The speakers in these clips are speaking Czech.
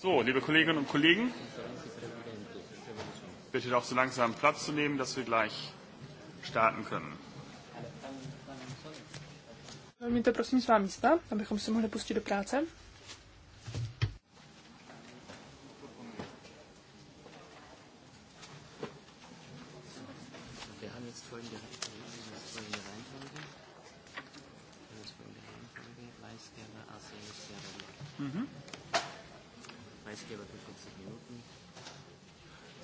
So, liebe Kolleginnen und Kollegen, bitte doch so langsam Platz zu nehmen, dass wir gleich starten können. Mějte prosím svá místa, abychom se mohli pustit do práce. Mhm.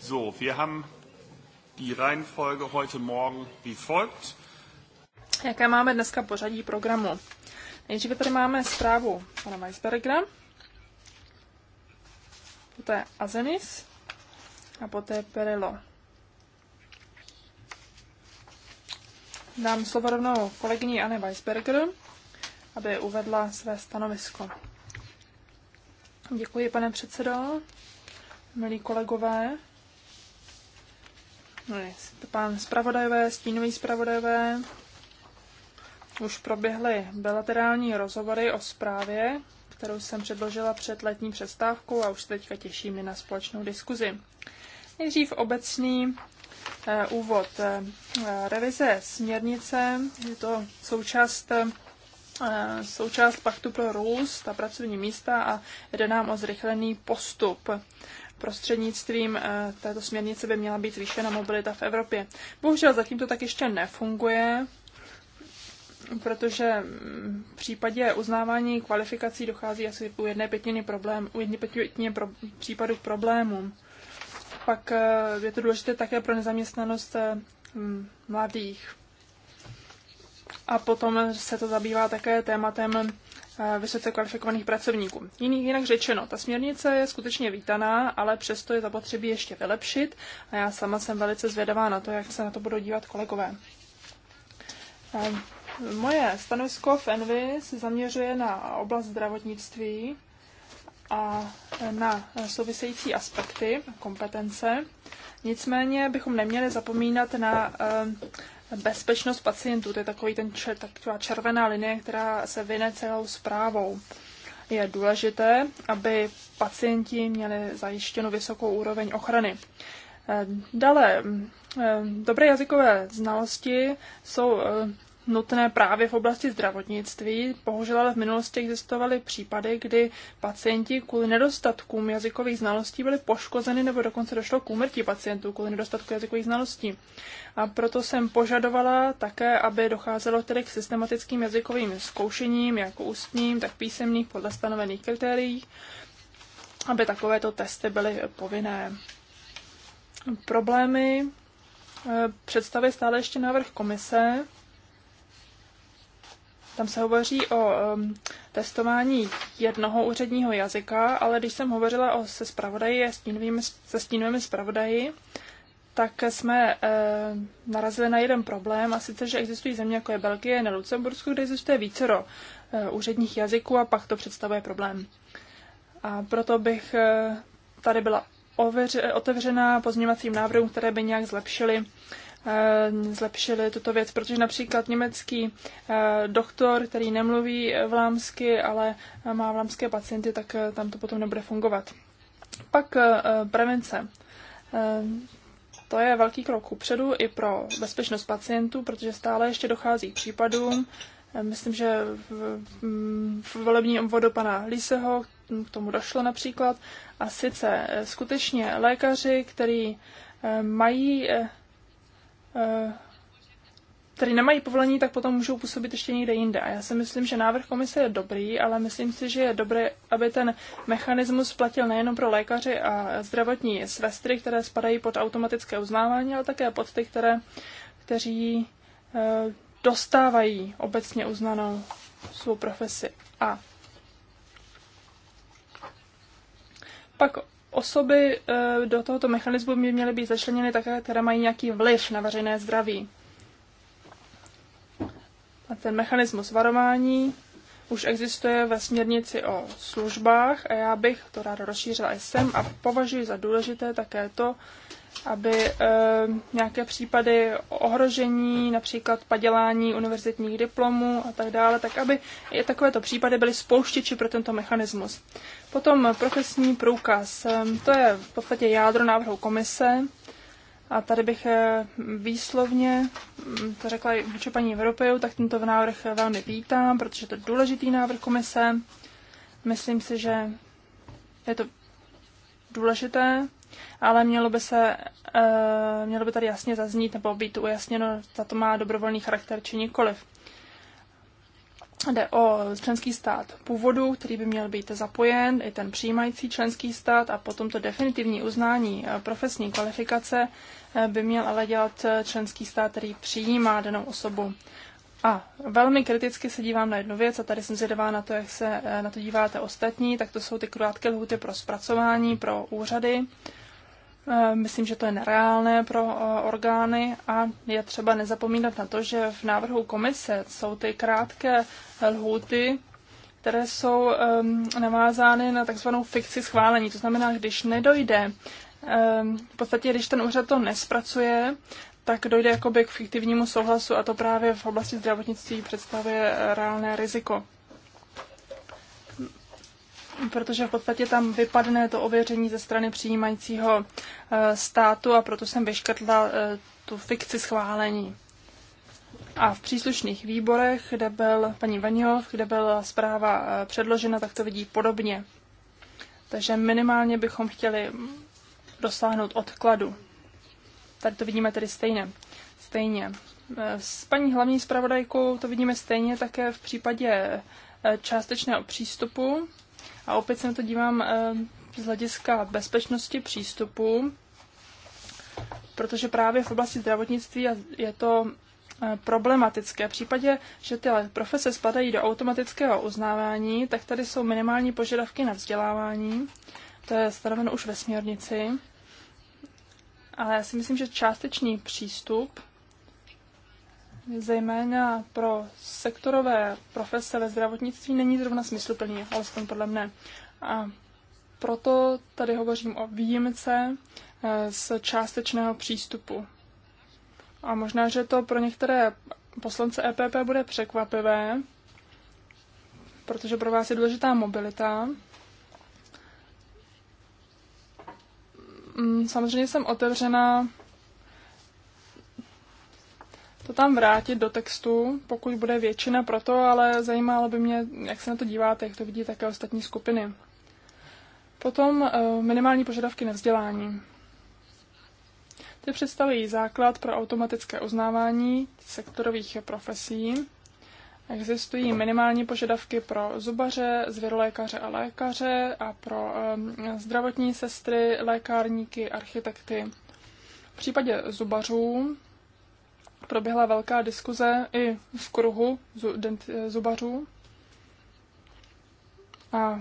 So, wir haben die Reihenfolge heute Morgen wie folgt. Jaké máme dneska pořadí programu? Nejdříve tady máme zprávu pana Weisbergera, poté Azenis a poté Perilo. Dám slovo rovnou kolegyni Anne Weisberger, aby uvedla své stanovisko. Děkuji, pane předsedo. Milí kolegové, no, pán zpravodajové, stínový zpravodajové, už proběhly bilaterální rozhovory o zprávě, kterou jsem předložila před letní přestávkou a už se teďka těšíme na společnou diskuzi. Nejdřív obecný eh, úvod. Eh, revize směrnice je to součást eh, součást paktu pro růst a pracovní místa a jde nám o zrychlený postup. Prostřednictvím e, této směrnice by měla být zvýšena mobilita v Evropě. Bohužel zatím to tak ještě nefunguje, protože v případě uznávání kvalifikací dochází asi u jedné pětiny, problém, u jedné pětiny pro, případů problémů. Pak e, je to důležité také pro nezaměstnanost e, mladých a potom se to zabývá také tématem eh, vysoce kvalifikovaných pracovníků. jinak řečeno, ta směrnice je skutečně vítaná, ale přesto je zapotřebí ještě vylepšit a já sama jsem velice zvědavá na to, jak se na to budou dívat kolegové. Eh, moje stanovisko v Envy se zaměřuje na oblast zdravotnictví a na související aspekty, kompetence. Nicméně bychom neměli zapomínat na eh, bezpečnost pacientů. To je takový ten, taková červená linie, která se vyne celou zprávou. Je důležité, aby pacienti měli zajištěnu vysokou úroveň ochrany. Ehm, dále, ehm, ehm, dobré jazykové znalosti jsou nutné právě v oblasti zdravotnictví. Bohužel ale v minulosti existovaly případy, kdy pacienti kvůli nedostatkům jazykových znalostí byli poškozeni nebo dokonce došlo k úmrtí pacientů kvůli nedostatku jazykových znalostí. A proto jsem požadovala také, aby docházelo tedy k systematickým jazykovým zkoušením, jako ústním, tak písemných podle stanovených kritérií, aby takovéto testy byly povinné. Problémy eh, představuje stále ještě návrh komise, tam se hovoří o um, testování jednoho úředního jazyka, ale když jsem hovořila o, se spravodaji a stínovými, se stínovými spravodaji, tak jsme e, narazili na jeden problém, a sice, že existují země, jako je Belgie na Lucembursku, kde existuje vícero e, úředních jazyků a pak to představuje problém. A proto bych e, tady byla oveř, otevřená pozměňovacím návrhům, které by nějak zlepšily Eh, zlepšili tuto věc, protože například německý eh, doktor, který nemluví vlámsky, ale má vlámské pacienty, tak eh, tam to potom nebude fungovat. Pak prevence. To je velký krok upředu i pro bezpečnost pacientů, protože stále ještě dochází k případům. Myslím, že v volebním obvodu pana Liseho k tomu došlo například. A sice skutečně lékaři, který mají který eh, nemají povolení, tak potom můžou působit ještě někde jinde. A já si myslím, že návrh komise je dobrý, ale myslím si, že je dobré, aby ten mechanismus platil nejenom pro lékaři a zdravotní sestry, které spadají pod automatické uznávání, ale také pod ty, které, kteří eh, dostávají obecně uznanou svou profesi. A pak osoby eh, do tohoto mechanismu by měly být začleněny také, které mají nějaký vliv na veřejné zdraví. A ten mechanismus varování už existuje ve směrnici o službách a já bych to ráda rozšířila i sem a považuji za důležité také to, aby eh, nějaké případy ohrožení, například padělání univerzitních diplomů a tak dále, tak aby i takovéto případy byly spouštěči pro tento mechanismus. Potom profesní průkaz. Ehm, to je v podstatě jádro návrhu komise. A tady bych eh, výslovně mm, to řekla i vůči paní Evropiu, tak tento návrh velmi vítám, protože to je důležitý návrh komise. Myslím si, že je to důležité ale mělo by, se, eh, mělo by tady jasně zaznít nebo být ujasněno, zda to má dobrovolný charakter či nikoliv. Jde o členský stát původu, který by měl být zapojen, i ten přijímající členský stát a potom to definitivní uznání eh, profesní kvalifikace eh, by měl ale dělat členský stát, který přijímá danou osobu. A velmi kriticky se dívám na jednu věc, a tady jsem zvědavá na to, jak se na to díváte ostatní, tak to jsou ty krátké lhuty pro zpracování, pro úřady. Eh, myslím, že to je nereálné pro eh, orgány a je třeba nezapomínat na to, že v návrhu komise jsou ty krátké lhuty, které jsou ehm, navázány na takzvanou fikci schválení. To znamená, když nedojde, ehm, v podstatě když ten úřad to nespracuje, tak dojde jakoby k fiktivnímu souhlasu a to právě v oblasti zdravotnictví představuje eh, reálné riziko protože v podstatě tam vypadne to ověření ze strany přijímajícího eh, státu a proto jsem vyškrtla eh, tu fikci schválení. A v příslušných výborech, kde byl paní Vanjov, kde byla zpráva eh, předložena, tak to vidí podobně. Takže minimálně bychom chtěli dosáhnout odkladu. Tady to vidíme tedy stejně. Stejně. S paní hlavní zpravodajkou to vidíme stejně také v případě částečného přístupu, a opět se na to dívám eh, z hlediska bezpečnosti přístupu, protože právě v oblasti zdravotnictví je to eh, problematické. V případě, že ty profese spadají do automatického uznávání, tak tady jsou minimální požadavky na vzdělávání. To je stanoveno už ve směrnici. Ale já si myslím, že částečný přístup zejména pro sektorové profese ve zdravotnictví není zrovna smysluplný, alespoň podle mne. A proto tady hovořím o výjimce eh, z částečného přístupu. A možná, že to pro některé poslance EPP bude překvapivé, protože pro vás je důležitá mobilita. Mm, samozřejmě jsem otevřena to tam vrátit do textu, pokud bude většina pro to, ale zajímalo by mě, jak se na to díváte, jak to vidí také ostatní skupiny. Potom eh, minimální požadavky na vzdělání. Ty představují základ pro automatické uznávání sektorových profesí. Existují minimální požadavky pro zubaře, zvěrolékaře a lékaře a pro eh, zdravotní sestry, lékárníky, architekty. V případě zubařů proběhla velká diskuze i v kruhu zubařů a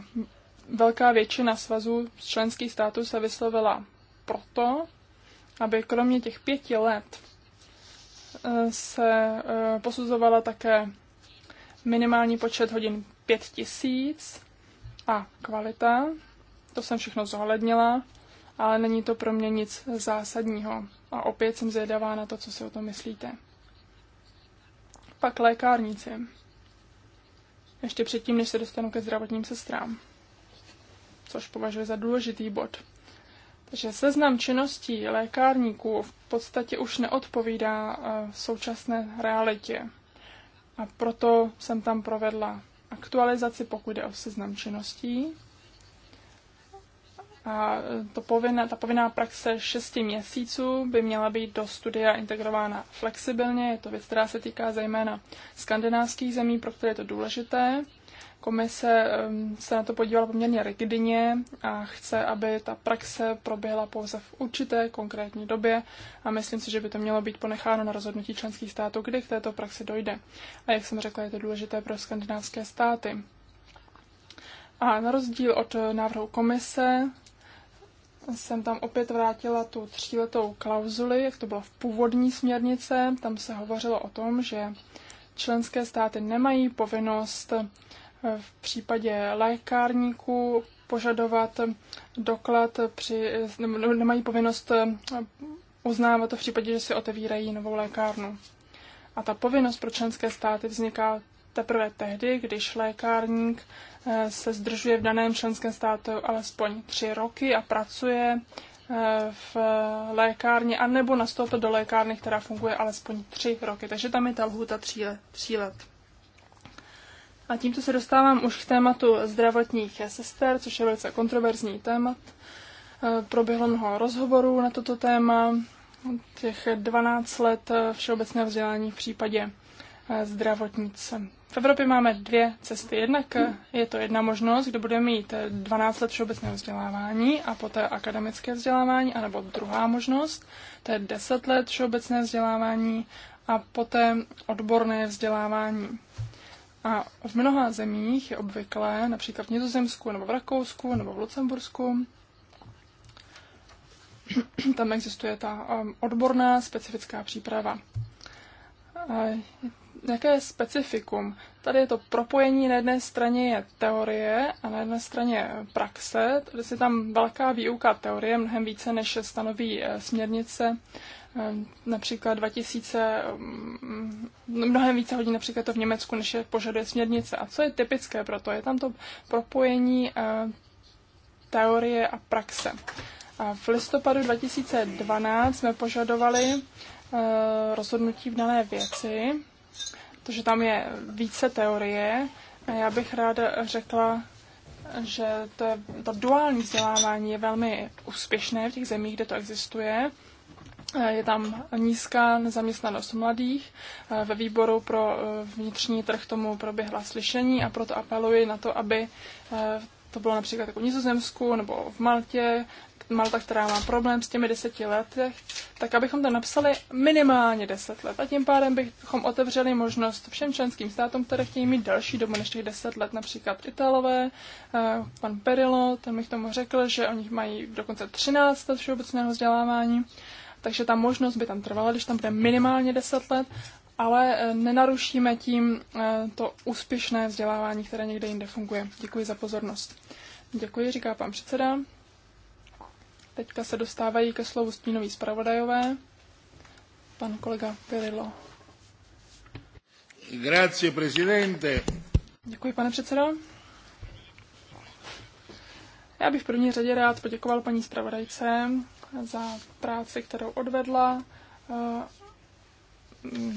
velká většina svazů z členských států se vyslovila proto, aby kromě těch pěti let e, se e, posuzovala také minimální počet hodin pět tisíc a kvalita. To jsem všechno zohlednila, ale není to pro mě nic zásadního a opět jsem zvědavá na to, co si o tom myslíte. Pak lékárníci. Ještě předtím, než se dostanu ke zdravotním sestrám, což považuji za důležitý bod. Takže seznam činností lékárníků v podstatě už neodpovídá eh, současné realitě. A proto jsem tam provedla aktualizaci, pokud jde o seznam činností, a to povinná, ta povinná praxe 6 měsíců by měla být do studia integrována flexibilně. Je to věc, která se týká zejména skandinávských zemí, pro které je to důležité. Komise ehm, se na to podívala poměrně rigidně a chce, aby ta praxe proběhla pouze v určité konkrétní době a myslím si, že by to mělo být ponecháno na rozhodnutí členských států, kdy k této praxi dojde. A jak jsem řekla, je to důležité pro skandinávské státy. A na rozdíl od návrhu komise jsem tam opět vrátila tu tříletou klauzuli, jak to bylo v původní směrnice. Tam se hovořilo o tom, že členské státy nemají povinnost eh, v případě lékárníků požadovat doklad při, eh, nemají povinnost eh, uznávat to v případě, že si otevírají novou lékárnu. A ta povinnost pro členské státy vzniká teprve tehdy, když lékárník Eh, se zdržuje v daném členském státu alespoň tři roky a pracuje eh, v lékárně, anebo nastoupit do lékárny, která funguje alespoň tři roky. Takže tam je ta lhůta tří let. Tří let. A tímto se dostávám už k tématu zdravotních sester, což je velice kontroverzní témat. Eh, proběhlo mnoho rozhovorů na toto téma, těch 12 let všeobecného vzdělání v případě zdravotnice. V Evropě máme dvě cesty. Jednak je to jedna možnost, kde bude mít 12 let všeobecného vzdělávání a poté akademické vzdělávání, anebo druhá možnost, to je 10 let všeobecné vzdělávání a poté odborné vzdělávání. A v mnoha zemích je obvyklé, například v Nizozemsku, nebo v Rakousku, nebo v Lucembursku, tam existuje ta um, odborná specifická příprava nějaké specifikum? Tady je to propojení, na jedné straně je teorie a na jedné straně praxe. Tady je tam velká výuka teorie, mnohem více než stanoví eh, směrnice, eh, například 2000, mm, mm, mnohem více hodin například to v Německu, než je požaduje směrnice. A co je typické pro to? Je tam to propojení eh, teorie a praxe. A v listopadu 2012 jsme požadovali rozhodnutí v dané věci protože tam je více teorie. A já bych ráda řekla, že to, je, to duální vzdělávání je velmi úspěšné v těch zemích, kde to existuje. Je tam nízká nezaměstnanost mladých. Ve výboru pro e, vnitřní trh tomu proběhla slyšení a proto apeluji na to, aby e, to bylo například jako v Nizozemsku nebo v Maltě, Malta, která má problém s těmi deseti lety, tak abychom to napsali minimálně deset let. A tím pádem bychom otevřeli možnost všem členským státům, které chtějí mít další dobu než těch deset let, například Italové, eh, pan Perillo, ten mi tomu řekl, že oni mají dokonce 13 let všeobecného vzdělávání, takže ta možnost by tam trvala, když tam bude minimálně deset let, ale eh, nenarušíme tím eh, to úspěšné vzdělávání, které někde jinde funguje. Děkuji za pozornost. Děkuji, říká pan předseda. Teďka se dostávají ke slovu stínoví zpravodajové. Pan kolega Pirillo. Grazie, presidente. Děkuji, pane předsedo. Já bych v první řadě rád poděkoval paní zpravodajce za práci, kterou odvedla. Eh,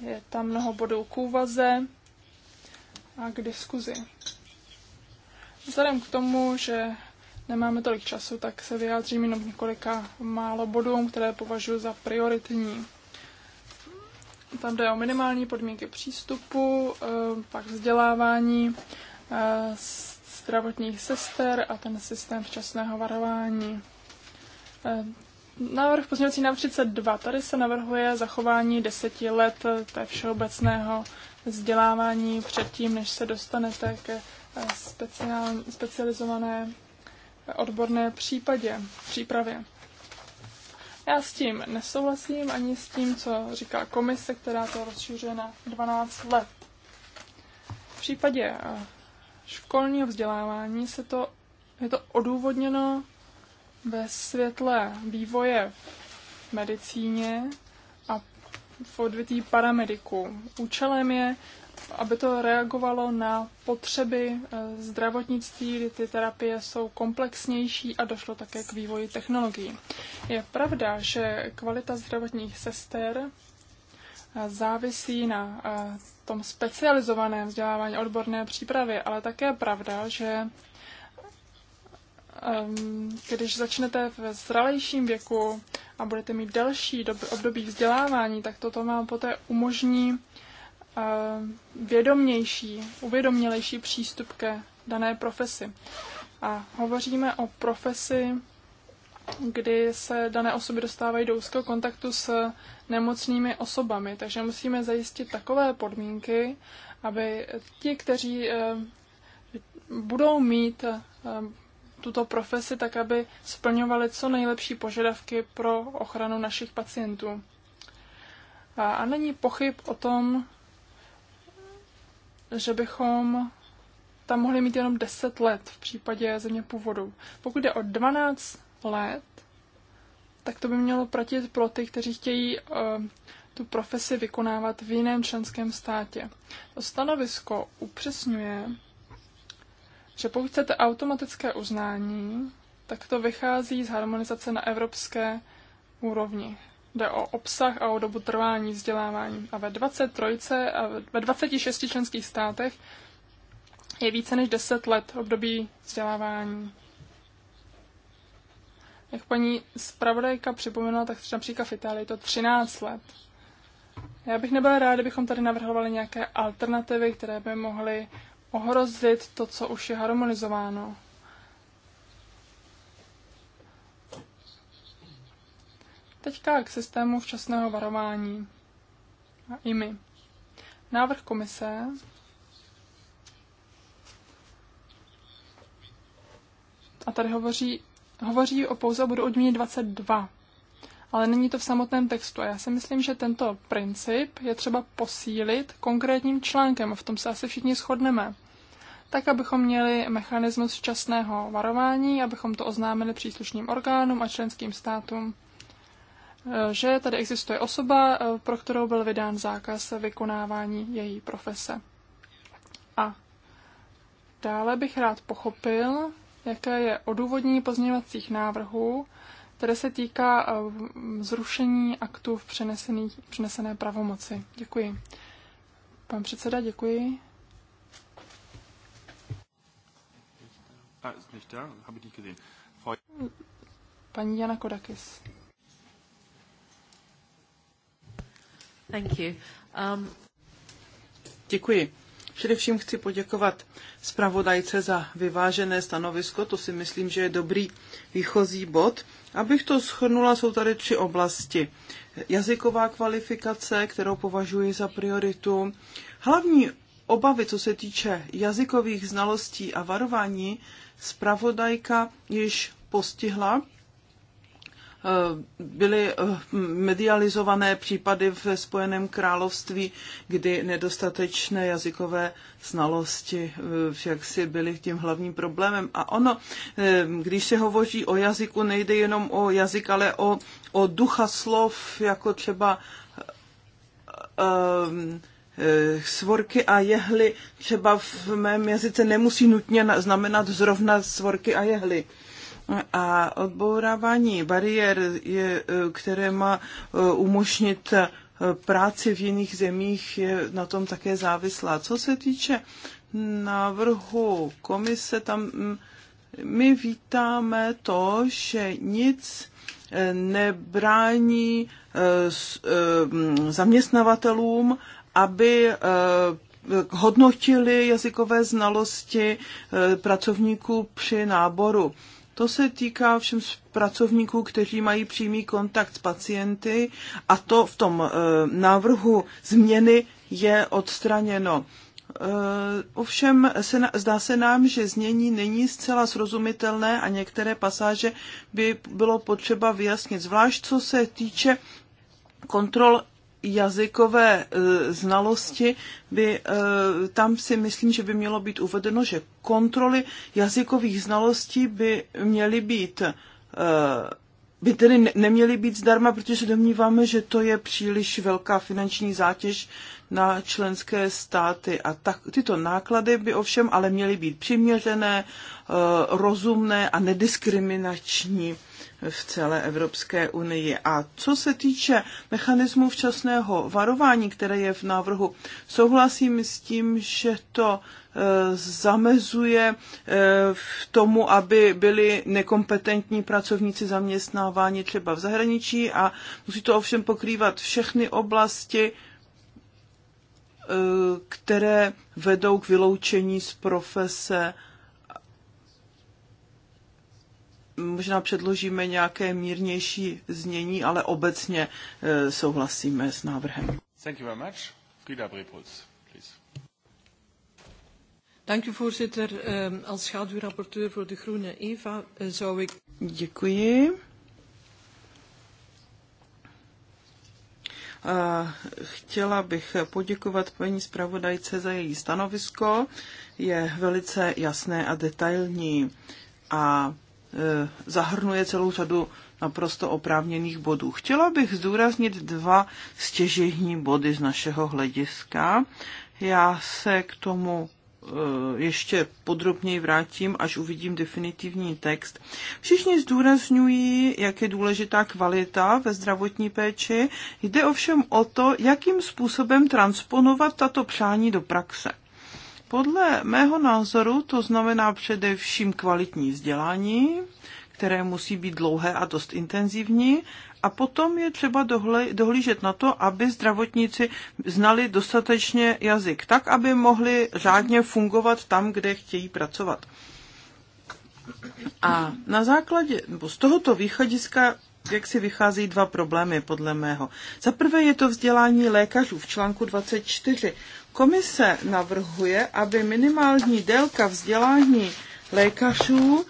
je tam mnoho bodů k úvaze a k diskuzi. Vzhledem k tomu, že nemáme tolik času, tak se vyjádřím jenom několika málo bodům, které považuji za prioritní. Tam jde o minimální podmínky přístupu, eh, pak vzdělávání eh, zdravotních sester a ten systém včasného varování. Eh, návrh pozměňovací návrh 32. Tady se navrhuje zachování deseti let té všeobecného vzdělávání předtím, než se dostanete ke speciální, specializované odborné případě, přípravě. Já s tím nesouhlasím ani s tím, co říká komise, která to rozšiřuje na 12 let. V případě eh, školního vzdělávání se to, je to odůvodněno ve světle vývoje v medicíně, v odvětví paramediků. Účelem je, aby to reagovalo na potřeby eh, zdravotnictví, kdy ty terapie jsou komplexnější a došlo také k vývoji technologií. Je pravda, že kvalita zdravotních sester eh, závisí na eh, tom specializovaném vzdělávání odborné přípravy, ale také je pravda, že Ehm, když začnete v zralejším věku a budete mít delší období vzdělávání, tak toto vám poté umožní ehm, vědomější, uvědomělejší přístup ke dané profesi. A hovoříme o profesi, kdy se dané osoby dostávají do úzkého kontaktu s nemocnými osobami. Takže musíme zajistit takové podmínky, aby ti, kteří ehm, budou mít tuto profesi tak, aby splňovali co nejlepší požadavky pro ochranu našich pacientů. A, a není pochyb o tom, že bychom tam mohli mít jenom 10 let v případě země původu. Pokud je o 12 let, tak to by mělo platit pro ty, kteří chtějí uh, tu profesi vykonávat v jiném členském státě. To stanovisko upřesňuje, že pokud chcete automatické uznání, tak to vychází z harmonizace na evropské úrovni. Jde o obsah a o dobu trvání vzdělávání. A ve 23 a ve 26 členských státech je více než 10 let období vzdělávání. Jak paní zpravodajka připomněla, tak například v Itálii je to 13 let. Já bych nebyla ráda, kdybychom tady navrhovali nějaké alternativy, které by mohly ohrozit to, co už je harmonizováno. Teďka k systému včasného varování a IMI. Návrh komise a tady hovoří, hovoří o pouze o bodu odměně 22 ale není to v samotném textu. A já si myslím, že tento princip je třeba posílit konkrétním článkem, A v tom se asi všichni shodneme. Tak, abychom měli mechanismus včasného varování, abychom to oznámili příslušným orgánům a členským státům, e, že tady existuje osoba, e, pro kterou byl vydán zákaz vykonávání její profese. A dále bych rád pochopil, jaké je odůvodnění pozměňovacích návrhů, které se týká eh, zrušení aktů v přenesené pravomoci. Děkuji. Pan předseda, děkuji. Ah, Paní Jana Kodakis. Thank you. Um... Děkuji. Především chci poděkovat zpravodajce za vyvážené stanovisko, to si myslím, že je dobrý výchozí bod. Abych to schrnula, jsou tady tři oblasti. Jazyková kvalifikace, kterou považuji za prioritu. Hlavní obavy, co se týče jazykových znalostí a varování, zpravodajka již postihla Eh, byly eh, medializované případy ve Spojeném království, kdy nedostatečné jazykové znalosti jaksi eh, byly tím hlavním problémem. A ono, když se hovoří o jazyku, nejde jenom o jazyk, ale o, o ducha slov, jako třeba um, svorky a jehly třeba v mém jazyce nemusí nutně znamenat zrovna svorky a jehly a odbourávání bariér, je, e, které má e, umožnit e, práci v jiných zemích, je na tom také závislá. Co se týče návrhu komise, tam my vítáme to, že nic nebrání zaměstnavatelům, aby hodnotili jazykové znalosti pracovníků při náboru. To se týká všem pracovníků, kteří mají přímý kontakt s pacienty a to v tom eh, návrhu změny je odstraněno. Eh, ovšem se, zdá se nám, že změní není zcela srozumitelné a některé pasáže by bylo potřeba vyjasnit, zvlášť co se týče kontrol jazykové e, znalosti by, e, tam si myslím, že by mělo být uvedeno, že kontroly jazykových znalostí by měly být e, by tedy neměly být zdarma, protože domníváme, že to je příliš velká finanční zátěž na členské státy. A tak, tyto náklady by ovšem ale měly být přiměřené, rozumné a nediskriminační v celé Evropské unii. A co se týče mechanismu včasného varování, které je v návrhu, souhlasím s tím, že to e, zamezuje e, v tomu, aby byli nekompetentní pracovníci zaměstnáváni třeba v zahraničí a musí to ovšem pokrývat všechny oblasti, e, které vedou k vyloučení z profese možná předložíme nějaké mírnější znění, ale obecně e, souhlasíme s návrhem. Thank you very much. Frida Brepols, please. Dank u voorzitter. Ehm, als schaduwrapporteur voor de Groene Eva eh, zou ik... Děkuji. Chtěla bych poděkovat paní zpravodajce za její stanovisko. Je velice jasné a detailní a E, zahrnuje celou řadu naprosto oprávněných bodů. Chtěla bych zdůraznit dva stěžejní body z našeho hlediska. Já se k tomu e, ještě podrobněji vrátím, až uvidím definitivní text. Všichni zdůrazňují, jak je důležitá kvalita ve zdravotní péči. Jde ovšem o to, jakým způsobem transponovat tato přání do praxe. Podle mého názoru to znamená především kvalitní vzdělání, které musí být dlouhé a dost intenzivní, a potom je třeba dohlížet na to, aby zdravotníci znali dostatečně jazyk, tak, aby mohli řádně fungovat tam, kde chtějí pracovat. A na základě, nebo z tohoto východiska jak si vychází dva problémy, podle mého. Za prvé je to vzdělání lékařů v článku 24. Komise navrhuje, aby minimální délka vzdělání lékařů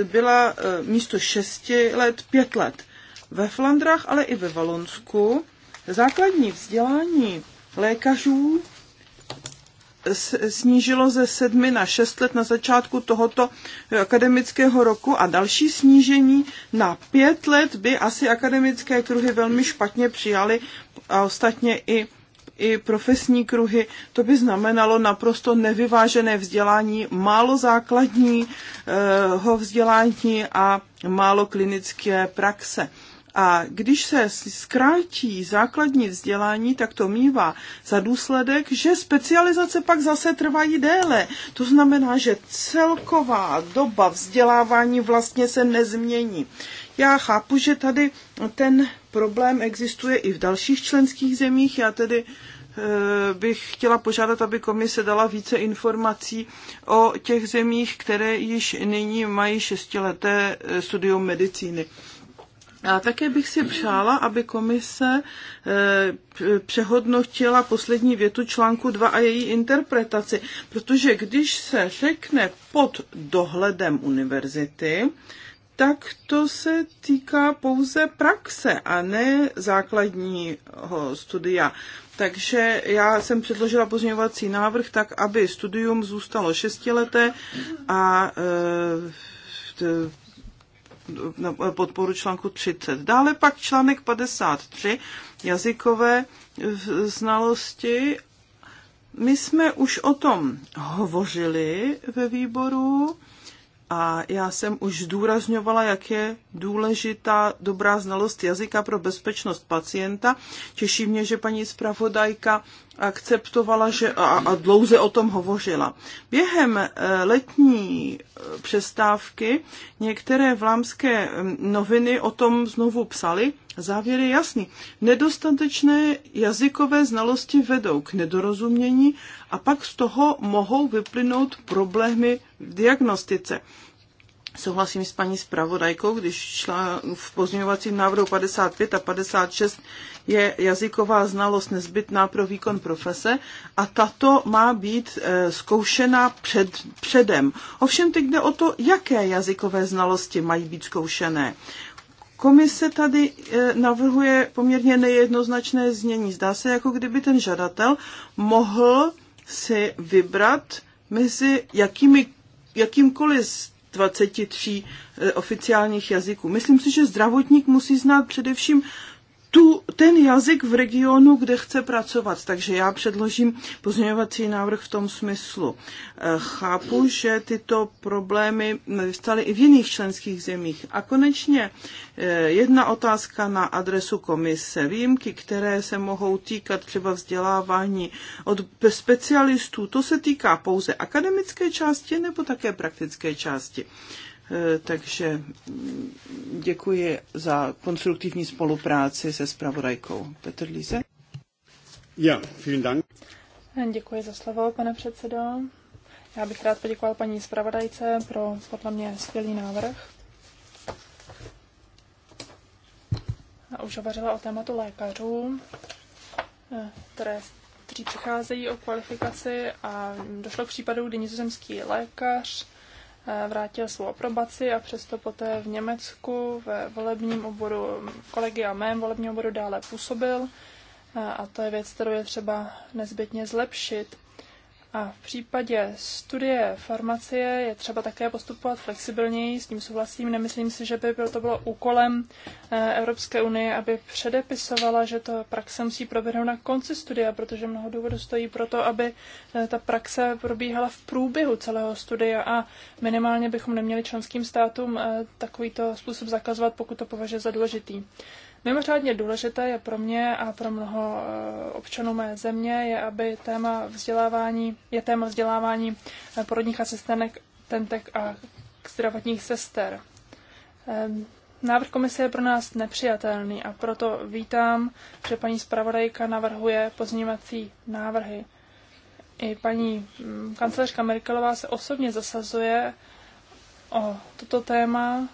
eh, byla eh, místo 6 let 5 let. Ve Flandrách, ale i ve Valonsku základní vzdělání lékařů snížilo ze sedmi na šest let na začátku tohoto akademického roku a další snížení na pět let by asi akademické kruhy velmi špatně přijaly a ostatně i i profesní kruhy, to by znamenalo naprosto nevyvážené vzdělání, málo základního vzdělání a málo klinické praxe. A když se zkrátí základní vzdělání, tak to mývá za důsledek, že specializace pak zase trvají déle. To znamená, že celková doba vzdělávání vlastně se nezmění. Já chápu, že tady ten problém existuje i v dalších členských zemích. Já tedy eh, bych chtěla požádat, aby komise dala více informací o těch zemích, které již nyní mají šestileté eh, studium medicíny. A také bych si přála, aby komise eh, přehodnotila poslední větu článku 2 a její interpretaci, protože když se řekne pod dohledem univerzity, tak to se týká pouze praxe a ne základního studia. Takže já jsem předložila pozměňovací návrh tak, aby studium zůstalo šestileté a eh, na podporu článku 30. Dále pak článek 53, jazykové eh, znalosti. My jsme už o tom hovořili ve výboru a já jsem už zdůrazňovala, jak je důležitá dobrá znalost jazyka pro bezpečnost pacienta. Těší mě, že paní zpravodajka akceptovala že, a, a dlouze o tom hovořila. Během eh, letní eh, přestávky některé vlámské mm, noviny o tom znovu psaly Závěr je jasný. Nedostatečné jazykové znalosti vedou k nedorozumění a pak z toho mohou vyplynout problémy v diagnostice. Souhlasím s paní zpravodajkou, když šla v pozměňovacím návrhu 55 a 56 je jazyková znalost nezbytná pro výkon profese a tato má být e, zkoušena před, předem. Ovšem teď jde o to, jaké jazykové znalosti mají být zkoušené. Komise tady e, navrhuje poměrně nejednoznačné znění. Zdá se, jako kdyby ten žadatel mohl si vybrat mezi jakými, jakýmkoliv z 23 e, oficiálních jazyků. Myslím si, že zdravotník musí znát především tu, ten jazyk v regionu, kde chce pracovat. Takže já předložím pozměňovací návrh v tom smyslu. Eh, chápu, že tyto problémy vyvstaly i v jiných členských zemích. A konečně eh, jedna otázka na adresu komise. Výjimky, které se mohou týkat třeba vzdělávání od specialistů, to se týká pouze akademické části nebo také praktické části. Eh, takže děkuji za konstruktivní spolupráci se spravodajkou. Petr Líze. Ja, vielen Dank. Děkuji za slovo, pane předsedo. Já bych rád poděkoval paní zpravodajce pro podle mě skvělý návrh. A už hovořila o tématu lékařů, eh, které, kteří přicházejí o kvalifikaci a došlo k případu, kdy nizozemský lékař vrátil svou aprobaci a přesto poté v Německu ve volebním oboru kolegy a mém volebním oboru dále působil. A to je věc, kterou je třeba nezbytně zlepšit. A v případě studie farmacie je třeba také postupovat flexibilněji, s tím souhlasím. Nemyslím si, že by to bylo úkolem eh, Evropské unie, aby předepisovala, že to praxe musí proběhnout na konci studia, protože mnoho důvodů stojí pro to, aby eh, ta praxe probíhala v průběhu celého studia a minimálně bychom neměli členským státům eh, takovýto způsob zakazovat, pokud to považuje za důležitý. Mimořádně důležité je pro mě a pro mnoho eh, občanů mé země je, aby téma vzdělávání, je téma vzdělávání eh, porodních asistentek tentek a zdravotních sester. Ehm, návrh komise je pro nás nepřijatelný a proto vítám, že paní zpravodajka navrhuje pozměňovací návrhy. I paní mm, kancelářka Merkelová se osobně zasazuje o toto téma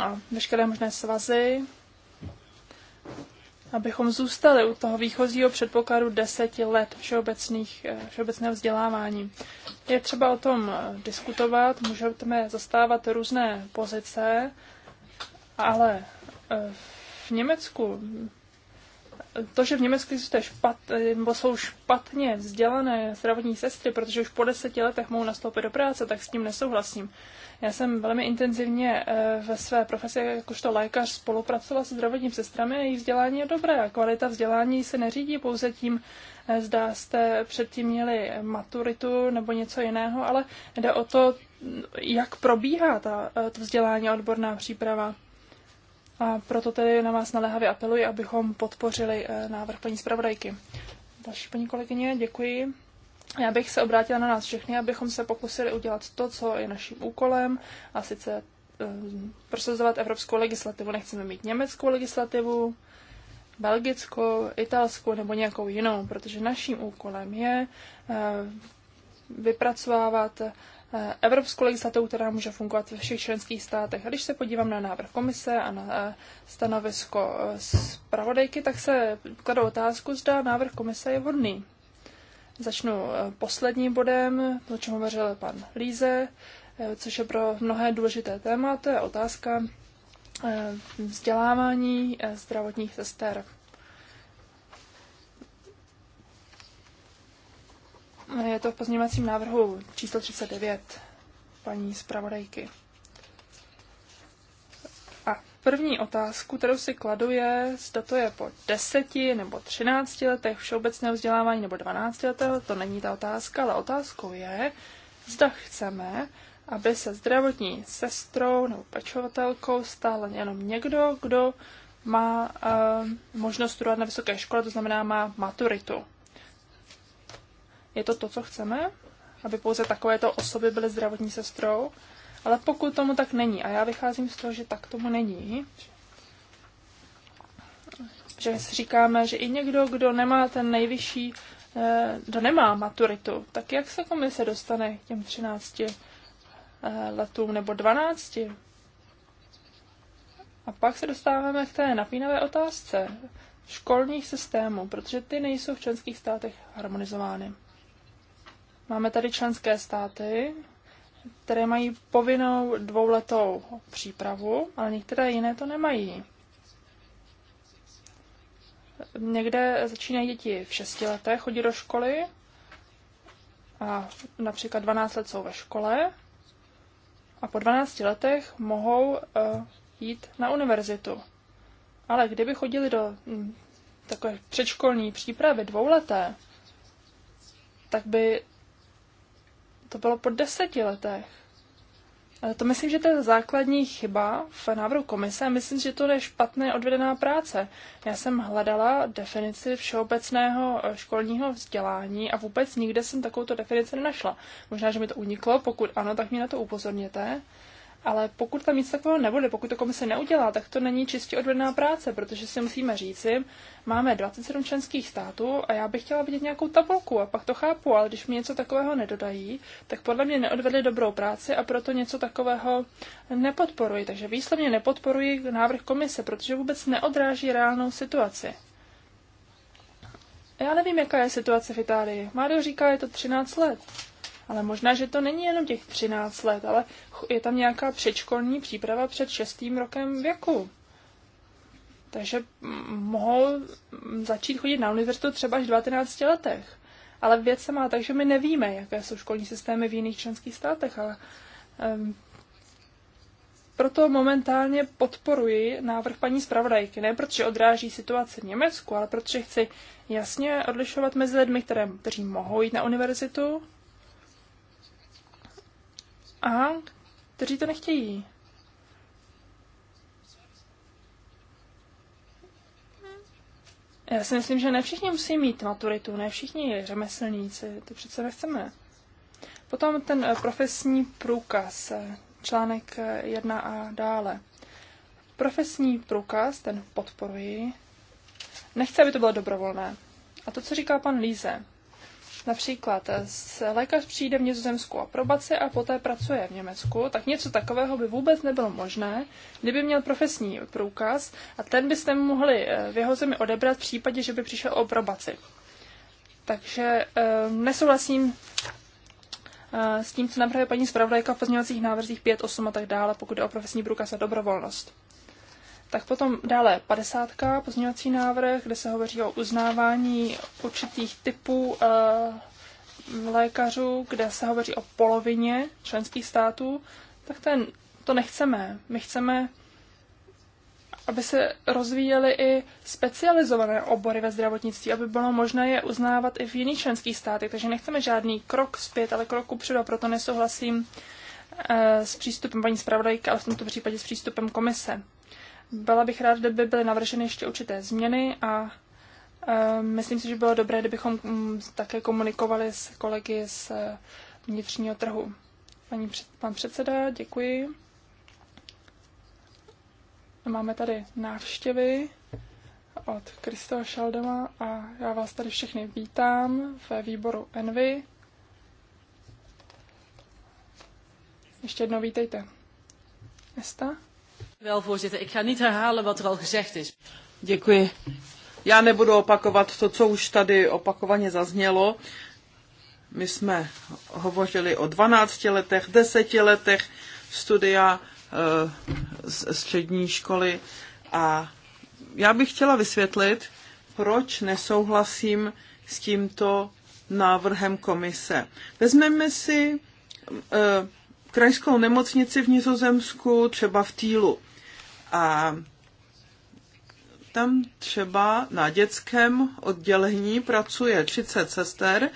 a veškeré možné svazy, abychom zůstali u toho výchozího předpokladu deseti let všeobecných, eh, všeobecného vzdělávání. Je třeba o tom eh, diskutovat, můžeme zastávat různé pozice, ale eh, v Německu to, že v Německu jste špat, nebo jsou špatně vzdělané zdravotní sestry, protože už po deseti letech mohou nastoupit do práce, tak s tím nesouhlasím. Já jsem velmi intenzivně eh, ve své profesi jakožto lékař spolupracovala se zdravotními sestrami a jejich vzdělání je dobré. A kvalita vzdělání se neřídí pouze tím, eh, zda jste předtím měli maturitu nebo něco jiného, ale jde o to, jak probíhá ta, eh, to vzdělání odborná příprava. A proto tedy na vás naléhavě apeluji, abychom podpořili eh, návrh paní zpravodajky. Další paní kolegyně, děkuji. Já bych se obrátila na nás všechny, abychom se pokusili udělat to, co je naším úkolem, a sice eh, prosazovat evropskou legislativu. Nechceme mít německou legislativu, belgickou, italskou nebo nějakou jinou, protože naším úkolem je eh, vypracovávat Eh, evropskou legislativu, která může fungovat ve všech členských státech. A když se podívám na návrh komise a na eh, stanovisko eh, zpravodajky, tak se kladou otázku, zda návrh komise je vhodný. Začnu posledním bodem, o čem hovořil pan Líze, což je pro mnohé důležité téma, to je otázka vzdělávání zdravotních sester. Je to v pozměňovacím návrhu číslo 39 paní zpravodajky. A první otázku, kterou si kladu, je, zda to je po deseti nebo třinácti letech všeobecného vzdělávání nebo 12 letého, to není ta otázka, ale otázkou je, zda chceme, aby se zdravotní sestrou nebo pečovatelkou stál jenom někdo, kdo má uh, možnost studovat na vysoké škole, to znamená má maturitu. Je to to, co chceme? Aby pouze takovéto osoby byly zdravotní sestrou? Ale pokud tomu tak není, a já vycházím z toho, že tak tomu není, že si říkáme, že i někdo, kdo nemá ten nejvyšší, eh, kdo nemá maturitu, tak jak se komise dostane k těm 13 eh, letům nebo 12? A pak se dostáváme k té napínavé otázce školních systémů, protože ty nejsou v členských státech harmonizovány. Máme tady členské státy, které mají povinnou dvouletou přípravu, ale některé jiné to nemají. Někde začínají děti v šesti letech, chodí do školy a například 12 let jsou ve škole a po 12 letech mohou eh, jít na univerzitu. Ale kdyby chodili do mm, takové předškolní přípravy dvouleté, tak by to bylo po deseti letech. Ale to myslím, že to je základní chyba v návrhu komise. Myslím, že to je špatně odvedená práce. Já jsem hledala definici všeobecného eh, školního vzdělání a vůbec nikde jsem takovouto definici nenašla. Možná, že mi to uniklo, pokud ano, tak mě na to upozorněte. Ale pokud tam nic takového nebude, pokud to komise neudělá, tak to není čistě odvedná práce, protože si musíme říci, máme 27 členských států a já bych chtěla vidět nějakou tabulku a pak to chápu, ale když mi něco takového nedodají, tak podle mě neodvedli dobrou práci a proto něco takového nepodporuji. Takže výslovně nepodporuji návrh komise, protože vůbec neodráží reálnou situaci. Já nevím, jaká je situace v Itálii. Mário říká, je to 13 let. Ale možná, že to není jenom těch 13 let, ale je tam nějaká předškolní příprava před šestým rokem věku. Takže mohou začít chodit na univerzitu třeba až v 19 letech. Ale věc se má tak, že my nevíme, jaké jsou školní systémy v jiných členských státech, ale um, proto momentálně podporuji návrh paní zpravodajky. Ne protože odráží situaci v Německu, ale protože chci jasně odlišovat mezi lidmi, které, kteří mohou jít na univerzitu a kteří to nechtějí. Já si myslím, že ne všichni musí mít maturitu, ne všichni řemeslníci, to přece nechceme. Potom ten eh, profesní průkaz, eh, článek 1 eh, a dále. Profesní průkaz, ten podporuji. Nechce aby to bylo dobrovolné. A to, co říká pan Líze, Například eh, lékař přijde v Nizozemsku a probaci a poté pracuje v Německu, tak něco takového by vůbec nebylo možné, kdyby měl profesní průkaz a ten byste mu mohli eh, v jeho zemi odebrat v případě, že by přišel o probaci. Takže eh, nesouhlasím s tím, co napravuje paní zpravodajka v pozměňovacích návrzích 5, 8 a tak dále, pokud je o profesní průkaz a dobrovolnost. Tak potom dále 50. pozměňovací návrh, kde se hovoří o uznávání určitých typů e, lékařů, kde se hovoří o polovině členských států, tak ten, to nechceme. My chceme, aby se rozvíjely i specializované obory ve zdravotnictví, aby bylo možné je uznávat i v jiných členských státech. Takže nechceme žádný krok zpět, ale krok upředu, a proto nesouhlasím e, s přístupem paní zpravodajky, ale v tomto případě s přístupem komise. Byla bych ráda, kdyby byly navrženy ještě určité změny a e, myslím si, že bylo dobré, kdybychom mm, také komunikovali s kolegy z e, vnitřního trhu. Paní, pan předseda, děkuji. Máme tady návštěvy od Kristova Šaldema a já vás tady všechny vítám ve výboru Envy. Ještě jednou vítejte. Nesta? voorzitter, ik ga niet herhalen wat er al gezegd is. Děkuji. Já nebudu opakovat to, co už tady opakovaně zaznělo. My jsme hovořili o 12 letech, 10 letech studia eh, z střední školy a já bych chtěla vysvětlit, proč nesouhlasím s tímto návrhem komise. Vezmeme si eh, krajskou nemocnici v Nizozemsku, třeba v Týlu. A tam třeba na dětském oddělení pracuje 30 sester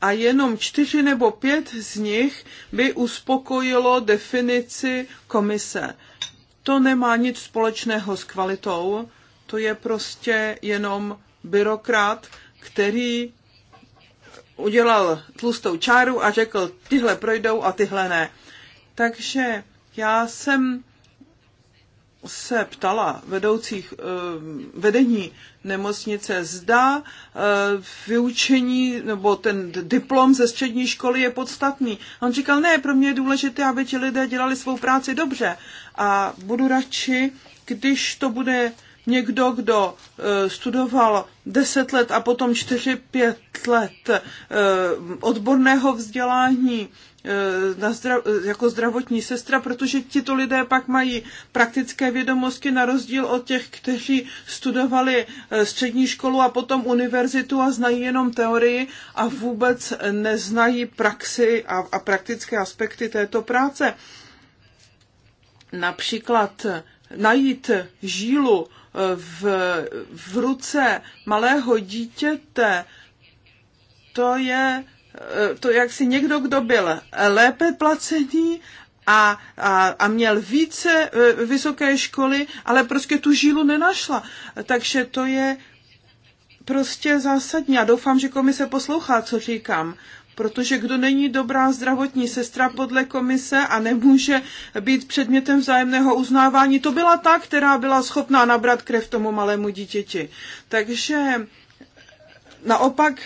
a jenom čtyři nebo pět z nich by uspokojilo definici komise. To nemá nic společného s kvalitou, to je prostě jenom byrokrat, který udělal tlustou čáru a řekl, tyhle projdou a tyhle ne. Takže já jsem se ptala vedoucích eh, vedení nemocnice, zda eh, vyučení nebo ten diplom ze střední školy je podstatný. A on říkal, ne, pro mě je důležité, aby ti lidé dělali svou práci dobře a budu radši, když to bude někdo, kdo e, studoval 10 let a potom 4-5 let e, odborného vzdělání e, na zdrav, jako zdravotní sestra, protože tito lidé pak mají praktické vědomosti na rozdíl od těch, kteří studovali střední školu a potom univerzitu a znají jenom teorii a vůbec neznají praxi a, a praktické aspekty této práce. Například najít žílu eh, v, v ruce malého dítěte, to je eh, to jak si někdo, kdo byl lépe placený a, a, a měl více eh, vysoké školy, ale prostě tu žílu nenašla. Takže to je prostě zásadní. A doufám, že komise poslouchá, co říkám protože kdo není dobrá zdravotní sestra podle komise a nemůže být předmětem vzájemného uznávání, to byla ta, která byla schopná nabrat krev tomu malému dítěti. Takže naopak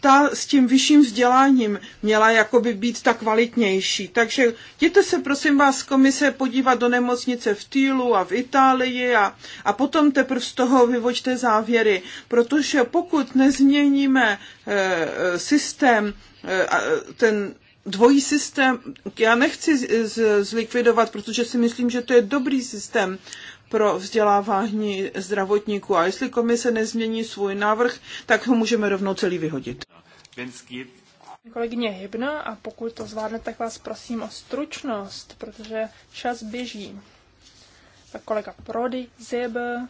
ta s tím vyšším vzděláním měla jakoby být ta kvalitnější. Takže jděte se prosím vás komise podívat do nemocnice v Týlu a v Itálii a, a potom teprve z toho vyvočte závěry, protože pokud nezměníme e, systém, e, ten dvojí systém, já nechci z, z, zlikvidovat, protože si myslím, že to je dobrý systém, pro vzdělávání zdravotníků. A jestli komise nezmění svůj návrh, tak ho můžeme rovnou celý vyhodit. Kolegyně Hybna, a pokud to zvládnete, tak vás prosím o stručnost, protože čas běží. Tak kolega Prody, Zebe,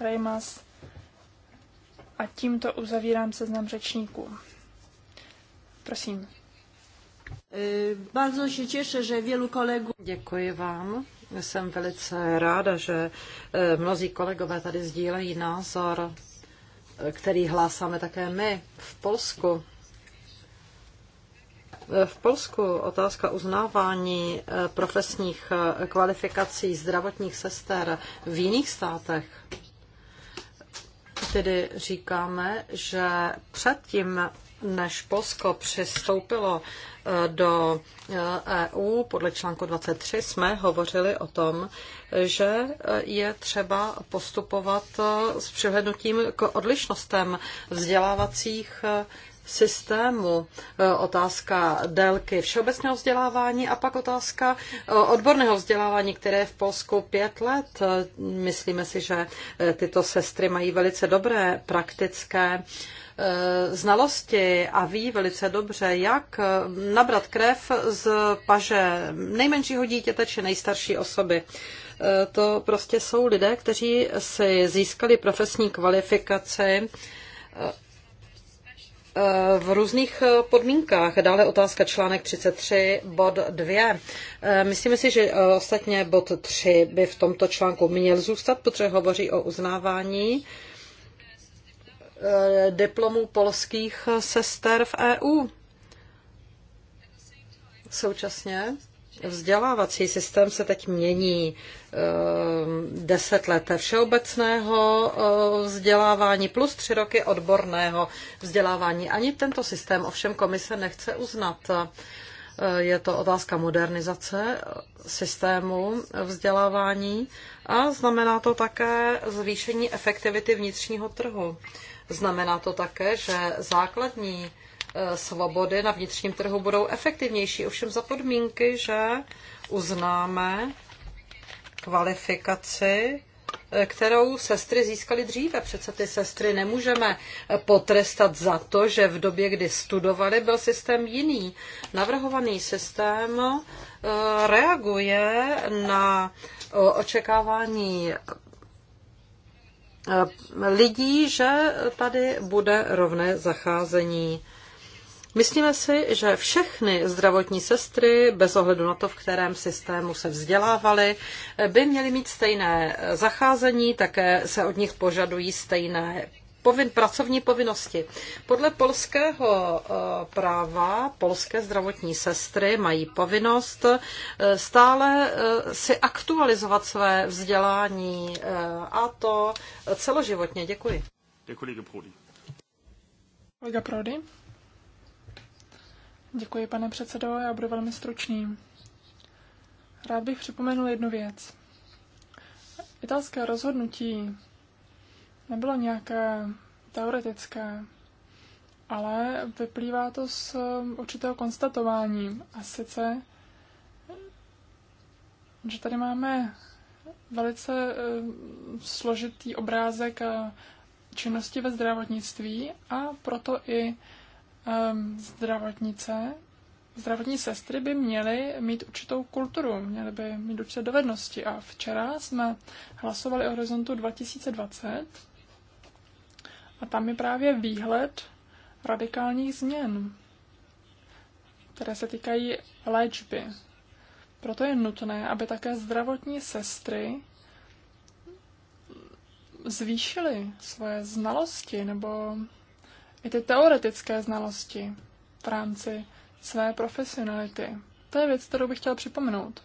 Reimas a tímto uzavírám seznam řečníků. Prosím. Bardzo się cieszę, że wielu kolegów. Děkuji vám. Jsem velice ráda, že eh, mnozí kolegové tady sdílejí názor, eh, který hlásáme také my v Polsku. Eh, v Polsku otázka uznávání profesních kvalifikací zdravotních sester v jiných státech tedy říkáme, že předtím než Polsko přistoupilo eh, do EU eh, e podle článku 23, jsme hovořili o tom, že eh, je třeba postupovat s přihlednutím k odlišnostem vzdělávacích systému, otázka délky všeobecného vzdělávání a pak otázka odborného vzdělávání, které je v Polsku pět let. Myslíme si, že tyto sestry mají velice dobré praktické uh, Eh, znalosti a ví velice dobře, jak eh, nabrat krev z paže nejmenšího dítěte či nejstarší osoby. Eh, to prostě jsou lidé, kteří si získali profesní kvalifikaci v různých podmínkách. Dále otázka článek 33, bod 2. Myslíme si, že ostatně bod 3 by v tomto článku měl zůstat, protože hovoří o uznávání Eh, diplomů polských sester v EU. Současně Vzdělávací systém se teď mění eh, deset let všeobecného eh, vzdělávání plus tři roky odborného vzdělávání. Ani tento systém ovšem komise nechce uznat. Je to otázka modernizace systému vzdělávání a znamená to také zvýšení efektivity vnitřního trhu. Znamená to také, že základní e, svobody na vnitřním trhu budou efektivnější, ovšem za podmínky, že uznáme kvalifikaci, e, kterou sestry získaly dříve. Přece ty sestry nemůžeme e, potrestat za to, že v době, kdy studovali, byl systém jiný. Navrhovaný systém reaguje na očekávání lidí, že tady bude rovné zacházení. Myslíme si, že všechny zdravotní sestry, bez ohledu na to, v kterém systému se vzdělávaly, by měly mít stejné zacházení, také se od nich požadují stejné povin, pracovní povinnosti. Podle polského eh, práva polské zdravotní sestry mají povinnost eh, stále eh, si aktualizovat své vzdělání a to celoživotně. Děkuji. Děkuji, Prody. Olga Prodi. Děkuji, pane předsedo, já budu velmi stručný. Rád bych připomenul jednu věc. Italské rozhodnutí nebylo nějaké teoretické, ale vyplývá to z um, určitého konstatování. A sice, že tady máme velice um, složitý obrázek uh, činnosti ve zdravotnictví a proto i um, zdravotnice, zdravotní sestry by měly mít určitou kulturu, měly by mít určité dovednosti. A včera jsme hlasovali o horizontu 2020 a tam je právě výhled radikálních změn, které se týkají léčby. Proto je nutné, aby také zdravotní sestry zvýšily svoje znalosti nebo i ty teoretické znalosti v rámci své profesionality. To je věc, kterou bych chtěla připomenout.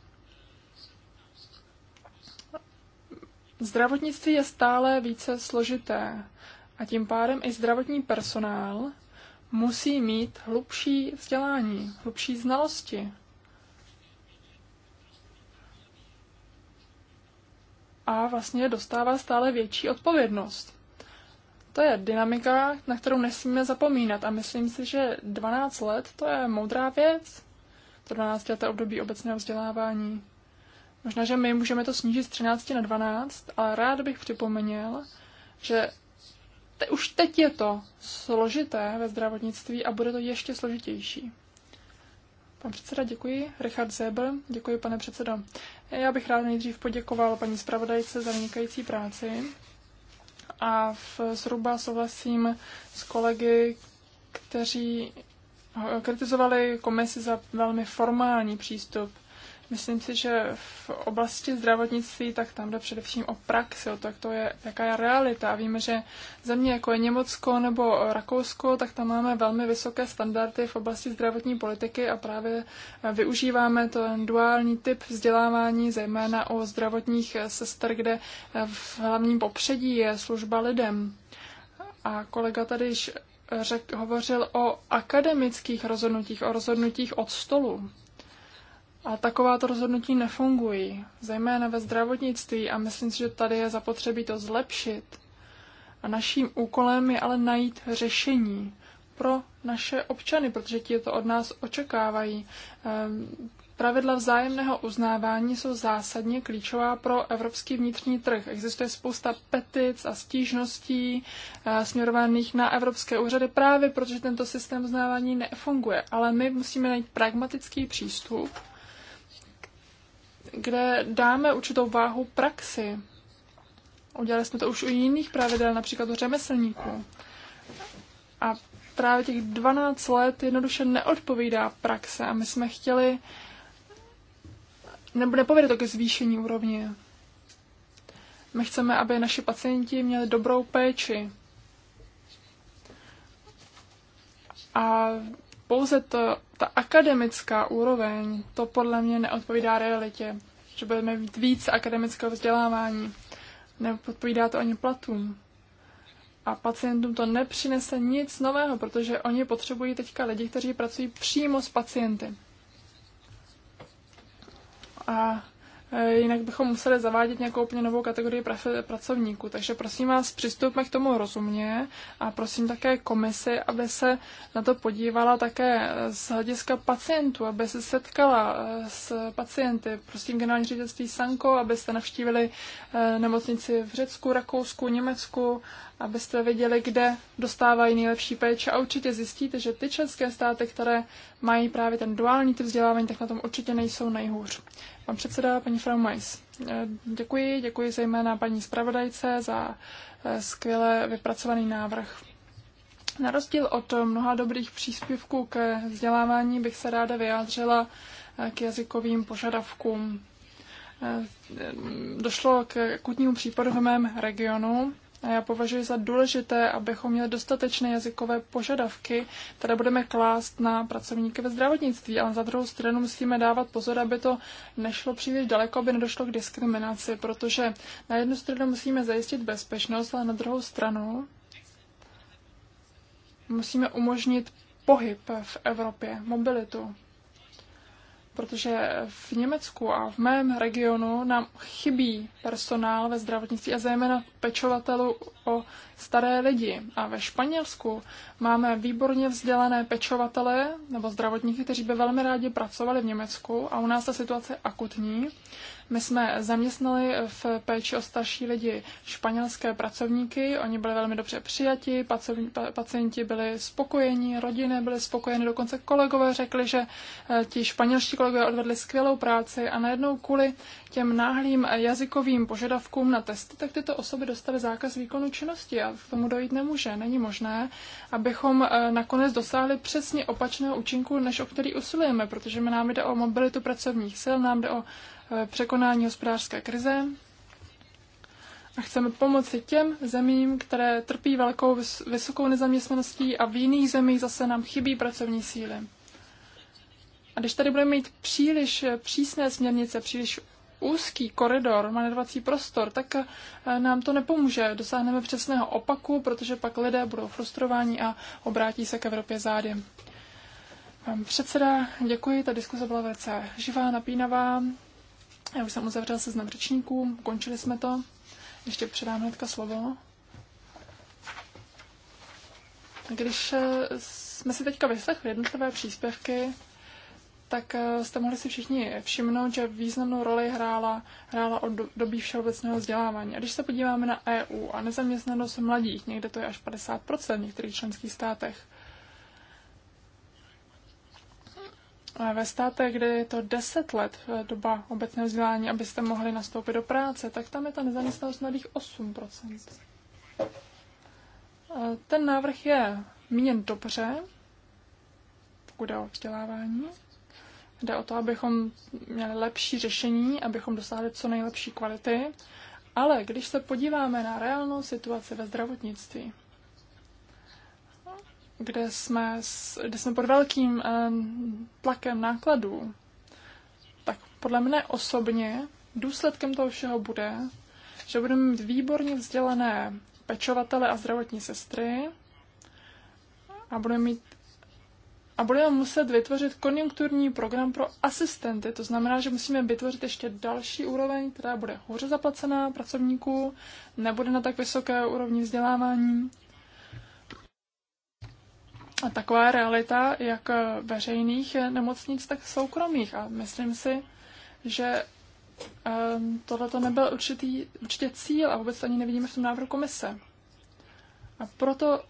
Zdravotnictví je stále více složité a tím pádem i zdravotní personál musí mít hlubší vzdělání, hlubší znalosti. A vlastně dostává stále větší odpovědnost. To je dynamika, na kterou nesmíme zapomínat a myslím si, že 12 let to je moudrá věc. To 12 leté období obecného vzdělávání. Možná, že my můžeme to snížit z 13 na 12, ale rád bych připomněl, že te, už teď je to složité ve zdravotnictví a bude to ještě složitější. Pan předseda, děkuji. Richard Zebel, děkuji, pane předsedo. Já bych rád nejdřív poděkoval paní zpravodajce za vynikající práci a v, zhruba souhlasím s kolegy, kteří kritizovali komisi za velmi formální přístup Myslím si, že v oblasti zdravotnictví, tak tam jde především o praxi, o to, jak to je, jaká je realita. A víme, že země jako je Německo nebo Rakousko, tak tam máme velmi vysoké standardy v oblasti zdravotní politiky a právě využíváme ten duální typ vzdělávání, zejména o zdravotních sester, kde v hlavním popředí je služba lidem. A kolega tady již řek, hovořil o akademických rozhodnutích, o rozhodnutích od stolu. A takováto rozhodnutí nefungují, zejména ve zdravotnictví a myslím si, že tady je zapotřebí to zlepšit. A naším úkolem je ale najít řešení pro naše občany, protože ti to od nás očekávají. Ehm, pravidla vzájemného uznávání jsou zásadně klíčová pro evropský vnitřní trh. Existuje spousta petic a stížností eh, směrovaných na evropské úřady právě protože tento systém uznávání nefunguje. Ale my musíme najít pragmatický přístup kde dáme určitou váhu praxi. Udělali jsme to už u jiných pravidel, například u řemeslníků. A právě těch 12 let jednoduše neodpovídá praxe a my jsme chtěli, nebo nepovede to ke zvýšení úrovně. My chceme, aby naši pacienti měli dobrou péči. A pouze to, ta akademická úroveň, to podle mě neodpovídá realitě. Že budeme mít víc akademického vzdělávání. Neodpovídá to ani platům. A pacientům to nepřinese nic nového, protože oni potřebují teďka lidi, kteří pracují přímo s pacienty. A Eh, jinak bychom museli zavádět nějakou úplně novou kategorii pracovníků. Takže prosím vás, přistupme k tomu rozumně a prosím také komisi, aby se na to podívala také eh, z hlediska pacientů, aby se setkala eh, s pacienty. Prosím generální ředitelství Sanko, aby se navštívili nemocnici v Řecku, Rakousku, Německu abyste věděli, kde dostávají nejlepší péče a určitě zjistíte, že ty české státy, které mají právě ten duální typ vzdělávání, tak na tom určitě nejsou nejhůř. Pan předseda, paní Frau Mais, eh, děkuji, děkuji zejména paní zpravodajce za eh, skvěle vypracovaný návrh. Na rozdíl od mnoha dobrých příspěvků ke vzdělávání bych se ráda vyjádřila eh, k jazykovým požadavkům. Došlo k akutnímu případu v mém regionu, a já považuji za důležité, abychom měli dostatečné jazykové požadavky, které budeme klást na pracovníky ve zdravotnictví, ale na druhou stranu musíme dávat pozor, aby to nešlo příliš daleko, aby nedošlo k diskriminaci, protože na jednu stranu musíme zajistit bezpečnost, ale na druhou stranu musíme umožnit pohyb v Evropě, mobilitu protože v Německu a v mém regionu nám chybí personál ve zdravotnictví a zejména pečovatelů o staré lidi. A ve Španělsku máme výborně vzdělané pečovatele nebo zdravotníky, kteří by velmi rádi pracovali v Německu a u nás ta situace je akutní my jsme zaměstnali v péči o starší lidi španělské pracovníky, oni byli velmi dobře přijati, pacienti byli spokojeni, rodiny byly spokojeny, dokonce kolegové řekli, že eh, ti španělští kolegové odvedli skvělou práci a najednou kvůli těm náhlým jazykovým požadavkům na testy, tak tyto osoby dostaly zákaz výkonu činnosti a k tomu dojít nemůže. Není možné, abychom eh, nakonec dosáhli přesně opačného účinku, než o který usilujeme, protože nám jde o mobilitu pracovních sil, nám jde o překonání hospodářské krize a chceme pomoci těm zemím, které trpí velkou vysokou nezaměstnaností a v jiných zemích zase nám chybí pracovní síly. A když tady budeme mít příliš přísné směrnice, příliš úzký koridor, manevrovací prostor, tak eh, nám to nepomůže. Dosáhneme přesného opaku, protože pak lidé budou frustrováni a obrátí se k Evropě zády. Pan předseda, děkuji, ta diskuze byla velice živá, napínavá. Já už jsem se znam řečníků, končili jsme to. Ještě předám hnedka slovo. Když eh, jsme si teďka vyslechli jednotlivé příspěvky, tak eh, jste mohli si všichni všimnout, že významnou roli hrála, hrála od dobí všeobecného vzdělávání. A když se podíváme na EU a nezaměstnanost mladých, někde to je až 50% v některých členských státech, ve státech, kde je to 10 let eh, doba obecného vzdělání, abyste mohli nastoupit do práce, tak tam je ta nezaměstnanost mladých 8%. Eh, ten návrh je míněn dobře, pokud jde o vzdělávání. Jde o to, abychom měli lepší řešení, abychom dosáhli co nejlepší kvality. Ale když se podíváme na reálnou situaci ve zdravotnictví, kde jsme, kde jsme pod velkým eh, tlakem nákladů, tak podle mne osobně důsledkem toho všeho bude, že budeme mít výborně vzdělané pečovatele a zdravotní sestry a budeme mít a budeme muset vytvořit konjunkturní program pro asistenty. To znamená, že musíme vytvořit ještě další úroveň, která bude hůře zaplacená pracovníků, nebude na tak vysoké úrovni vzdělávání a taková realita jak veřejných nemocnic, tak soukromých. A myslím si, že ehm, tohle to nebyl určitý, určitě cíl a vůbec ani nevidíme v tom návrhu komise. A proto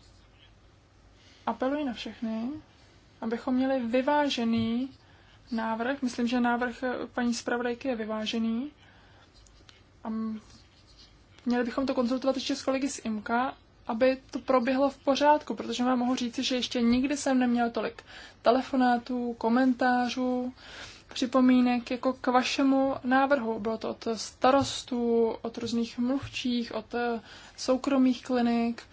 apeluji na všechny, abychom měli vyvážený návrh. Myslím, že návrh paní zpravodajky je vyvážený. A měli bychom to konzultovat ještě s kolegy z IMKA aby to proběhlo v pořádku, protože vám mohu říci, že ještě nikdy jsem neměl tolik telefonátů, komentářů, připomínek jako k vašemu návrhu. Bylo to od starostů, od různých mluvčích, od eh, soukromých klinik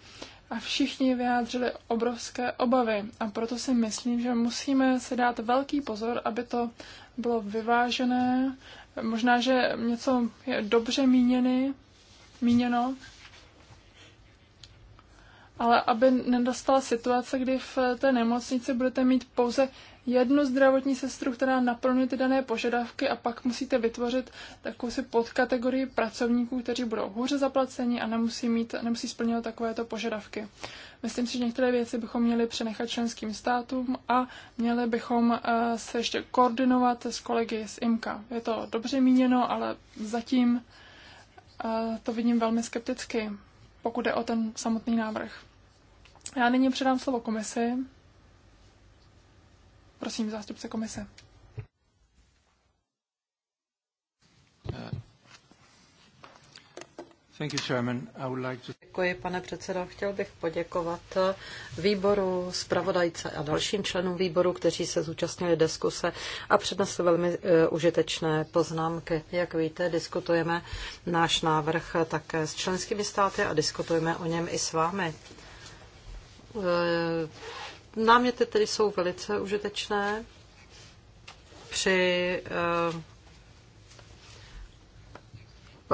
a všichni vyjádřili obrovské obavy. A proto si myslím, že musíme se dát velký pozor, aby to bylo vyvážené. Možná, že něco je dobře míněny, míněno, ale aby nedostala situace, kdy v té nemocnici budete mít pouze jednu zdravotní sestru, která naplňuje ty dané požadavky a pak musíte vytvořit takovou si podkategorii pracovníků, kteří budou hůře zaplaceni a nemusí, mít, nemusí splňovat takovéto požadavky. Myslím si, že některé věci bychom měli přenechat členským státům a měli bychom eh, se ještě koordinovat s kolegy z IMKA. Je to dobře míněno, ale zatím eh, to vidím velmi skepticky, pokud je o ten samotný návrh. Já nyní předám slovo komisi. Prosím, zástupce komise. Uh, Děkuji, pane předsedo. Chtěl bych poděkovat výboru, zpravodajce a dalším členům výboru, kteří se zúčastnili diskuse a přednesli velmi uh, užitečné poznámky. Jak víte, diskutujeme náš návrh také s členskými státy a diskutujeme o něm i s vámi. Eh, náměty tedy jsou velice užitečné při eh,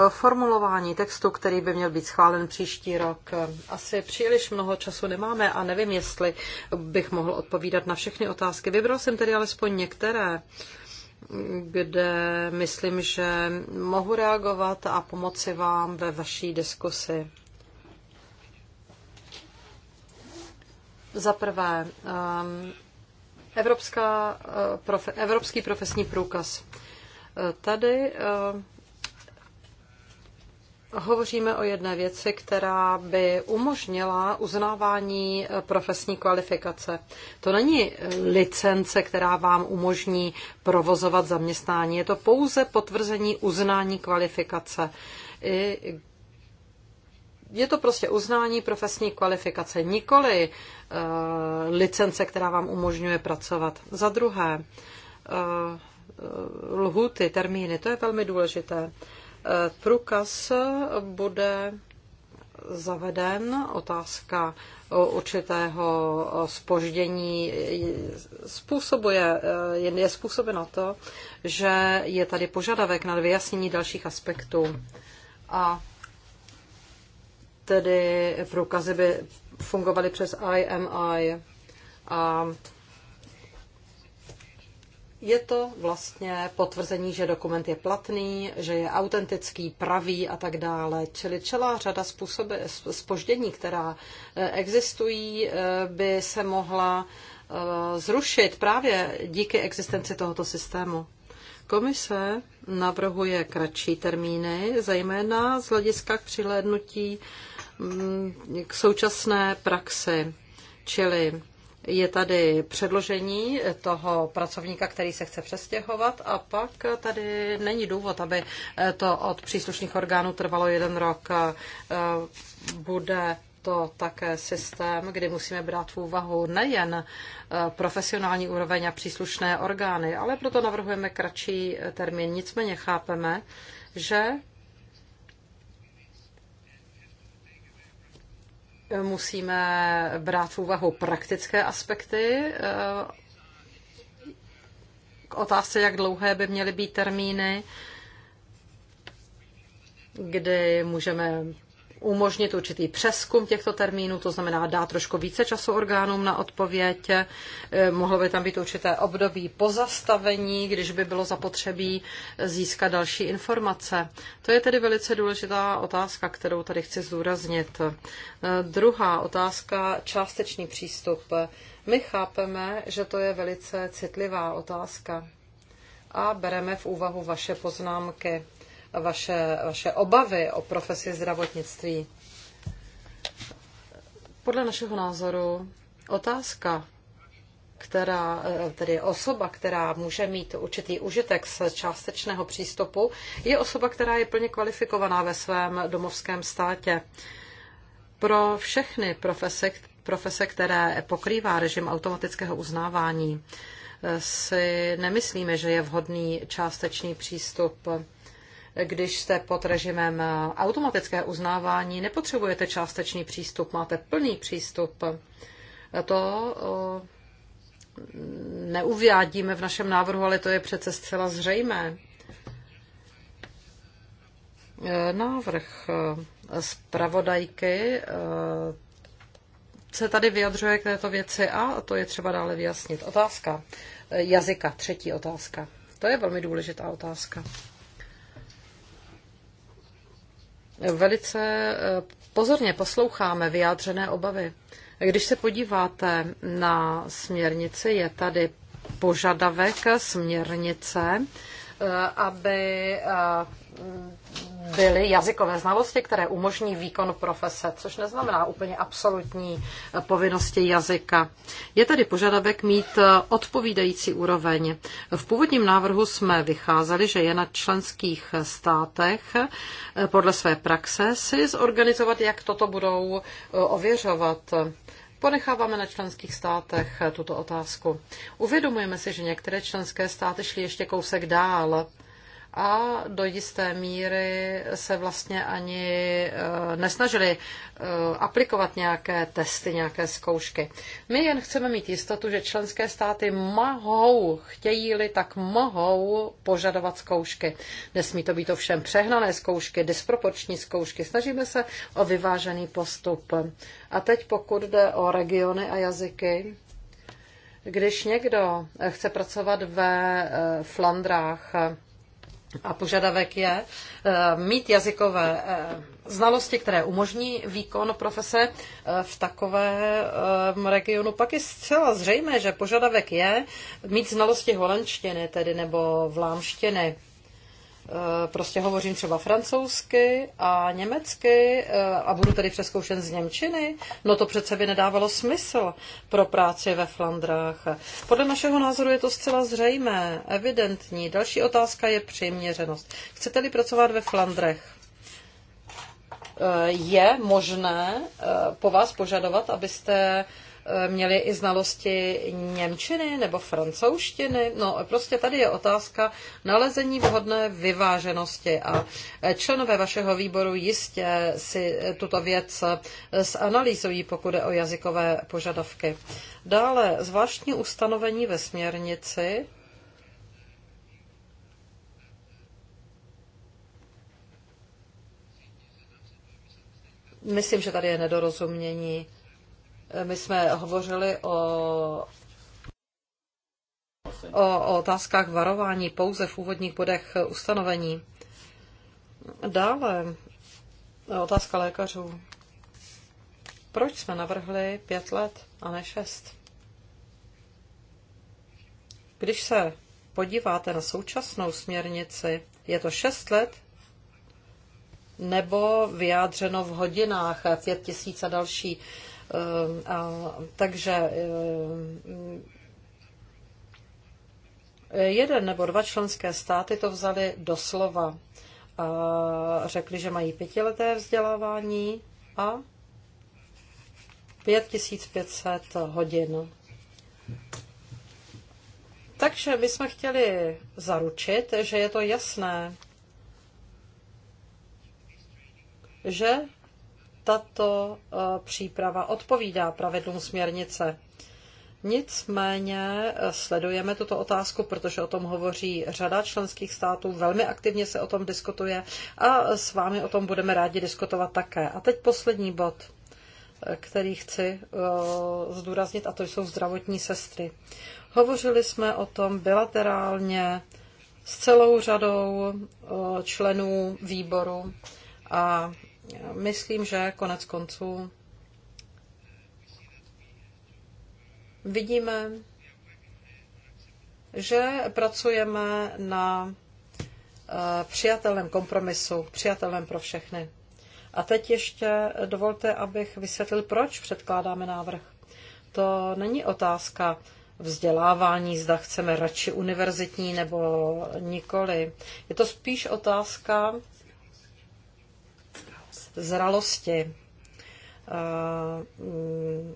formulování textu, který by měl být schválen příští rok. Asi příliš mnoho času nemáme a nevím, jestli bych mohl odpovídat na všechny otázky. Vybral jsem tedy alespoň některé, kde myslím, že mohu reagovat a pomoci vám ve vaší diskusi. Za prvé, ehm, Evropská, eh, profe, Evropský profesní průkaz. Eh, tady ehm, hovoříme o jedné věci, která by umožnila uznávání eh, profesní kvalifikace. To není licence, která vám umožní provozovat zaměstnání, je to pouze potvrzení uznání kvalifikace. I je to prostě uznání profesní kvalifikace, nikoli e, licence, která vám umožňuje pracovat. Za druhé, e, lhuty, termíny, to je velmi důležité. E, průkaz bude zaveden, otázka určitého spoždění způsobuje, je způsobeno to, že je tady požadavek na vyjasnění dalších aspektů. A tedy průkazy by fungovaly přes IMI. A je to vlastně potvrzení, že dokument je platný, že je autentický, pravý a tak dále. Čili celá řada způsoby, spoždění, která eh, existují, eh, by se mohla eh, zrušit právě díky existenci tohoto systému. Komise navrhuje kratší termíny, zejména z hlediska k přihlédnutí Mm, k současné praxi, čili je tady předložení toho pracovníka, který se chce přestěhovat a pak tady není důvod, aby to od příslušných orgánů trvalo jeden rok. E, bude to také systém, kdy musíme brát v úvahu nejen e, profesionální úroveň a příslušné orgány, ale proto navrhujeme kratší termín. Nicméně chápeme, že Musíme brát v úvahu praktické aspekty eh, k otázce, jak dlouhé by měly být termíny, kdy můžeme umožnit určitý přeskum těchto termínů, to znamená dát trošku více času orgánům na odpověď. Eh, mohlo by tam být určité období pozastavení, když by bylo zapotřebí získat další informace. To je tedy velice důležitá otázka, kterou tady chci zdůraznit. Eh, druhá otázka, částečný přístup. My chápeme, že to je velice citlivá otázka a bereme v úvahu vaše poznámky vaše, vaše obavy o profesi zdravotnictví. Podle našeho názoru otázka, která, eh, tedy osoba, která může mít určitý užitek z částečného přístupu, je osoba, která je plně kvalifikovaná ve svém domovském státě. Pro všechny profese, profese které pokrývá režim automatického uznávání, eh, si nemyslíme, že je vhodný částečný přístup. Když jste pod režimem automatické uznávání, nepotřebujete částečný přístup, máte plný přístup. To neuvádíme v našem návrhu, ale to je přece zcela zřejmé. Návrh zpravodajky e, se tady vyjadřuje k této věci a to je třeba dále vyjasnit. Otázka jazyka, třetí otázka. To je velmi důležitá otázka. velice eh, pozorně posloucháme vyjádřené obavy. Když se podíváte na směrnici, je tady požadavek směrnice, eh, aby eh, byly jazykové znalosti, které umožní výkon profese, což neznamená úplně absolutní eh, povinnosti jazyka. Je tedy požadavek mít eh, odpovídající úroveň. V původním návrhu jsme vycházeli, že je na členských eh, státech podle své praxe si zorganizovat, jak toto budou ověřovat. Ponecháváme na členských státech tuto otázku. Uvědomujeme si, že některé členské státy šly ještě kousek dál a do jisté míry se vlastně ani eh, nesnažili eh, aplikovat nějaké testy, nějaké zkoušky. My jen chceme mít jistotu, že členské státy mohou, chtějí-li, tak mohou požadovat zkoušky. Nesmí to být ovšem přehnané zkoušky, disproporční zkoušky. Snažíme se o vyvážený postup. A teď pokud jde o regiony a jazyky, když někdo chce pracovat ve eh, Flandrách, a požadavek je eh, mít jazykové eh, znalosti, které umožní výkon profese eh, v takovém regionu. Pak je zcela zřejmé, že požadavek je mít znalosti holandštiny, tedy nebo vlámštiny. Eh, prostě hovořím třeba francouzsky a německy eh, a budu tedy přeskoušen z Němčiny, no to přece by nedávalo smysl pro práci ve Flandrách. Podle našeho názoru je to zcela zřejmé, evidentní. Další otázka je přiměřenost. Chcete-li pracovat ve Flandrech? Eh, je možné po vás požadovat, abyste Eh, měli i znalosti němčiny nebo francouzštiny. No prostě tady je otázka nalezení vhodné vyváženosti a eh, členové vašeho výboru jistě si eh, tuto věc zanalýzují, pokud je o jazykové požadavky. Dále zvláštní ustanovení ve směrnici Myslím, že tady je nedorozumění. My jsme hovořili o, o, o otázkách varování pouze v úvodních bodech ustanovení. Dále otázka lékařů. Proč jsme navrhli pět let a ne šest? Když se podíváte na současnou směrnici, je to šest let nebo vyjádřeno v hodinách pět tisíc a další. Eh, a, takže eh, jeden nebo dva členské státy to vzali doslova. A řekli, že mají pětileté vzdělávání a 5500 hodin. Takže my jsme chtěli zaručit, že je to jasné, že tato eh, příprava odpovídá pravidlům směrnice. Nicméně eh, sledujeme tuto otázku, protože o tom hovoří řada členských států, velmi aktivně se o tom diskutuje a s vámi o tom budeme rádi diskutovat také. A teď poslední bod, eh, který chci zdůraznit, a to jsou zdravotní sestry. Hovořili jsme o tom bilaterálně s celou řadou členů výboru a myslím, že konec konců vidíme, že pracujeme na eh, přijatelném kompromisu, přijatelném pro všechny. A teď ještě dovolte, abych vysvětlil, proč předkládáme návrh. To není otázka vzdělávání, zda chceme radši univerzitní nebo nikoli. Je to spíš otázka zralosti. Eh, mm.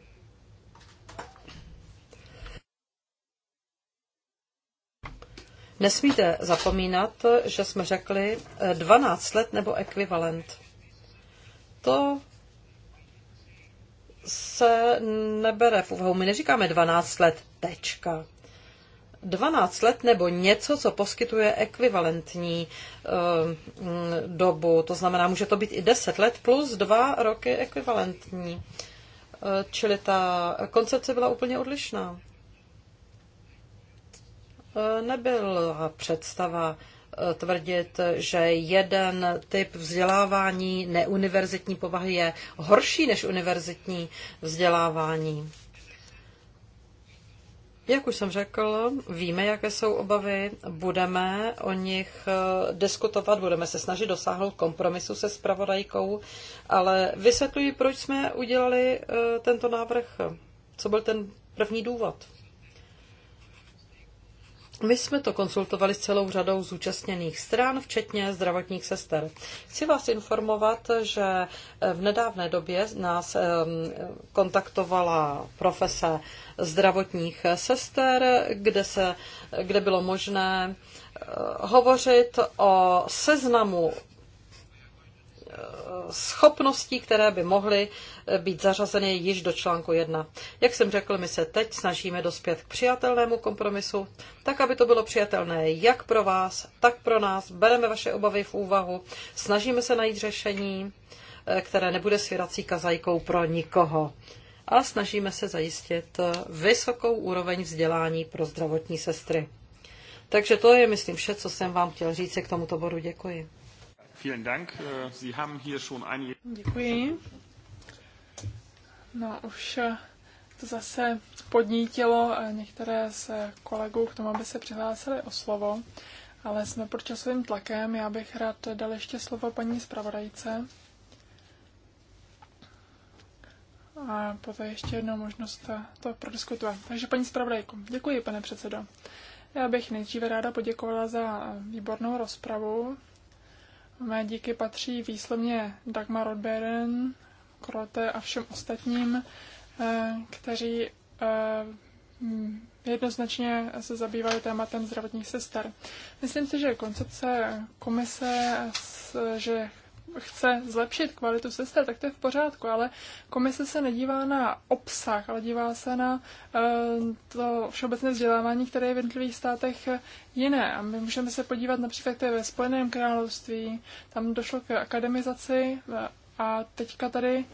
Nesmíte zapomínat, že jsme řekli 12 eh, let nebo ekvivalent. To se nebere v úvahu. My neříkáme 12 let, tečka. 12 let nebo něco, co poskytuje ekvivalentní eh, dobu. To znamená, může to být i 10 let plus 2 roky ekvivalentní. Eh, čili ta koncepce byla úplně odlišná. Eh, nebyla představa tvrdit, že jeden typ vzdělávání neuniverzitní povahy je horší než univerzitní vzdělávání. Jak už jsem řekl, víme, jaké jsou obavy, budeme o nich eh, diskutovat, budeme se snažit dosáhnout kompromisu se spravodajkou, ale vysvětluji, proč jsme udělali eh, tento návrh, co byl ten první důvod. My jsme to konsultovali s celou řadou zúčastněných stran, včetně zdravotních sester. Chci vás informovat, že eh, v nedávné době nás eh, kontaktovala profese zdravotních sester, kde, se, kde bylo možné eh, hovořit o seznamu schopností, které by mohly být zařazeny již do článku 1. Jak jsem řekl, my se teď snažíme dospět k přijatelnému kompromisu, tak aby to bylo přijatelné jak pro vás, tak pro nás. Bereme vaše obavy v úvahu, snažíme se najít řešení, eh, které nebude svěrací kazajkou pro nikoho. A snažíme se zajistit eh, vysokou úroveň vzdělání pro zdravotní sestry. Takže to je, myslím, vše, co jsem vám chtěl říct k tomuto bodu. Děkuji vielen Dank. Äh, Sie haben hier schon einige... Děkuji. No už eh, to zase podnítilo eh, některé z kolegů k tomu, aby se přihlásili o slovo, ale jsme pod časovým tlakem. Já bych rád dal ještě slovo paní zpravodajce. A poté ještě jednou možnost eh, to prodiskutovat. Takže paní zpravodajku, děkuji, pane předsedo. Já bych nejdříve ráda poděkovala za výbornou rozpravu Mé díky patří výslovně Dagmar Rodberen, Krote a všem ostatním, eh, kteří eh, jednoznačně se zabývají tématem zdravotních sester. Myslím si, že koncepce komise, že chce zlepšit kvalitu sester, tak to je v pořádku, ale komise se nedívá na obsah, ale dívá se na eh, to všeobecné vzdělávání, které je v jednotlivých státech jiné. A my můžeme se podívat například, to je ve Spojeném království, tam došlo k akademizaci eh, a teďka tady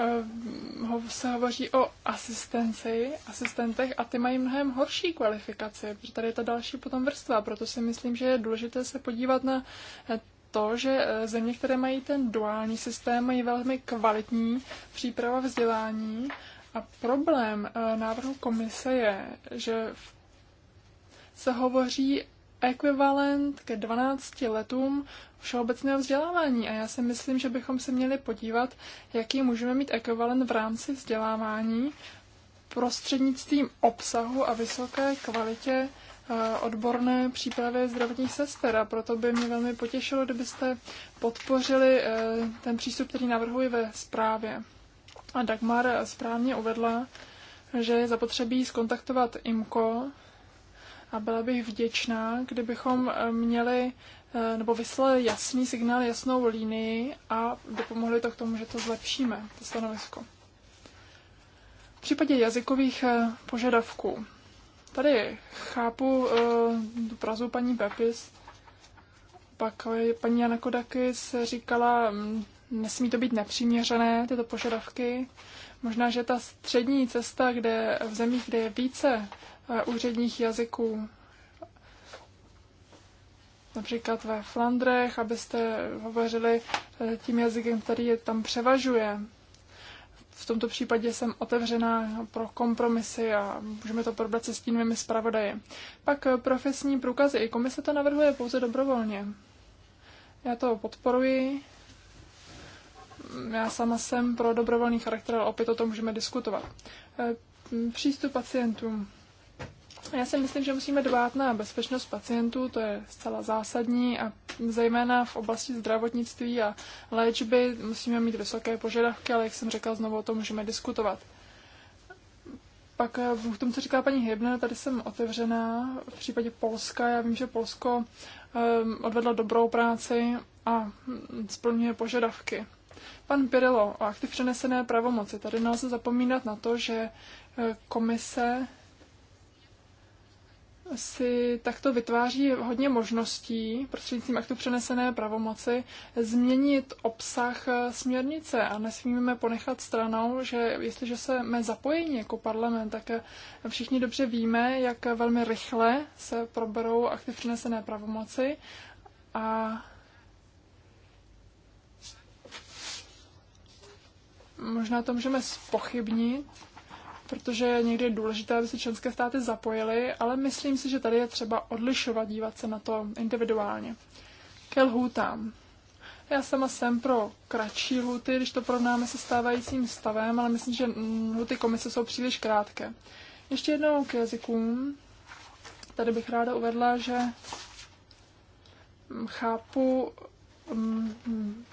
eh, se hovoří o asistenci, asistentech a ty mají mnohem horší kvalifikaci, protože tady je ta další potom vrstva, proto si myslím, že je důležité se podívat na to, že e, země, které mají ten duální systém, mají velmi kvalitní příprava vzdělání. A problém e, návrhu komise je, že se hovoří ekvivalent ke 12 letům všeobecného vzdělávání. A já si myslím, že bychom se měli podívat, jaký můžeme mít ekvivalent v rámci vzdělávání prostřednictvím obsahu a vysoké kvalitě odborné přípravě zdravotních sester a proto by mě velmi potěšilo, kdybyste podpořili eh, ten přístup, který navrhuji ve zprávě. A Dagmar správně uvedla, že je zapotřebí skontaktovat IMKO a byla bych vděčná, kdybychom eh, měli eh, nebo vyslali jasný signál, jasnou línii a dopomohli to k tomu, že to zlepšíme, to stanovisko. V případě jazykových požadavků Tady chápu uh, Prazu paní Pepis, pak paní Jana se říkala, mm, nesmí to být nepřiměřené, tyto požadavky. Možná, že ta střední cesta, kde v zemích, kde je více eh, úředních jazyků, například ve Flandrech, abyste hovořili eh, tím jazykem, který je tam převažuje, v tomto případě jsem otevřená pro kompromisy a můžeme to probrat se stínovými zpravodaji. Pak eh, profesní průkazy. I komise to navrhuje pouze dobrovolně. Já to podporuji. Mm, já sama jsem pro dobrovolný charakter, ale opět o tom můžeme diskutovat. Eh, přístup pacientům. Já si myslím, že musíme dbát na bezpečnost pacientů, to je zcela zásadní a zejména v oblasti zdravotnictví a léčby musíme mít vysoké požadavky, ale jak jsem řekla, znovu o tom můžeme diskutovat. Pak eh, v tom, co říká paní Hybner, tady jsem otevřená v případě Polska. Já vím, že Polsko um, odvedlo dobrou práci a splňuje požadavky. Pan Pirilo, o aktiv přenesené pravomoci. Tady nelze zapomínat na to, že eh, komise si takto vytváří hodně možností prostřednictvím aktu přenesené pravomoci změnit obsah směrnice a nesmíme ponechat stranou, že jestliže jsme zapojeni jako parlament, tak všichni dobře víme, jak velmi rychle se proberou akty přenesené pravomoci a možná to můžeme spochybnit, protože někdy je důležité, aby se členské státy zapojily, ale myslím si, že tady je třeba odlišovat, dívat se na to individuálně. Ke lhůtám. Já sama jsem pro kratší lhuty, když to porovnáme se stávajícím stavem, ale myslím, že lhuty komise jsou příliš krátké. Ještě jednou k jazykům. Tady bych ráda uvedla, že chápu mm,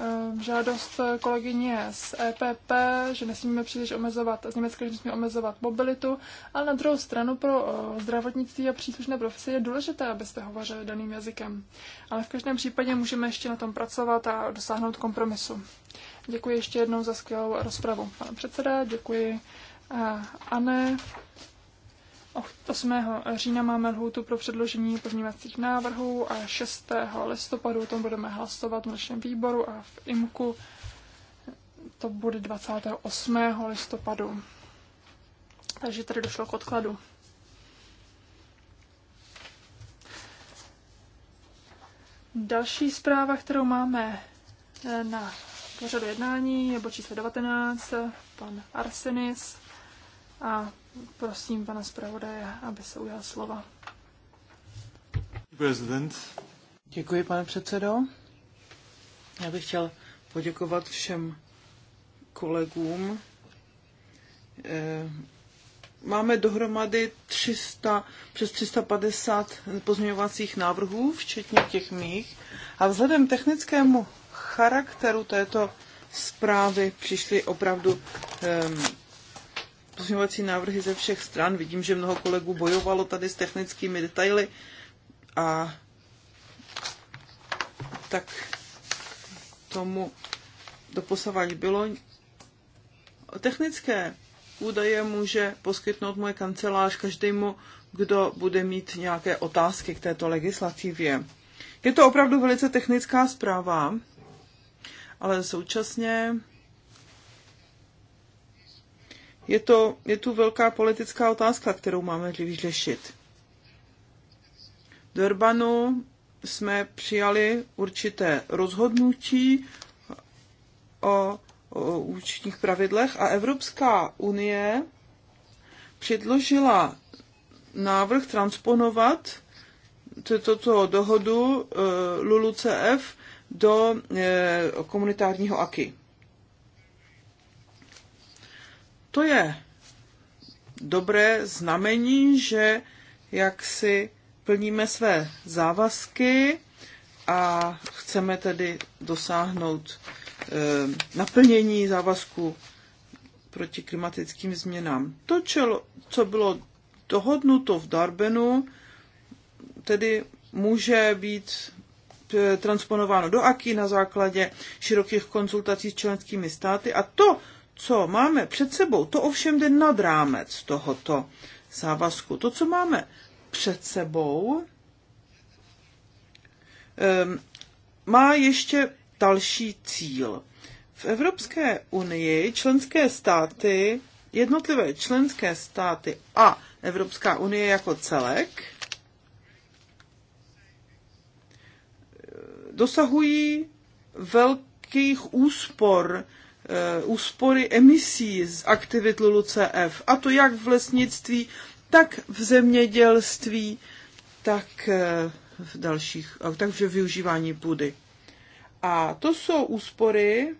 Ehm, žádost kolegyně z EPP, že nesmíme příliš omezovat, z Německa, že nesmíme omezovat mobilitu, ale na druhou stranu pro eh, zdravotnictví a příslušné profese je důležité, abyste hovořili daným jazykem. Ale v každém případě můžeme ještě na tom pracovat a dosáhnout kompromisu. Děkuji ještě jednou za skvělou rozpravu. Pane předseda, děkuji eh, Anne 8. října máme lhůtu pro předložení pozměňovacích návrhů a 6. listopadu o tom budeme hlasovat v našem výboru a v IMKU to bude 28. listopadu. Takže tady došlo k odkladu. Další zpráva, kterou máme eh, na pořadu jednání, je bod číslo 19, eh, pan Arsenis a Prosím pana zpravodaje, aby se ujal slova. President. Děkuji, pane předsedo. Já bych chtěl poděkovat všem kolegům. Eh, máme dohromady 300, přes 350 pozměňovacích návrhů, včetně těch mých. A vzhledem technickému charakteru této zprávy přišly opravdu ehm, pozměňovací návrhy ze všech stran. Vidím, že mnoho kolegů bojovalo tady s technickými detaily a tak tomu doposavať bylo. Technické údaje může poskytnout moje kancelář každému, kdo bude mít nějaké otázky k této legislativě. Je to opravdu velice technická zpráva, ale současně je, to, je tu velká politická otázka, kterou máme vyřešit. Do Urbanu jsme přijali určité rozhodnutí o, o účetních pravidlech a Evropská unie předložila návrh transponovat tuto dohodu eh, LULUCF do eh, komunitárního AKI. To je dobré znamení, že jak si plníme své závazky a chceme tedy dosáhnout eh, naplnění závazku proti klimatickým změnám. To, co bylo dohodnuto v Darbenu, tedy může být eh, transponováno do AKI na základě širokých konzultací s členskými státy a to, co máme před sebou, to ovšem jde nad rámec tohoto závazku. To, co máme před sebou, má ještě další cíl. V Evropské unii členské státy, jednotlivé členské státy a Evropská unie jako celek dosahují velkých úspor Eh, úspory emisí z aktivit LULUCF, a to jak v lesnictví, tak v zemědělství, tak eh, v dalších, eh, takže využívání půdy. A to jsou úspory,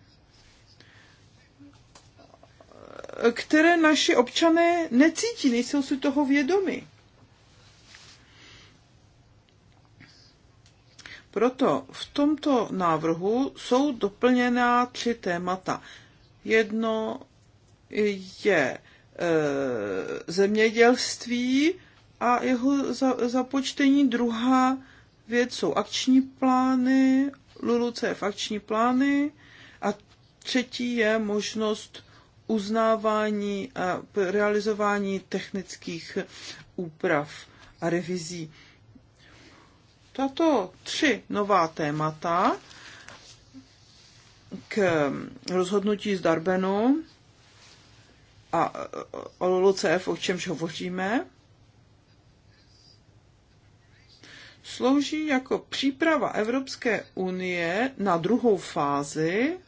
které naši občané necítí, nejsou si toho vědomi. Proto v tomto návrhu jsou doplněná tři témata. Jedno je e, zemědělství a jeho započtení. Druhá věc jsou akční plány, LULUCF akční plány a třetí je možnost uznávání a realizování technických úprav a revizí tato tři nová témata k rozhodnutí z Darbenu a e, o LULCF, o čemž hovoříme, slouží jako příprava Evropské unie na druhou fázi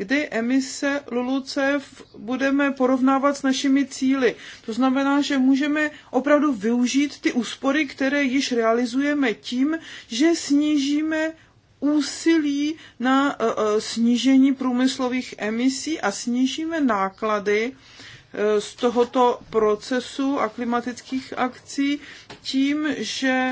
kdy emise LULUCEF budeme porovnávat s našimi cíly. To znamená, že můžeme opravdu využít ty úspory, které již realizujeme tím, že snížíme úsilí na e, e, snížení průmyslových emisí a snížíme náklady e, z tohoto procesu a klimatických akcí tím, že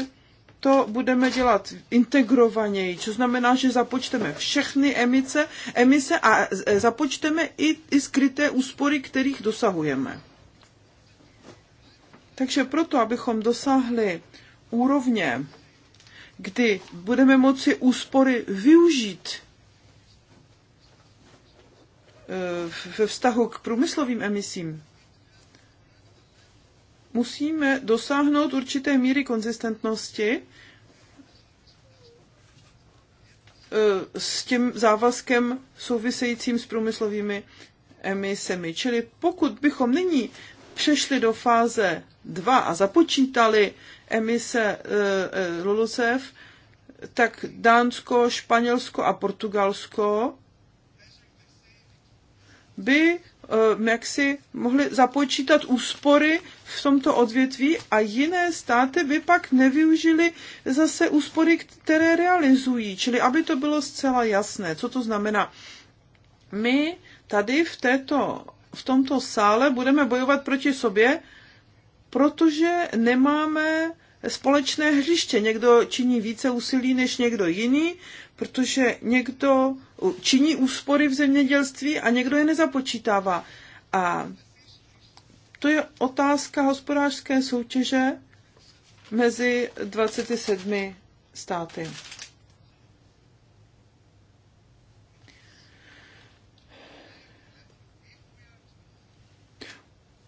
to budeme dělat integrovaněji, což znamená, že započteme všechny emice, emise a e, započteme i, i skryté úspory, kterých dosahujeme. Takže proto, abychom dosáhli úrovně, kdy budeme moci úspory využít e, ve vztahu k průmyslovým emisím, musíme dosáhnout určité míry konzistentnosti e, s tím závazkem souvisejícím s průmyslovými emisemi. Čili pokud bychom nyní přešli do fáze 2 a započítali emise e, e, LULUCEF, tak Dánsko, Španělsko a Portugalsko by Eh, jak si mohli započítat úspory v tomto odvětví a jiné státy by pak nevyužili zase úspory, které realizují. Čili aby to bylo zcela jasné, co to znamená. My tady v, této, v tomto sále budeme bojovat proti sobě, protože nemáme společné hřiště. Někdo činí více úsilí než někdo jiný, protože někdo činí úspory v zemědělství a někdo je nezapočítává. A to je otázka hospodářské soutěže mezi 27 státy.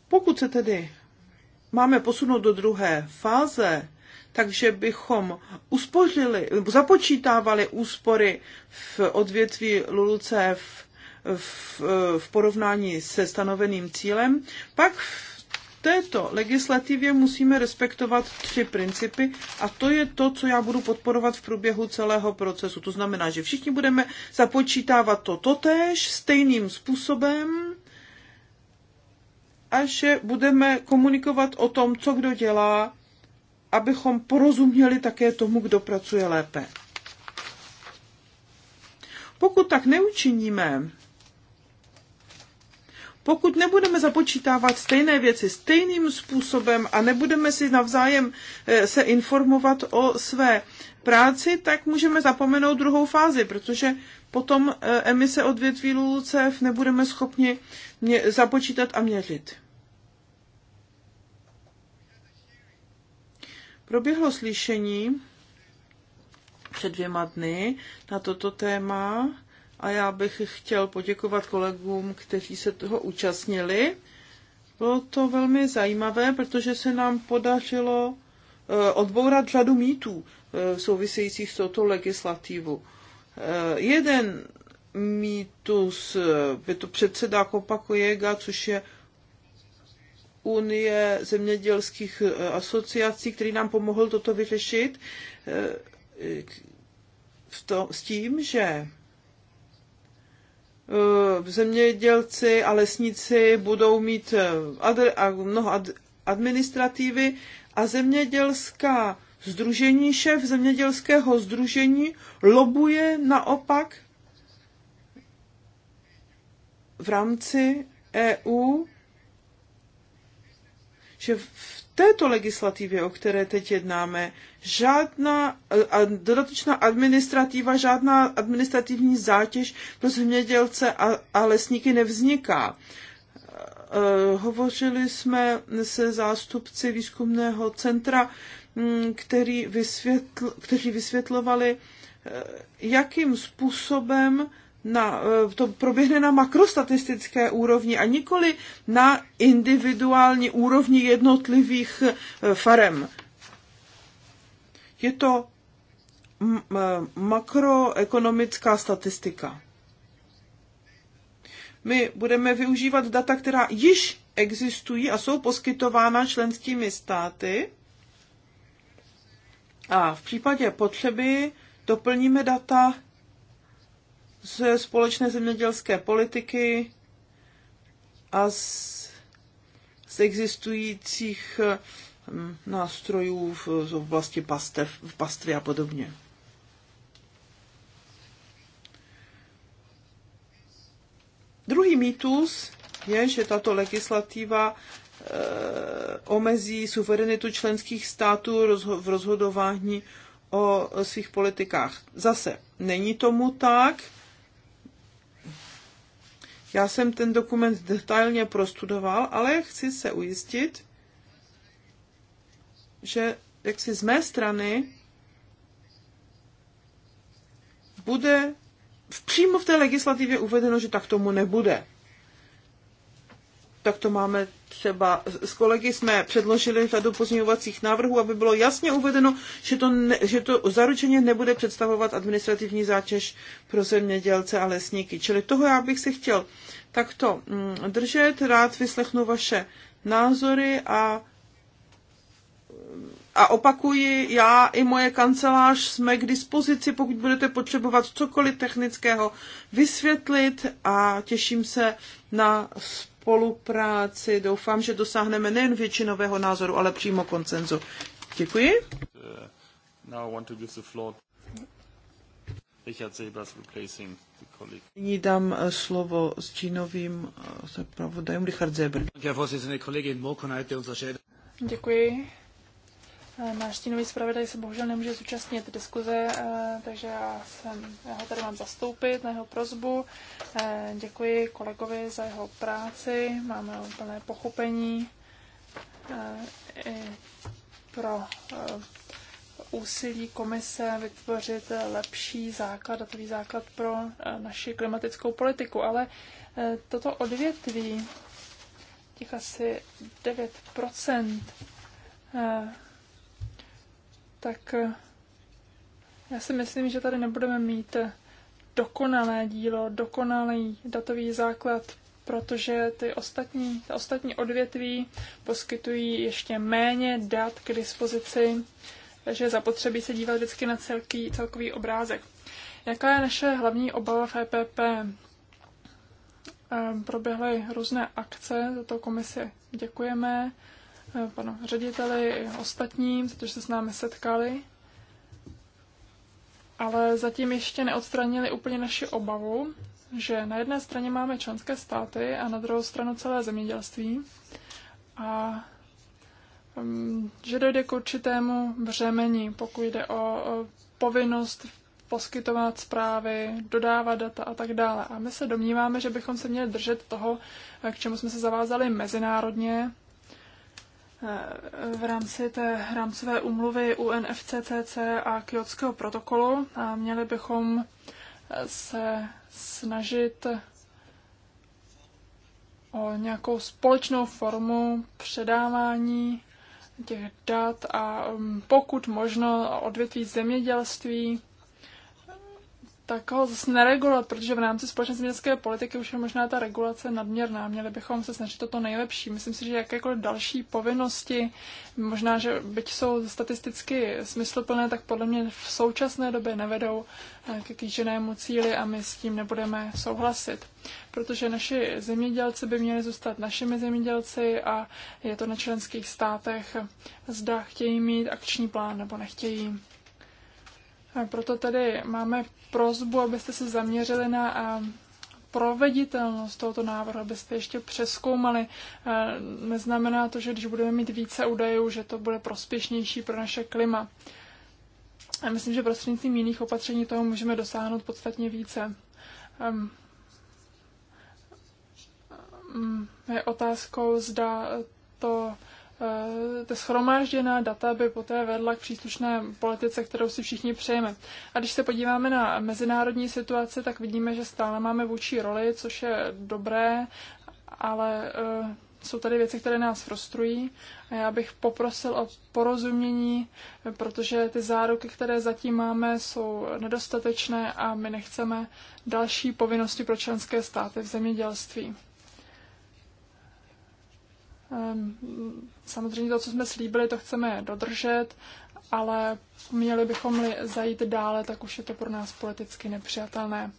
Pokud se tedy máme posunout do druhé fáze, takže bychom uspořili, započítávali úspory v odvětví LULUCF v, v porovnání se stanoveným cílem, pak v této legislativě musíme respektovat tři principy a to je to, co já budu podporovat v průběhu celého procesu. To znamená, že všichni budeme započítávat to totéž stejným způsobem a že budeme komunikovat o tom, co kdo dělá abychom porozuměli také tomu, kdo pracuje lépe. Pokud tak neučiníme, pokud nebudeme započítávat stejné věci stejným způsobem a nebudeme si navzájem eh, se informovat o své práci, tak můžeme zapomenout druhou fázi, protože potom eh, emise odvětví LULCF nebudeme schopni započítat a měřit. Proběhlo slyšení před dvěma dny na toto téma a já bych chtěl poděkovat kolegům, kteří se toho účastnili. Bylo to velmi zajímavé, protože se nám podařilo eh, odbourat řadu mýtů eh, souvisejících s touto legislativou. Eh, jeden mýtus, je to předseda Kopa Kojega, což je Unie zemědělských eh, asociací, který nám pomohl toto vyřešit eh, v to, s tím, že eh, zemědělci a lesníci budou mít a mnoho ad, administrativy a zemědělská združení, šéf zemědělského združení lobuje naopak v rámci EU že v této legislativě, o které teď jednáme, žádná dodatečná administrativa, žádná administrativní zátěž pro zemědělce a, a lesníky nevzniká. E, hovořili jsme se zástupci výzkumného centra, který vysvětl, kteří vysvětlovali, e, jakým způsobem na, eh, to proběhne na makrostatistické úrovni a nikoli na individuální úrovni jednotlivých eh, farem. Je to eh, makroekonomická statistika. My budeme využívat data, která již existují a jsou poskytována členskými státy a v případě potřeby doplníme data ze společné zemědělské politiky a z, z existujících hm, nástrojů v, v oblasti pastev, v pastvy a podobně. Druhý mýtus je, že tato legislativa e, omezí suverenitu členských států rozho- v rozhodování o svých politikách. Zase není tomu tak. Já jsem ten dokument detailně prostudoval, ale chci se ujistit, že jak si z mé strany bude přímo v té legislativě uvedeno, že tak tomu nebude tak to máme třeba, s kolegy jsme předložili řadu pozměňovacích návrhů, aby bylo jasně uvedeno, že to, ne, že to zaručeně nebude představovat administrativní zátěž pro zemědělce a lesníky. Čili toho já bych se chtěl takto mm, držet, rád vyslechnu vaše názory a mm, a opakuji, já i moje kancelář jsme k dispozici, pokud budete potřebovat cokoliv technického vysvětlit a těším se na spolupráci. Doufám, že dosáhneme nejen většinového názoru, ale přímo koncenzu. Děkuji. Richard replacing the colleague. Nyní dám eh, slovo s čínovým zpravodajem eh, Richard Zeber. Děkuji, Eh, náš stínový zpravodaj se bohužel nemůže zúčastnit diskuze, eh, takže já, jsem, já ho tady mám zastoupit na jeho prozbu. Eh, děkuji kolegovi za jeho práci, máme úplné pochopení i pro úsilí komise vytvořit lepší základ, datový základ pro naši klimatickou politiku, ale toto odvětví, těch asi 9 tak eh, já si myslím, že tady nebudeme mít eh, dokonalé dílo, dokonalý datový základ, protože ty ostatní, ty ostatní odvětví poskytují ještě méně dat k dispozici, takže zapotřebí se dívat vždycky na celký, celkový obrázek. Jaká je naše hlavní obava v EPP? Ehm, proběhly různé akce, za to komisi děkujeme. Eh, panu řediteli i ostatním, protože se s námi setkali. Ale zatím ještě neodstranili úplně naši obavu, že na jedné straně máme členské státy a na druhou stranu celé zemědělství. A mm, že dojde k určitému břemení, pokud jde o povinnost poskytovat zprávy, dodávat data a tak dále. A my se domníváme, že bychom se měli držet toho, eh, k čemu jsme se zavázali mezinárodně v rámci té rámcové umluvy UNFCCC a Kyotského protokolu a měli bychom se snažit o nějakou společnou formu předávání těch dat a um, pokud možno odvětví zemědělství tak ho zase neregulovat, protože v rámci společné zemědělské politiky už je možná ta regulace nadměrná. Měli bychom se snažit toto nejlepší. Myslím si, že jakékoliv další povinnosti, možná, že byť jsou statisticky smysluplné, tak podle mě v současné době nevedou eh, k kýženému cíli a my s tím nebudeme souhlasit. Protože naši zemědělci by měli zůstat našimi zemědělci a je to na členských státech, zda chtějí mít akční plán nebo nechtějí. Proto tady máme prozbu, abyste se zaměřili na proveditelnost tohoto návrhu, abyste ještě přeskoumali. Neznamená to, že když budeme mít více údajů, že to bude prospěšnější pro naše klima. A myslím, že prostřednictvím jiných opatření toho můžeme dosáhnout podstatně více. Ehm, ehm, je otázkou, zda to Eh, ta schromážděná data by poté vedla k příslušné politice, kterou si všichni přejeme. A když se podíváme na mezinárodní situaci, tak vidíme, že stále máme vůči roli, což je dobré, ale eh, jsou tady věci, které nás frustrují a já bych poprosil o porozumění, protože ty záruky, které zatím máme, jsou nedostatečné a my nechceme další povinnosti pro členské státy v zemědělství. Ehm, samozřejmě to, co jsme slíbili, to chceme dodržet, ale měli bychom-li zajít dále, tak už je to pro nás politicky nepřijatelné.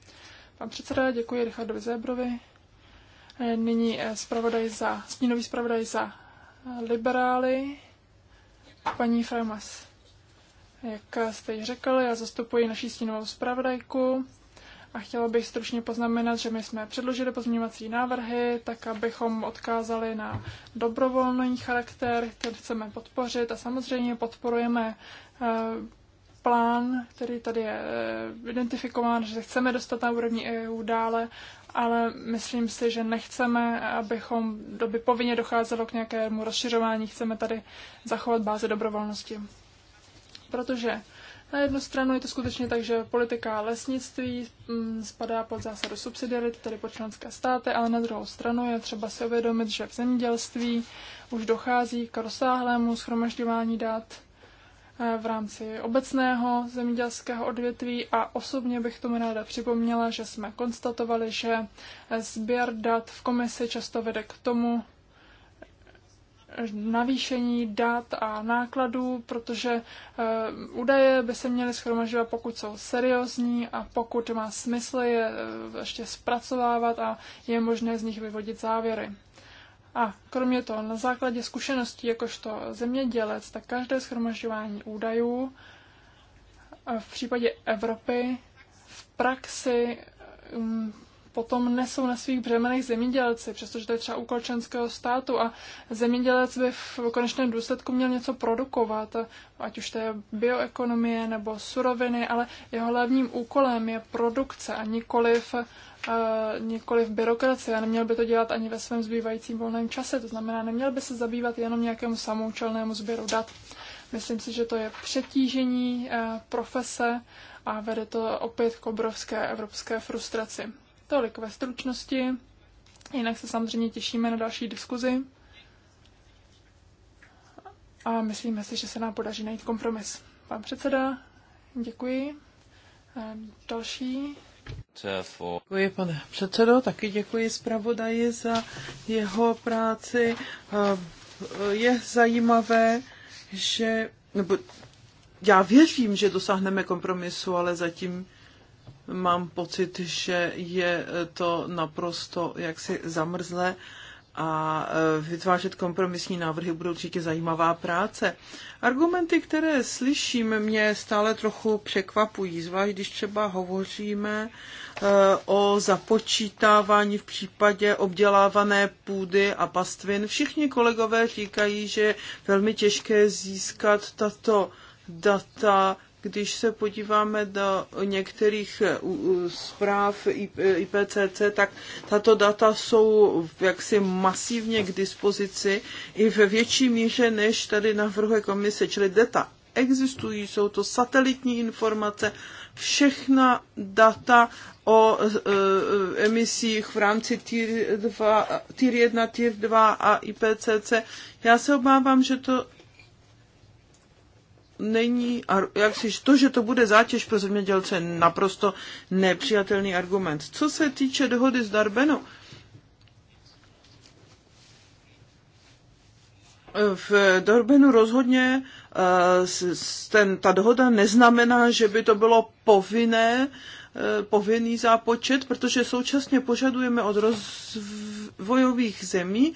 Pan předseda, děkuji Richardovi Zébrovi. E, nyní e, zpravodaj za, stínový zpravodaj za e, liberály, paní Framas. Jak jste ji řekl, já zastupuji naší stínovou zpravodajku a chtěla bych stručně poznamenat, že my jsme předložili pozměňovací návrhy, tak abychom odkázali na dobrovolný charakter, který chceme podpořit a samozřejmě podporujeme eh, plán, který tady je eh, identifikován, že chceme dostat na úrovni EU dále, ale myslím si, že nechceme, abychom doby povinně docházelo k nějakému rozšiřování, chceme tady zachovat bázi dobrovolnosti. Protože na jednu stranu je to skutečně tak, že politika lesnictví mm, spadá pod zásadu subsidiarity, tedy pod členské státy, ale na druhou stranu je třeba si uvědomit, že v zemědělství už dochází k rozsáhlému schromažďování dat eh, v rámci obecného zemědělského odvětví a osobně bych tomu ráda připomněla, že jsme konstatovali, že eh, sběr dat v komisi často vede k tomu, navýšení dat a nákladů, protože eh, údaje by se měly schromažovat, pokud jsou seriózní a pokud má smysl je eh, ještě zpracovávat a je možné z nich vyvodit závěry. A kromě toho, na základě zkušeností jakožto zemědělec, tak každé schromažďování údajů eh, v případě Evropy v praxi mm, potom nesou na svých břemenech zemědělci, přestože to je třeba úkol členského státu a zemědělec by v konečném důsledku měl něco produkovat, ať už to je bioekonomie nebo suroviny, ale jeho hlavním úkolem je produkce a nikoliv, e, nikoliv byrokracie. A neměl by to dělat ani ve svém zbývajícím volném čase, to znamená, neměl by se zabývat jenom nějakému samoučelnému sběru dat. Myslím si, že to je přetížení uh, profese a vede to opět k obrovské evropské frustraci. Tolik ve stručnosti. Jinak se samozřejmě těšíme na další diskuzi. A myslíme si, že se nám podaří najít kompromis. Pan předseda, děkuji. Další. Děkuji, pane předsedo, taky děkuji zpravodaji za jeho práci. Je zajímavé, že, nebo já věřím, že dosáhneme kompromisu, ale zatím Mám pocit, že je to naprosto jaksi zamrzlé a e, vytvářet kompromisní návrhy bude určitě zajímavá práce. Argumenty, které slyším, mě stále trochu překvapují, zvlášť když třeba hovoříme e, o započítávání v případě obdělávané půdy a pastvin. Všichni kolegové říkají, že je velmi těžké získat tato data když se podíváme do některých eh, zpráv IPCC, eh, tak tato data jsou jaksi masivně k dispozici i ve větší míře, než tady navrhuje komise, čili data existují, jsou to satelitní informace, všechna data o e, emisích v rámci TIR, 2, TIR 1, TIR 2 a IPCC. Já se obávám, že to není, jak si to, že to bude zátěž pro zemědělce, naprosto nepřijatelný argument. Co se týče dohody s Darbenu, V Dorbenu rozhodně eh, ten, ta dohoda neznamená, že by to bylo povinné Eh, povinný zápočet, protože současně požadujeme od rozvojových zemí,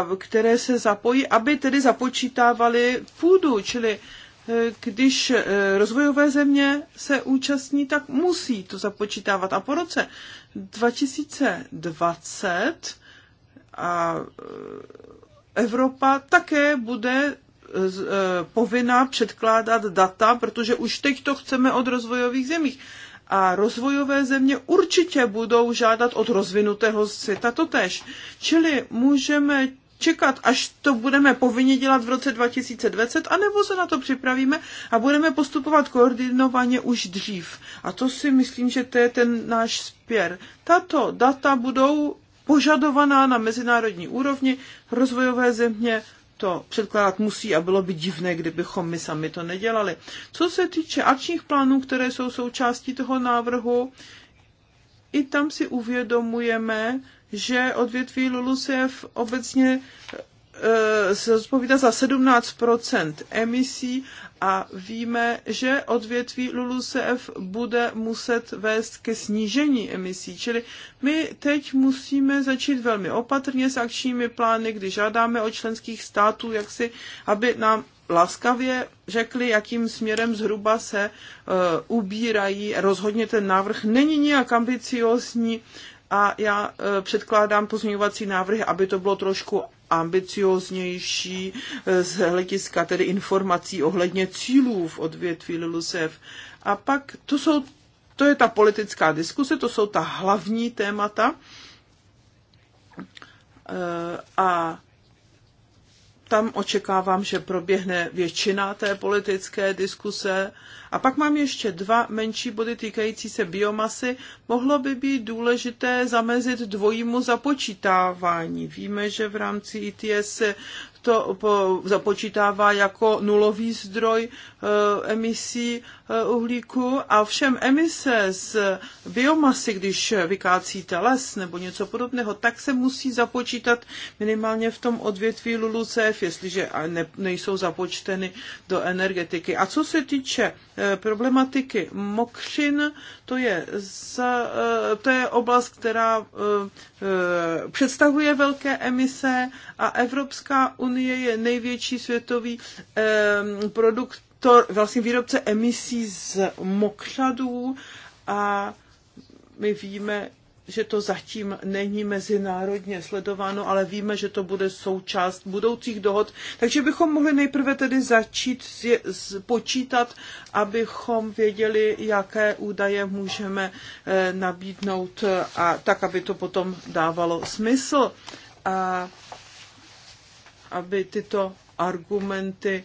eh, které se zapojí, aby tedy započítávali půdu, čili eh, když rozvojové země se účastní, tak musí to započítávat. A po roce 2020 a Evropa také bude E, povinna předkládat data, protože už teď to chceme od rozvojových zemích. A rozvojové země určitě budou žádat od rozvinutého světa to tež. Čili můžeme čekat, až to budeme povinně dělat v roce 2020, anebo se na to připravíme a budeme postupovat koordinovaně už dřív. A to si myslím, že to je ten náš spěr. Tato data budou požadovaná na mezinárodní úrovni, rozvojové země to předkládat musí a bylo by divné, kdybychom my sami to nedělali. Co se týče akčních plánů, které jsou součástí toho návrhu, i tam si uvědomujeme, že odvětví LULUSEV obecně Eh, se odpovídá za 17 emisí a víme, že odvětví LULUCF bude muset vést ke snížení emisí. Čili my teď musíme začít velmi opatrně s akčními plány, kdy žádáme od členských států, jak si, aby nám laskavě řekli, jakým směrem zhruba se uh, ubírají. Rozhodně ten návrh není nijak ambiciózní, a já e, předkládám pozměňovací návrhy, aby to bylo trošku ambicioznější e, z hlediska tedy informací ohledně cílů v odvětví LULUSEV. A pak to jsou to je ta politická diskuse, to jsou ta hlavní témata. E, a tam očekávám, že proběhne většina té politické diskuse. A pak mám ještě dva menší body týkající se biomasy. Mohlo by být důležité zamezit dvojímu započítávání. Víme, že v rámci ITS e se to započítává jako nulový zdroj e, emisí e, uhlíku a všem emise z biomasy, když vykácíte les nebo něco podobného, tak se musí započítat minimálně v tom odvětví LULUCF, jestliže nejsou započteny do energetiky. A co se týče e, problematiky mokřin, to je, z, eh, to je oblast, která eh, eh, představuje velké emise a Evropská unie je největší světový produktor, vlastně výrobce emisí z mokřadů a my víme, že to zatím není mezinárodně sledováno, ale víme, že to bude součást budoucích dohod. Takže bychom mohli nejprve tedy začít počítat, abychom věděli, jaké údaje můžeme eh, nabídnout eh, a tak, aby to potom dávalo smysl a aby tyto argumenty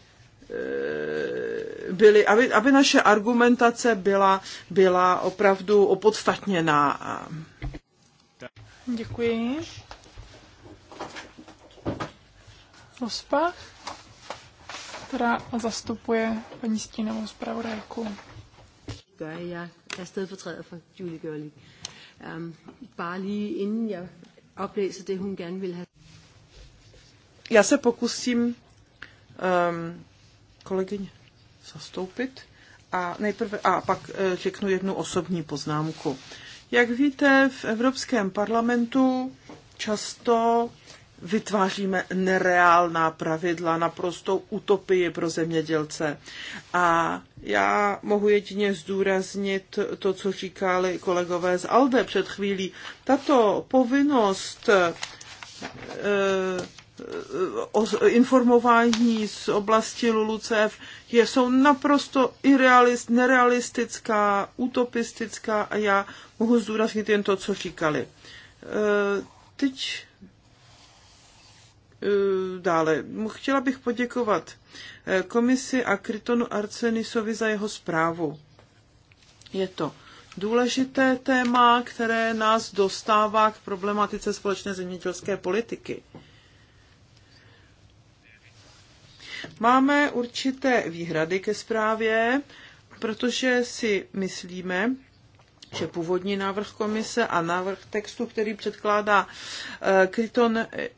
eh, byly, aby, aby naše argumentace byla, byla opravdu opodstatněná. Děkuji. Ospach, která zastupuje paní stínovou zpravodajku. Gør jsem, Jeg er stedfortræder for Julie Gørling. Um, bare lige inden jeg oplæser det, hun gerne vil have. Já se pokusím um, kolegyně zastoupit a nejprve a pak e, řeknu jednu osobní poznámku. Jak víte, v Evropském parlamentu často vytváříme nereálná pravidla, naprostou utopii pro zemědělce. A já mohu jedině zdůraznit to, co říkali kolegové z ALDE před chvílí. Tato povinnost e, informování z oblasti LULUCEF je, jsou naprosto irrealist, nerealistická, utopistická a já mohu zdůraznit jen to, co říkali. E, teď e, dále. Chtěla bych poděkovat e, komisi a Krytonu Arcenisovi za jeho zprávu. Je to důležité téma, které nás dostává k problematice společné zemědělské politiky. Máme určité výhrady ke zprávě, protože si myslíme, že původní návrh komise a návrh textu, který předkládá eh, Kryton, eh, eh,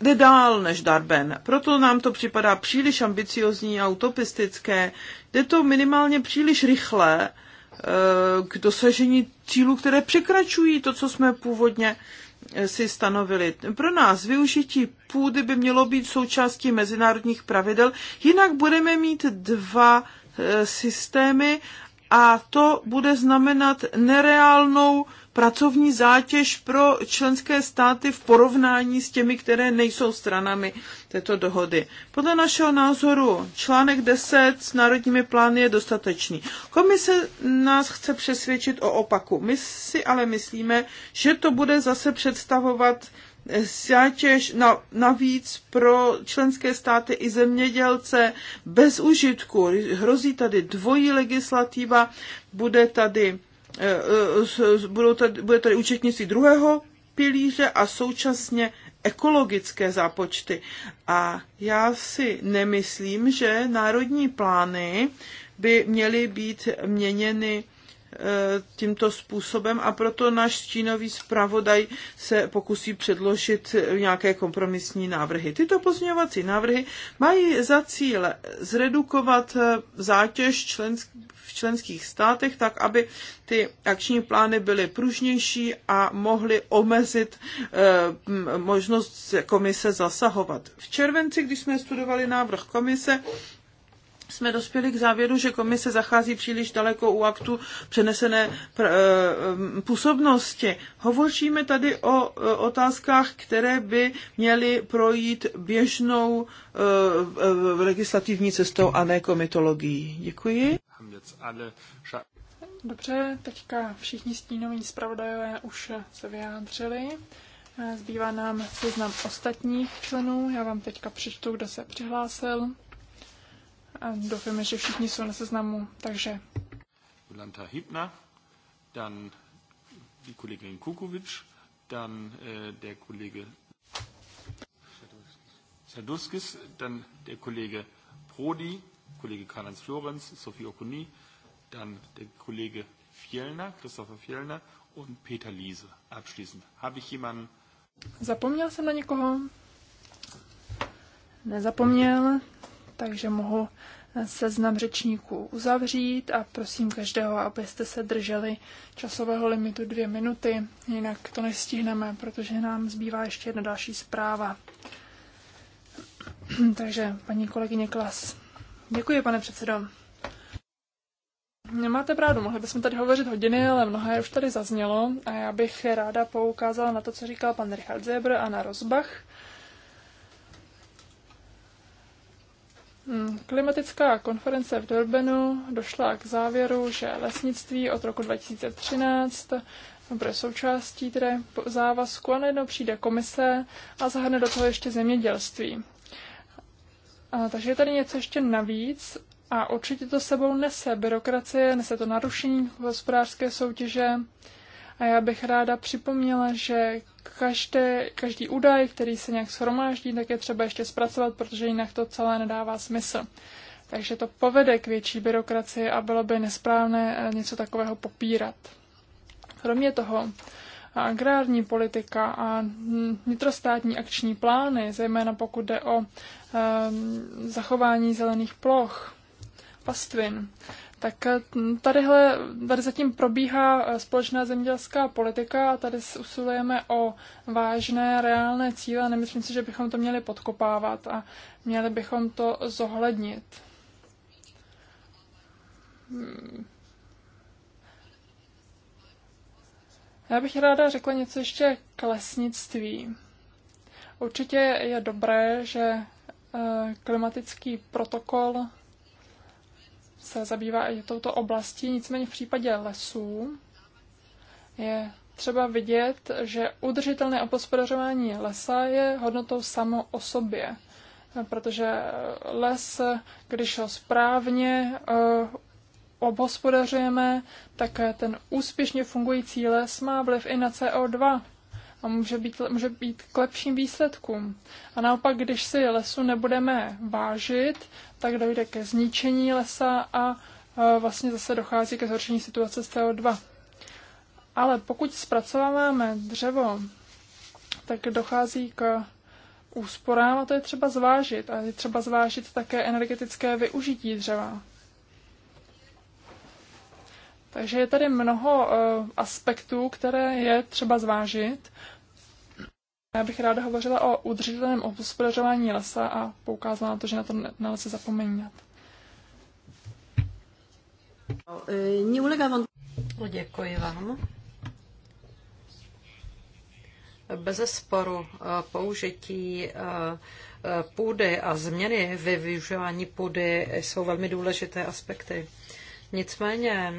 jde dál než Darben. Proto nám to připadá příliš ambiciozní a utopistické. Jde to minimálně příliš rychle k dosažení cílů, které překračují to, co jsme původně si stanovili. Pro nás využití půdy by mělo být součástí mezinárodních pravidel, jinak budeme mít dva e, systémy a to bude znamenat nereálnou pracovní zátěž pro členské státy v porovnání s těmi, které nejsou stranami této dohody. Podle našeho názoru článek 10 s národními plány je dostatečný. Komise nás chce přesvědčit o opaku. My si ale myslíme, že to bude zase představovat zátěž na, navíc pro členské státy i zemědělce bez užitku. Hrozí tady dvojí legislativa, bude tady Eh, eh, budou tady, bude tady účetnictví druhého pilíře a současně ekologické zápočty. A já si nemyslím, že národní plány by měly být měněny E, tímto způsobem a proto náš stínový zpravodaj se pokusí předložit nějaké kompromisní návrhy. Tyto pozměňovací návrhy mají za cíl zredukovat e, zátěž člensk- v členských státech tak, aby ty akční plány byly pružnější a mohly omezit e, možnost komise zasahovat. V červenci, když jsme studovali návrh komise, jsme dospěli k závěru, že komise zachází příliš daleko u aktu přenesené pr- eh, působnosti. Hovoříme tady o eh, otázkách, které by měly projít běžnou eh, legislativní cestou a ne komitologií. Děkuji. Dobře, teďka všichni stínoví zpravodajové už se vyjádřili. Zbývá nám seznam ostatních členů. Já vám teďka přečtu, kdo se přihlásil a doufáme, že všichni jsou na seznamu, takže... Jolanta Hibner, dann die Kollegin Kukovic, dann äh, der Kollege Saduskis, dann der Kollege Prodi, Kollege Karl-Heinz Florenz, Sophie Okuni, dann der Kollege Fjellner, Christopher Fjellner und Peter Liese. Abschließend. Habe ich jemanden? Zapomněl jsem na někoho? Nezapomněl, takže mohu seznam řečníků uzavřít a prosím každého, abyste se drželi časového limitu dvě minuty, jinak to nestihneme, protože nám zbývá ještě jedna další zpráva. Takže paní kolegyně Klas. Děkuji, pane předsedo. Máte pravdu, mohli bychom tady hovořit hodiny, ale mnohé už tady zaznělo a já bych ráda poukázala na to, co říkal pan Richard Zebr a na rozbach Mm, klimatická konference v Durbanu došla k závěru, že lesnictví od roku 2013 bude součástí tedy závazku a najednou přijde komise a zahrne do toho ještě zemědělství. A, takže je tady něco ještě navíc a určitě to sebou nese byrokracie, nese to narušení hospodářské soutěže, a já bych ráda připomněla, že každé, každý údaj, který se nějak shromáždí, tak je třeba ještě zpracovat, protože jinak to celé nedává smysl. Takže to povede k větší byrokracii a bylo by nesprávné eh, něco takového popírat. Kromě toho, agrární politika a vnitrostátní akční plány, zejména pokud jde o e, zachování zelených ploch, pastvin, tak eh, tadyhle, tady zatím probíhá eh, společná zemědělská politika a tady usilujeme o vážné, reálné cíle. Nemyslím si, že bychom to měli podkopávat a měli bychom to zohlednit. Hmm. Já bych ráda řekla něco ještě k lesnictví. Určitě je dobré, že eh, klimatický protokol se zabývá i touto oblastí, nicméně v případě lesů je třeba vidět, že udržitelné opospodařování lesa je hodnotou samo o sobě, protože les, když ho správně eh, obhospodařujeme, tak ten úspěšně fungující les má vliv i na CO2, a může být, může být k lepším výsledkům. A naopak, když si lesu nebudeme vážit, tak dojde ke zničení lesa a e, vlastně zase dochází ke zhoršení situace z CO2. Ale pokud zpracováváme dřevo, tak dochází k úsporám a to je třeba zvážit. A je třeba zvážit také energetické využití dřeva. Takže je tady mnoho e, aspektů, které je třeba zvážit já bych ráda hovořila o udržitelném obhospodařování lesa a poukázala na to, že na to nelze zapomínat. Děkuji vám. Bez sporu eh, použití eh, půdy a změny ve využívání půdy jsou velmi důležité aspekty. Nicméně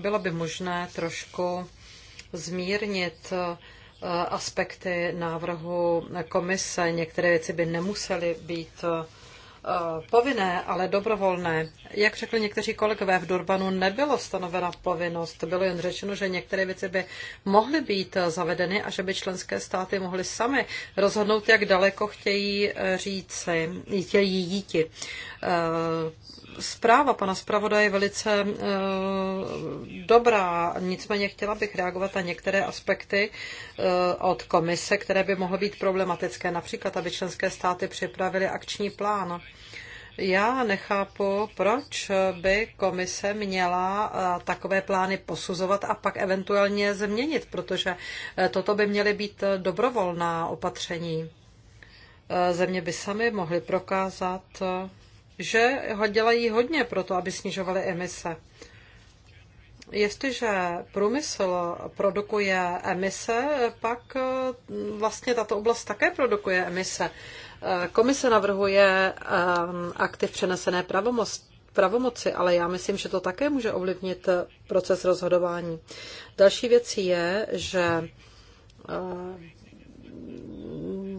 bylo by možné trošku zmírnit eh, Eh, aspekty návrhu komise. Některé věci by nemusely být eh, povinné, ale dobrovolné. Jak řekli někteří kolegové, v Durbanu nebylo stanovena povinnost. Bylo jen řečeno, že některé věci by mohly být eh, zavedeny a že by členské státy mohly sami rozhodnout, jak daleko chtějí říci, chtějí jíti zpráva pana zpravodaje je velice eh, dobrá, nicméně chtěla bych reagovat na některé aspekty eh, od komise, které by mohly být problematické, například aby členské státy připravili akční plán. Já nechápu, proč by komise měla eh, takové plány posuzovat a pak eventuálně změnit, protože toto by měly být dobrovolná opatření. Země by sami mohly prokázat, že dělají hodně pro to, aby snižovali emise. Jestliže průmysl produkuje emise, pak eh, vlastně tato oblast také produkuje emise. Eh, komise navrhuje eh, aktiv přenesené pravomoci, ale já myslím, že to také může ovlivnit proces rozhodování. Další věcí je, že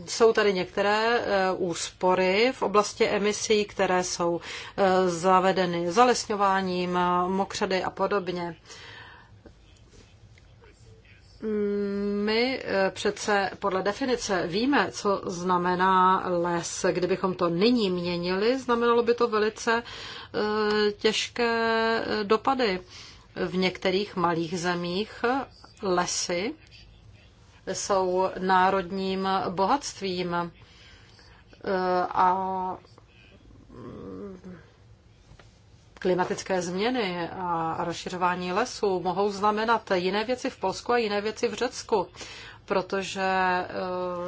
jsou tady některé eh, úspory v oblasti emisí, které jsou eh, zavedeny zalesňováním, mokřady a podobně. Mm, my eh, přece podle definice víme, co znamená les. Kdybychom to nyní měnili, znamenalo by to velice těžké dopady. V některých malých zemích lesy jsou národním bohatstvím a klimatické změny a rozšiřování lesů mohou znamenat jiné věci v Polsku a jiné věci v Řecku, protože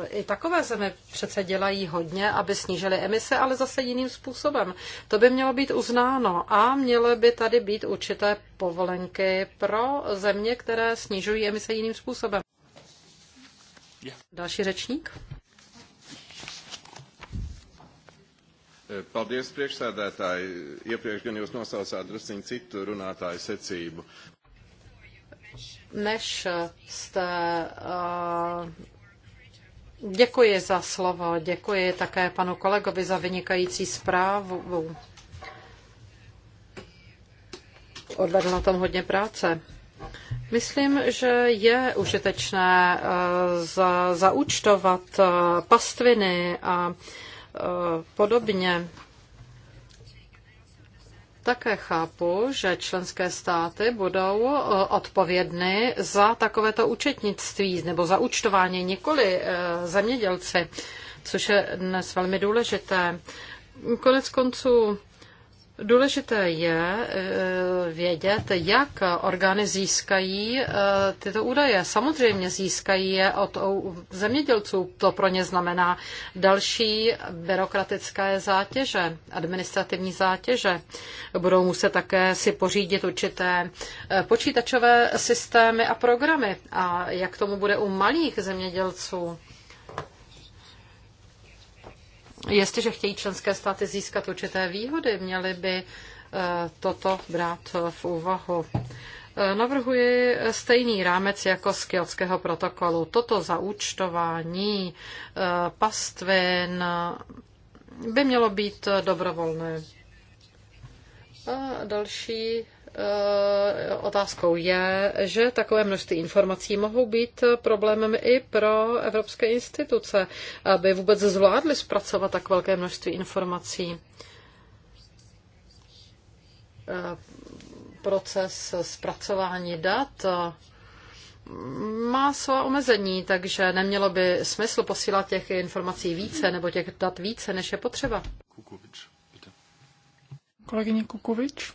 eh, i takové země přece dělají hodně, aby snížily emise, ale zase jiným způsobem. To by mělo být uznáno a měly by tady být určité povolenky pro země, které snižují emise jiným způsobem. Další řečník. Eh, paldies, priekšsēdētāji. Iepriekš gan jūs nosaucāt drusciņu citu runātāju secību. Než eh, jste uh, Děkuji za slovo, děkuji také panu kolegovi za vynikající zprávu. Odvedl na tom hodně práce. Myslím, že je užitečné eh, za, zaúčtovat eh, pastviny a eh, podobně. Také chápu, že členské státy budou odpovědny za takovéto účetnictví nebo za účtování nikoli zemědělci, což je dnes velmi důležité. Konec konců Důležité je eh, vědět, jak orgány získají eh, tyto údaje. Samozřejmě získají je od zemědělců. To pro ně znamená další byrokratické zátěže, administrativní zátěže. Budou muset také si pořídit určité eh, počítačové systémy a programy. A jak tomu bude u malých zemědělců? Jestliže chtějí členské státy získat určité výhody, měly by eh, toto brát eh, v úvahu. Eh, navrhuji stejný rámec jako z Kyotského protokolu. Toto zaúčtování pastvin by mělo být dobrovolné. A další Eh, otázkou je, že takové množství informací mohou být problémem i pro evropské instituce, aby vůbec zvládly zpracovat tak velké množství informací. Eh, proces zpracování dat eh, má svá omezení, takže nemělo by smysl posílat těch informací více nebo těch dat více, než je potřeba. Kukovič, Kolegyně Kukovič.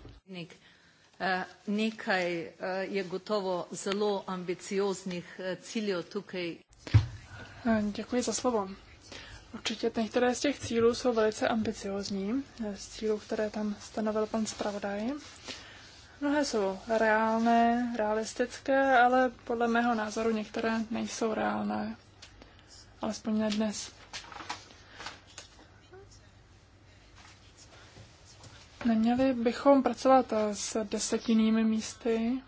Eh, nekaj eh, je gotovo zelo ambicioznih eh, cílů tukaj. Děkuji za slovo. Určitě některé z těch cílů jsou velice ambiciozní, z cílů, které tam stanovil pan zpravodaj. Mnohé jsou reálné, realistické, ale podle mého názoru některé nejsou reálné. Alespoň ne dnes. Neměli bychom pracovat eh, s desetinými místy,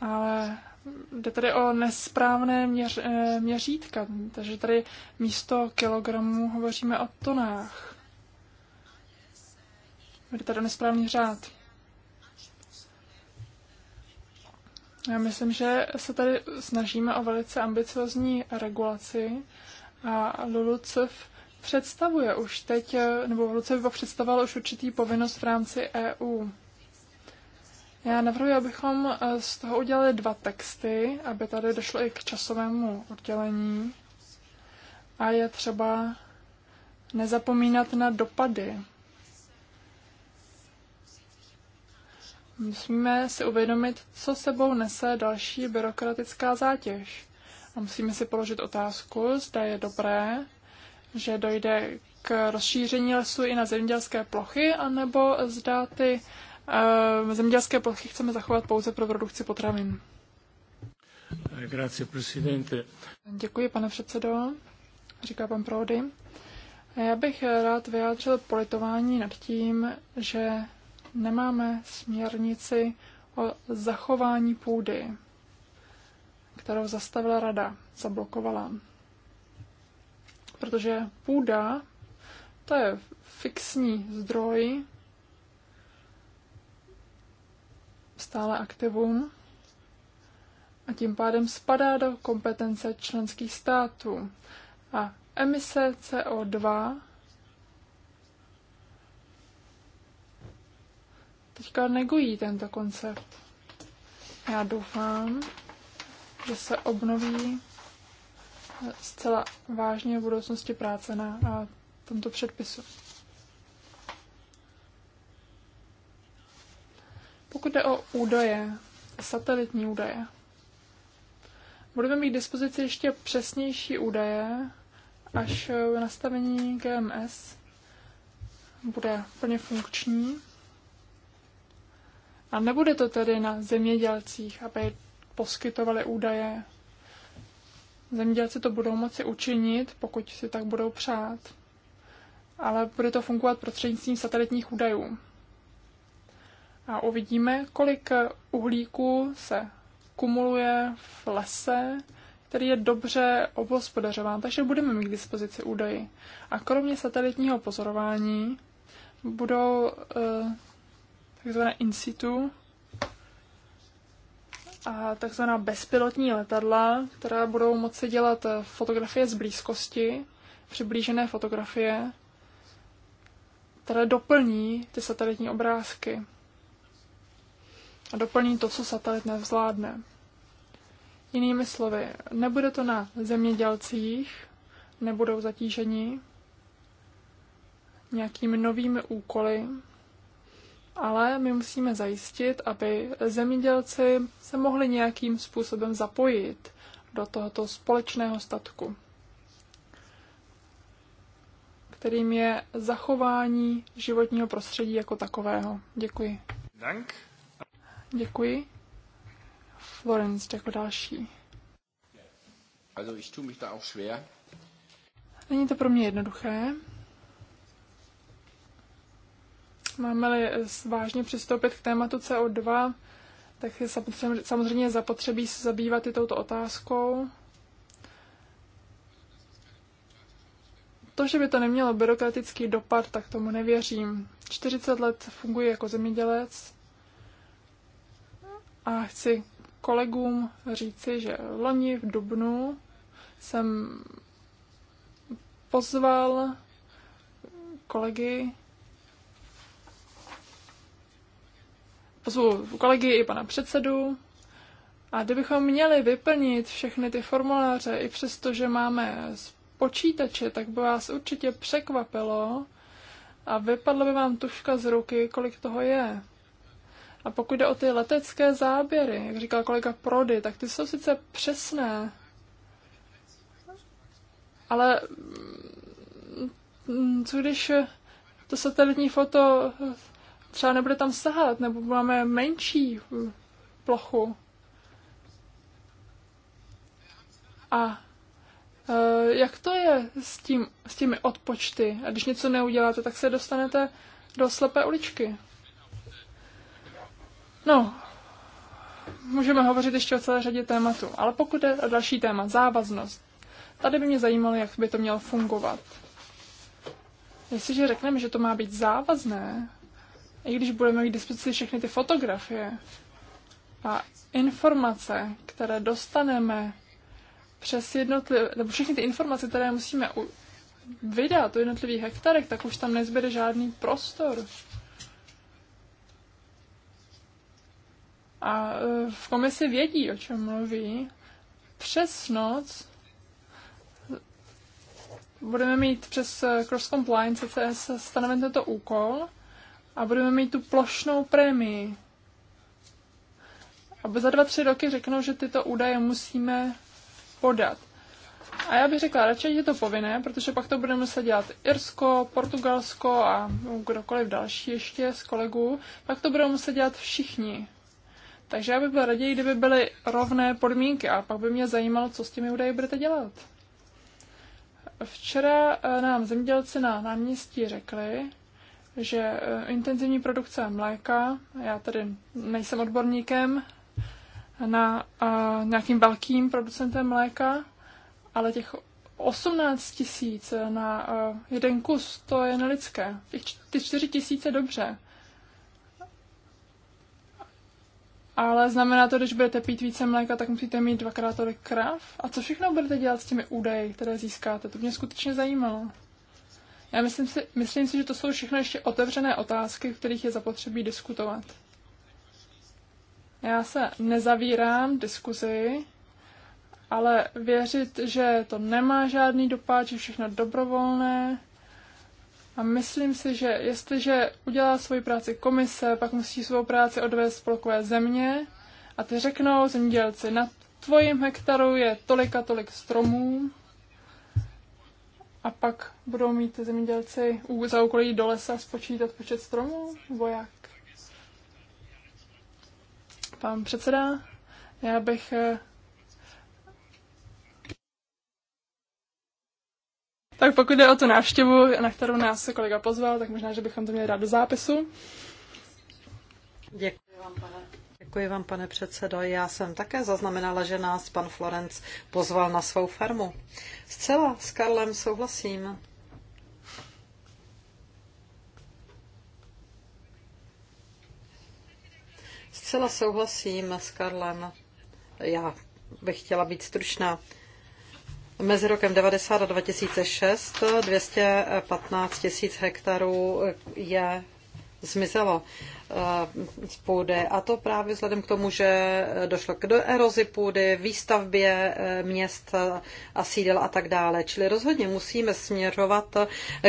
ale jde tady o nesprávné měř, eh, měřítka, takže tady místo kilogramů hovoříme o tonách. Jde tady o nesprávný řád. Já myslím, že se tady snažíme o velice ambiciozní regulaci a LULUCEF představuje už teď, eh, nebo v Luce by představoval už určitý povinnost v rámci EU. Já navrhuji, abychom eh, z toho udělali dva texty, aby tady došlo i k časovému oddělení. A je třeba nezapomínat na dopady. Musíme si uvědomit, co sebou nese další byrokratická zátěž. A musíme si položit otázku, zda je dobré že dojde k rozšíření lesů i na zemědělské plochy, anebo zda ty uh, zemědělské plochy chceme zachovat pouze pro produkci potravin. Děkuji, pane předsedo, říká pan Prody. Já bych rád vyjádřil politování nad tím, že nemáme směrnici o zachování půdy, kterou zastavila rada, zablokovala protože půda to je fixní zdroj, stále aktivum, a tím pádem spadá do kompetence členských států. A emise CO2 teďka negují tento koncept. Já doufám, že se obnoví zcela vážně v budoucnosti práce na tomto předpisu. Pokud jde o údaje, satelitní údaje, budeme mít k dispozici ještě přesnější údaje, až nastavení GMS bude plně funkční. A nebude to tedy na zemědělcích, aby poskytovali údaje Zemědělci to budou moci učinit, pokud si tak budou přát, ale bude to fungovat prostřednictvím satelitních údajů. A uvidíme, kolik uhlíku se kumuluje v lese, který je dobře obhospodařován, takže budeme mít k dispozici údaji. A kromě satelitního pozorování budou e, takzvané in situ a takzvaná bezpilotní letadla, která budou moci dělat eh, fotografie z blízkosti, přiblížené fotografie, které doplní ty satelitní obrázky a doplní to, co satelit nevzládne. Jinými slovy, nebude to na zemědělcích, nebudou zatíženi nějakými novými úkoly, ale my musíme zajistit, aby zemědělci se mohli nějakým způsobem zapojit do tohoto společného statku, kterým je zachování životního prostředí jako takového. Děkuji. Dank. Děkuji. Florence jako další. Also ich tu mich da auch schwer. Není to pro mě jednoduché. Máme-li vážně přistoupit k tématu CO2, tak je samozřejmě zapotřebí se zabývat i touto otázkou. To, že by to nemělo byrokratický dopad, tak tomu nevěřím. 40 let funguji jako zemědělec a chci kolegům říci, že loni v Dubnu jsem pozval kolegy pozvu kolegy i pana předsedu. A kdybychom měli vyplnit všechny ty formuláře, i přesto, že máme z počítače, tak by vás určitě překvapilo a vypadla by vám tuška z ruky, kolik toho je. A pokud jde o ty letecké záběry, jak říkal kolega Prody, tak ty jsou sice přesné, ale mm, mm, co když to satelitní foto třeba nebude tam sahat, nebo máme menší plochu. A e, jak to je s, tím, s těmi odpočty? A když něco neuděláte, tak se dostanete do slepé uličky. No, můžeme hovořit ještě o celé řadě tématu. ale pokud je další téma, závaznost, tady by mě zajímalo, jak by to mělo fungovat. Jestliže řekneme, že to má být závazné, i když budeme mít dispozici všechny ty fotografie a informace, které dostaneme přes jednotlivé, nebo všechny ty informace, které musíme u, vydat o jednotlivých hektarech, tak už tam nezbyde žádný prostor. A e, v komisi vědí, o čem mluví. Přes noc budeme mít přes cross compliance se stanoven tento úkol a budeme mít tu plošnou prémii. A za dva, tři roky řeknou, že tyto údaje musíme podat. A já bych řekla, radši je to povinné, protože pak to bude muset dělat Irsko, Portugalsko a kdokoliv další ještě z kolegů. Pak to budou muset dělat všichni. Takže já bych byla raději, kdyby byly rovné podmínky a pak by mě zajímalo, co s těmi údaji budete dělat. Včera eh, nám zemědělci na náměstí řekli, že e, intenzivní produkce mléka, já tady nejsem odborníkem na uh, nějakým velkým producentem mléka, ale těch 18 tisíc na uh, jeden kus, to je nelidské. Těch, ty 4 tisíce dobře. Ale znamená to, když budete pít více mléka, tak musíte mít dvakrát tolik krav? A co všechno budete dělat s těmi údaji, které získáte? To mě skutečně zajímalo. Já myslím si, myslím si, že to jsou všechno ještě otevřené otázky, o kterých je zapotřebí diskutovat. Já se nezavírám diskuzi, ale věřit, že to nemá žádný dopad, že všechno dobrovolné. A myslím si, že jestliže udělá svoji práci komise, pak musí svou práci odvést spolkové země a ty řeknou zemědělci, na tvojím hektaru je tolik a tolik stromů, a pak budou mít zemědělci za úkol do lesa spočítat počet stromů, nebo jak? Pán předseda, já bych eh, Tak pokud jde o tu návštěvu, na kterou nás se kolega pozval, tak možná, že bychom to měli dát do zápisu. Děkuji vám, pane. Děkuji vám, pane předsedo. Já jsem také zaznamenala, že nás pan Florenc pozval na svou farmu. Zcela s Karlem souhlasím. Zcela souhlasím s Karlem. Já bych chtěla být stručná. Mezi rokem 90 a 2006 215 tisíc hektarů je zmizelo z eh, půdy. A to právě vzhledem k tomu, že došlo k erozi půdy, výstavbě eh, měst a sídel a tak dále. Čili rozhodně musíme směřovat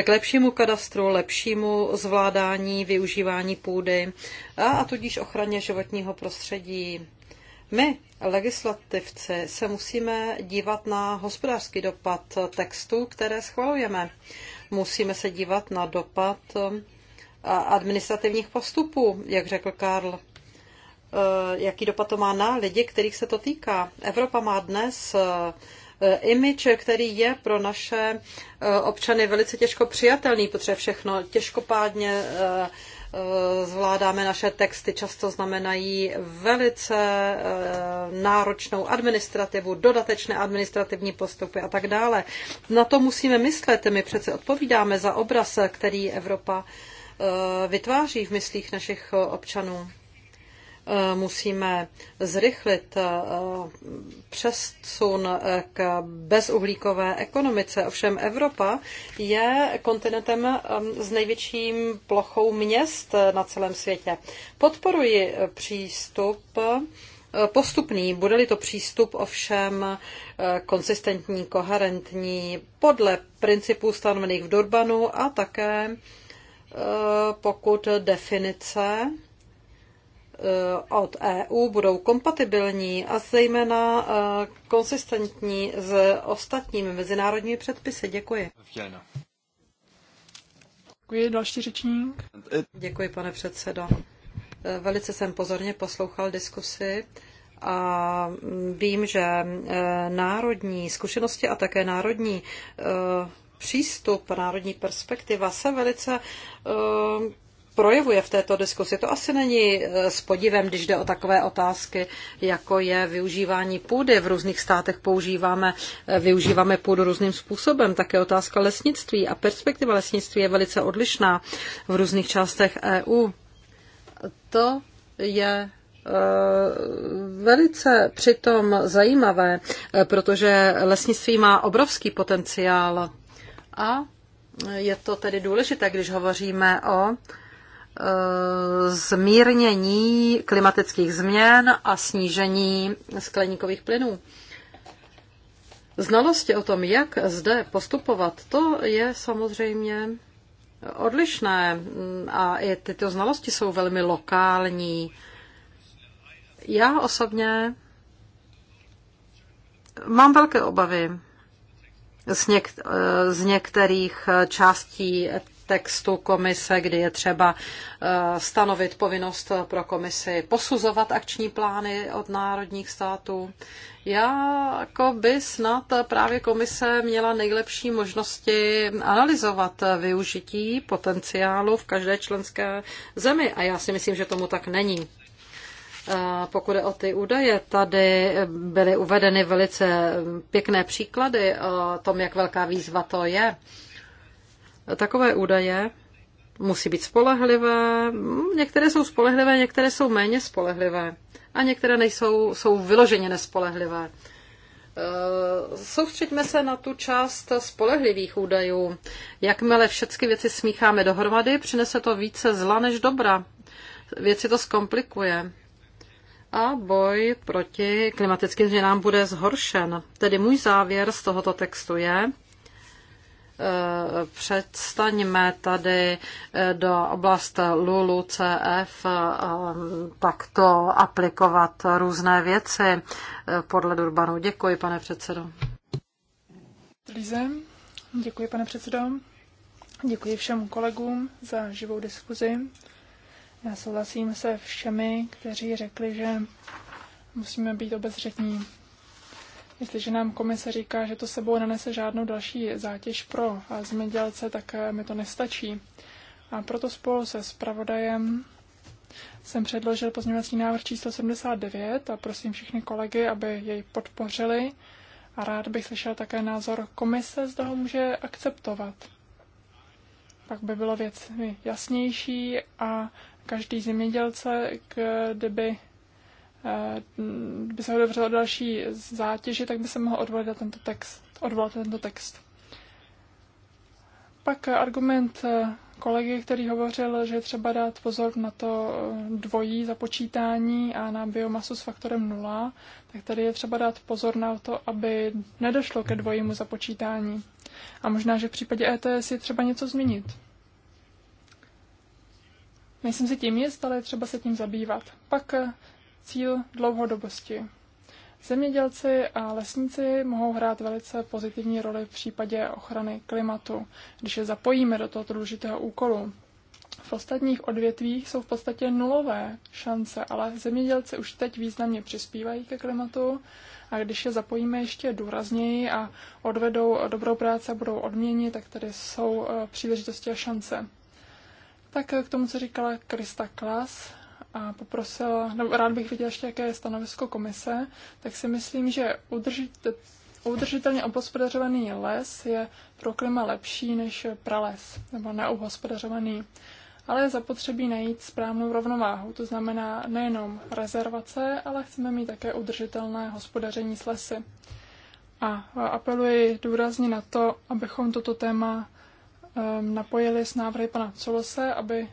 k lepšímu kadastru, lepšímu zvládání, využívání půdy a, a tudíž ochraně životního prostředí. My, legislativci, se musíme dívat na hospodářský dopad textů, které schvalujeme. Musíme se dívat na dopad administrativních postupů, jak řekl Karl. Eh, jaký dopad to má na lidi, kterých se to týká? Evropa má dnes eh, image, který je pro naše eh, občany velice těžko přijatelný, protože všechno těžkopádně zvládáme naše texty, často znamenají velice náročnou administrativu, dodatečné administrativní postupy a tak dále. Na to musíme myslet. My přece odpovídáme za obraz, který Evropa Eh, vytváří v myslích našich občanů. Eh, musíme zrychlit eh, přesun k bezuhlíkové ekonomice. Ovšem Evropa je kontinentem s největším plochou měst na celém světě. Podporuji přístup postupný, bude-li to přístup ovšem konsistentní, koherentní, podle principů stanovených v Durbanu a také Eh, pokud definice eh, od EU budou kompatibilní a zejména eh, konsistentní s ostatními mezinárodními předpisy. Děkuji. Děkuji, další řečník. Děkuji, pane předsedo. Velice jsem pozorně poslouchal diskusi a vím, že národní zkušenosti a také národní přístup, národní perspektiva se velice eh, projevuje v této diskusi. To asi není eh, s podivem, když jde o takové otázky, jako je využívání půdy. V různých státech používáme, eh, využíváme půdu různým způsobem. Také otázka lesnictví a perspektiva lesnictví je velice odlišná v různých částech EU. To je velice přitom zajímavé, protože lesnictví má obrovský potenciál a je to tedy důležité, když hovoříme o e, zmírnění klimatických změn a snížení skleníkových plynů. Znalosti o tom, jak zde postupovat, to je samozřejmě odlišné a i tyto znalosti jsou velmi lokální. Já osobně mám velké obavy z, něk- z některých částí textu komise, kdy je třeba eh, stanovit povinnost pro komisi posuzovat akční plány od národních států. Já jako by snad právě komise měla nejlepší možnosti analyzovat využití potenciálu v každé členské zemi a já si myslím, že tomu tak není. Pokud je o ty údaje, tady byly uvedeny velice pěkné příklady o tom, jak velká výzva to je. Takové údaje musí být spolehlivé, některé jsou spolehlivé, některé jsou méně spolehlivé a některé nejsou, jsou vyloženě nespolehlivé. E, Soustředíme se na tu část spolehlivých údajů. Jakmile všechny věci smícháme dohromady, přinese to více zla než dobra. Věci to zkomplikuje a boj proti klimatickým změnám bude zhoršen. Tedy můj závěr z tohoto textu je, eh, předstaňme tady eh, do oblast LULU, CF eh, takto aplikovat různé věci podle Durbanu. Děkuji, pane předsedo. Lize, děkuji, pane předsedo. Děkuji všem kolegům za živou diskuzi já souhlasím se všemi, kteří řekli, že musíme být obezřetní. Jestliže nám komise říká, že to sebou nenese žádnou další zátěž pro zemědělce, tak eh, mi to nestačí. A proto spolu se spravodajem jsem předložil pozměňovací návrh číslo 79 a prosím všechny kolegy, aby jej podpořili. A rád bych slyšel také názor komise, zda ho může akceptovat. Pak by bylo věc jasnější a každý zemědělce, kdyby eh, by se odevřelo další zátěži, tak by se mohl odvolat tento text. Odvolat tento text. Pak argument eh, kolegy, který hovořil, že je třeba dát pozor na to eh, dvojí započítání a na biomasu s faktorem nula, tak tady je třeba dát pozor na to, aby nedošlo ke dvojímu započítání. A možná, že v případě ETS je třeba něco změnit. Myslím si, tím je stále třeba se tím zabývat. Pak eh, cíl dlouhodobosti. Zemědělci a lesníci mohou hrát velice pozitivní roli v případě ochrany klimatu, když je zapojíme do tohoto důležitého úkolu. V ostatních odvětvích jsou v podstatě nulové šance, ale zemědělci už teď významně přispívají ke klimatu a když je zapojíme ještě důrazněji a odvedou dobrou práci a budou odměni, tak tady jsou eh, příležitosti a šance. Tak k tomu, co říkala Krista Klas, a poprosila, nebo rád bych viděl ještě, jaké je stanovisko komise, tak si myslím, že udržit, udržitelně obhospodařovaný les je pro klima lepší než prales, nebo neobhospodařovaný. Ale je zapotřebí najít správnou rovnováhu, to znamená nejenom rezervace, ale chceme mít také udržitelné hospodaření s lesy. A apeluji důrazně na to, abychom toto téma Ehm, napojili s návrhy pana Colose, aby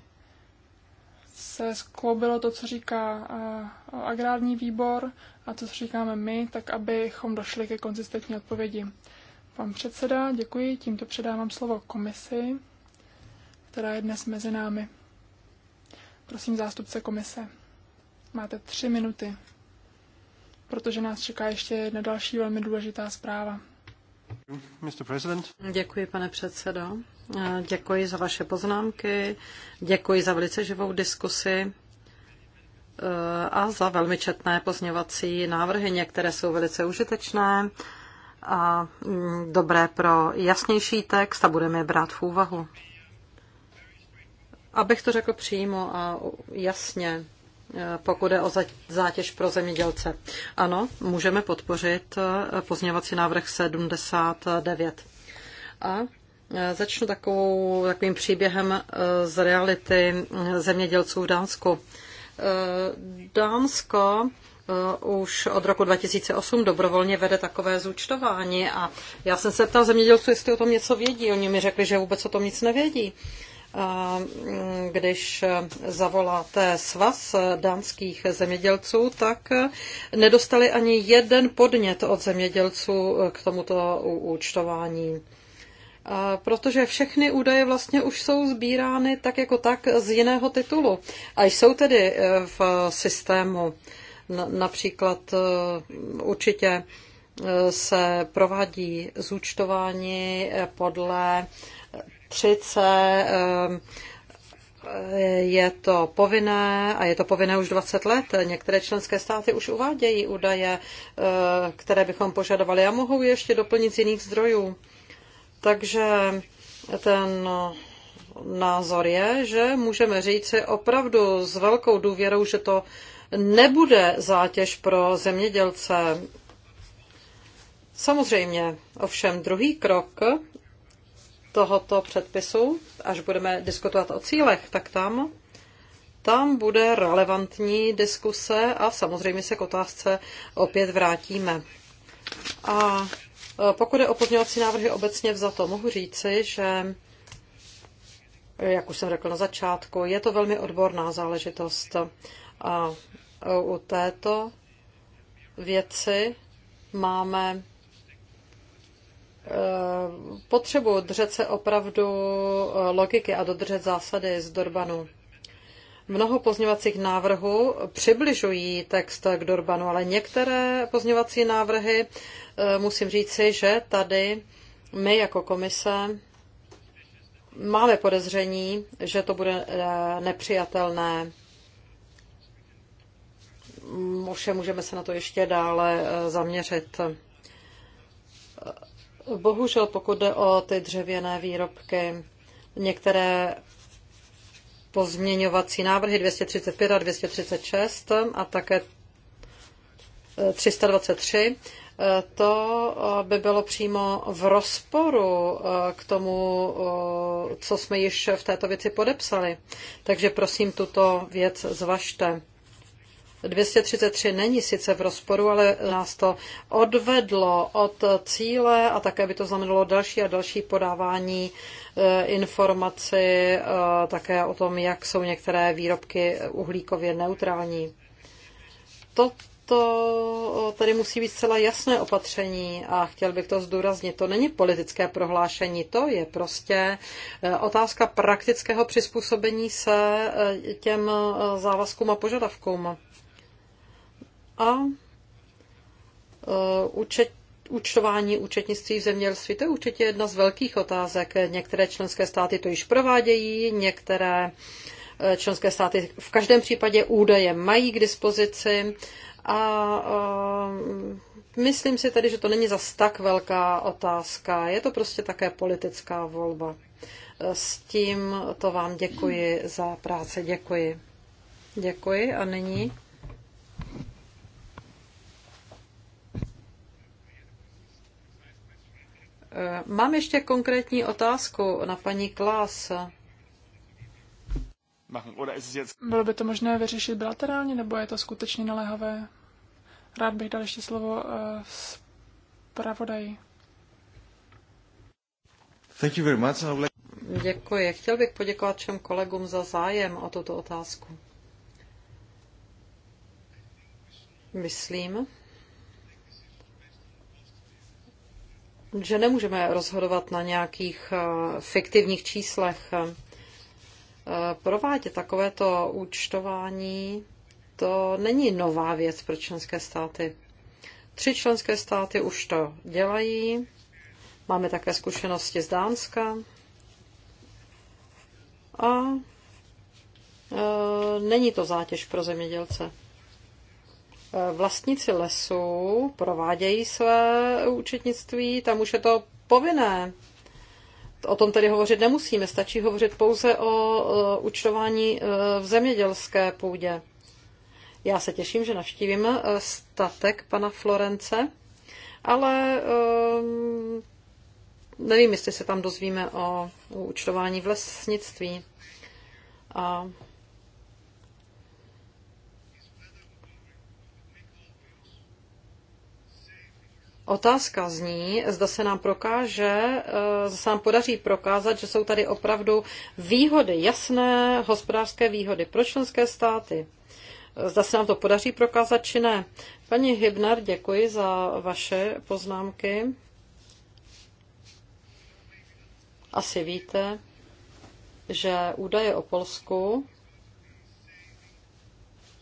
se skloubilo to, co říká eh, agrární výbor a to, co říkáme my, tak abychom došli ke konzistentní odpovědi. Pan předseda, děkuji, tímto předávám slovo komisi, která je dnes mezi námi. Prosím zástupce komise, máte tři minuty, protože nás čeká ještě jedna další velmi důležitá zpráva. Děkuji, pane předsedo. Eh, děkuji za vaše poznámky. Děkuji za velice živou diskusi eh, a za velmi četné pozměvací návrhy. Některé jsou velice užitečné a mm, dobré pro jasnější text a budeme je brát v úvahu. Abych to řekl přímo a jasně, Eh, pokud je o zátěž pro zemědělce. Ano, můžeme podpořit eh, pozměňovací návrh 79. A eh, začnu takovou, takovým příběhem z reality zemědělců v Dánsku. Dánsko už od roku 2008 dobrovolně vede takové zúčtování a já jsem se ptal zemědělců, jestli o tom něco vědí. Oni mi řekli, že vůbec o tom nic nevědí. Mm, když zavoláte svaz dánských zemědělců, tak nedostali ani jeden podnět od zemědělců k tomuto účtování. Protože všechny údaje vlastně už jsou sbírány tak jako tak z jiného titulu a jsou tedy e, v systému. Například e, určitě e, se provádí zúčtování podle 30 ehm, eh, je to povinné a je to povinné už 20 let. Některé členské státy už uvádějí údaje, eh, které bychom požadovali a mohou ještě doplnit z jiných zdrojů. Takže ten no, názor je, že můžeme říct si opravdu s velkou důvěrou, že to nebude zátěž pro zemědělce. Samozřejmě, ovšem druhý krok tohoto předpisu, až budeme diskutovat o cílech, tak tam, tam bude relevantní diskuse a samozřejmě se k otázce opět vrátíme. A e, pokud je o pozměňovací návrhy obecně vzato, mohu říci, že jak už jsem řekl na začátku, je to velmi odborná záležitost. A e, u této věci máme Eh, potřebu držet se opravdu eh, logiky a dodržet zásady z Dorbanu. Mnoho pozněvacích návrhů přibližují text k Dorbanu, ale některé pozněvací návrhy, eh, musím říci, že tady my jako komise máme podezření, že to bude nepřijatelné. Ovšem můžeme se na to ještě dále zaměřit. Bohužel, pokud jde o ty dřevěné výrobky, některé pozměňovací návrhy 235 a 236 a také 323, eh, eh, to eh, by bylo přímo v rozporu k tomu, co jsme již v této věci podepsali. Takže prosím, tuto věc zvažte. 233 není sice v rozporu, ale nás to odvedlo od cíle a také by to znamenalo další a další podávání eh, informaci eh, také o tom, jak jsou některé výrobky uhlíkově neutrální. To, to tady musí být zcela jasné opatření a chtěl bych to zdůraznit. To není politické prohlášení, to je prostě eh, otázka praktického přizpůsobení se těm závazkům a požadavkům a e, účet, účtování účetnictví v zemědělství. To je určitě jedna z velkých otázek. Některé členské státy to již provádějí, některé e, členské státy v každém případě údaje mají k dispozici a e, myslím si tedy, že to není zas tak velká otázka. Je to prostě také politická volba. S tím to vám děkuji za práci. Děkuji. Děkuji a nyní Eh, mám ještě konkrétní otázku na paní Klás. Bylo by to možné vyřešit bilaterálně, nebo je to skutečně naléhavé? Rád bych dal ještě slovo eh, zpravodaji. Thank you very much. Děkuji. Chtěl bych poděkovat všem kolegům za zájem o tuto otázku. Myslím, že nemůžeme rozhodovat na nějakých eh, fiktivních číslech. Eh, provádět takovéto účtování, to není nová věc pro členské státy. Tři členské státy už to dělají. Máme také zkušenosti z Dánska. A e, není to zátěž pro zemědělce vlastníci lesů provádějí své účetnictví, tam už je to povinné. O tom tedy hovořit nemusíme, stačí hovořit pouze o účtování e, v zemědělské půdě. Já se těším, že navštívím e, statek pana Florence, ale e, nevím, jestli se tam dozvíme o účtování v lesnictví. A Otázka zní, zda se nám prokáže, eh, zda se nám podaří prokázat, že jsou tady opravdu výhody, jasné hospodářské výhody pro členské státy. Zda se nám to podaří prokázat, či ne. Paní Hybner, děkuji za vaše poznámky. Asi víte, že údaje o Polsku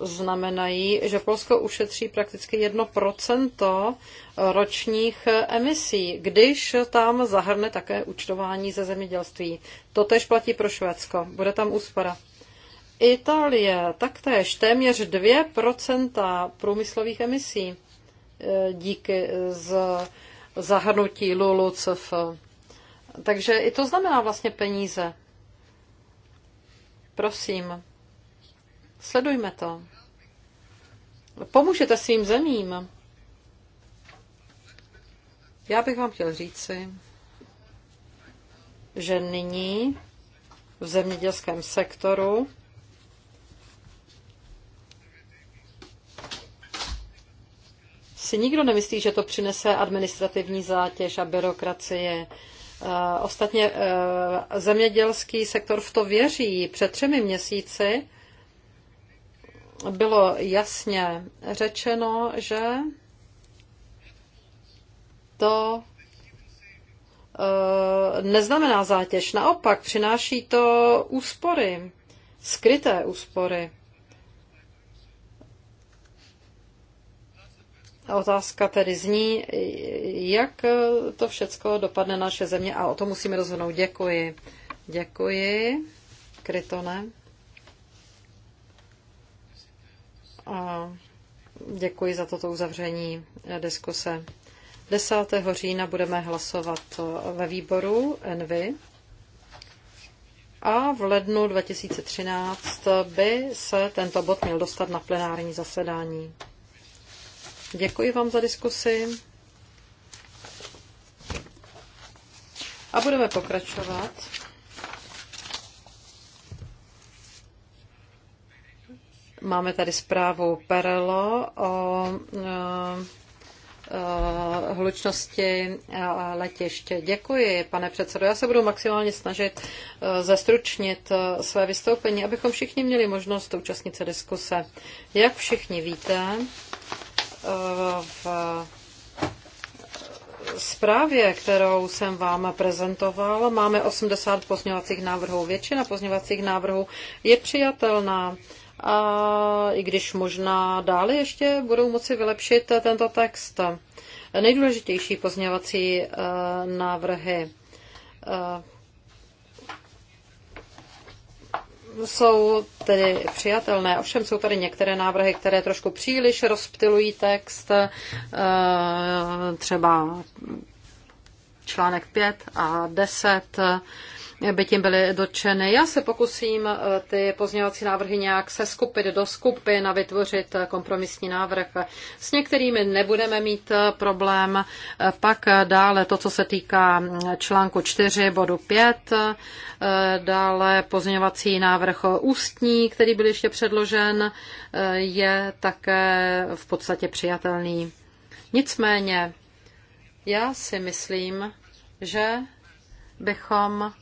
znamenají, že Polsko ušetří prakticky 1% ročních emisí, když tam zahrne také účtování ze zemědělství. To tež platí pro Švédsko. Bude tam úspora. Itálie taktéž téměř 2% průmyslových emisí e, díky z zahrnutí LULUCF. Takže i to znamená vlastně peníze. Prosím. Sledujme to. Pomůžete svým zemím. Já bych vám chtěl říci, že nyní v zemědělském sektoru si nikdo nemyslí, že to přinese administrativní zátěž a byrokracie. Eh, ostatně eh, zemědělský sektor v to věří. Před třemi měsíci bylo jasně řečeno, že to eh, neznamená zátěž. Naopak přináší to úspory, skryté úspory. A otázka tedy zní, jak to všechno dopadne na naše země a o to musíme rozhodnout. Děkuji. Děkuji. Krytone. a děkuji za toto uzavření diskuse. 10. října budeme hlasovat ve výboru Envy a v lednu 2013 by se tento bod měl dostat na plenární zasedání. Děkuji vám za diskusi a budeme pokračovat. Máme tady zprávu Perelo o eh, eh, hlučnosti letiště. Děkuji, pane předsedo. Já se budu maximálně snažit eh, zestručnit své vystoupení, abychom všichni měli možnost účastnit se diskuse. Jak všichni víte, v zprávě, kterou jsem vám prezentoval, máme 80 pozměňovacích návrhů. Většina pozměňovacích návrhů je přijatelná a i když možná dále ještě budou moci vylepšit tento text. Nejdůležitější pozměňovací eh, návrhy eh, jsou tedy přijatelné, ovšem jsou tady některé návrhy, které trošku příliš rozptilují text, eh, třeba článek 5 a 10 by tím byly dotčeny. Já se pokusím eh, ty pozměňovací návrhy nějak seskupit do skupy a vytvořit eh, kompromisní návrh. S některými nebudeme mít eh, problém. Pak dále to, co se týká mm, článku 4 bodu 5, dále pozměňovací návrh ústní, který byl ještě předložen, je také v podstatě přijatelný. Nicméně, já si myslím, že bychom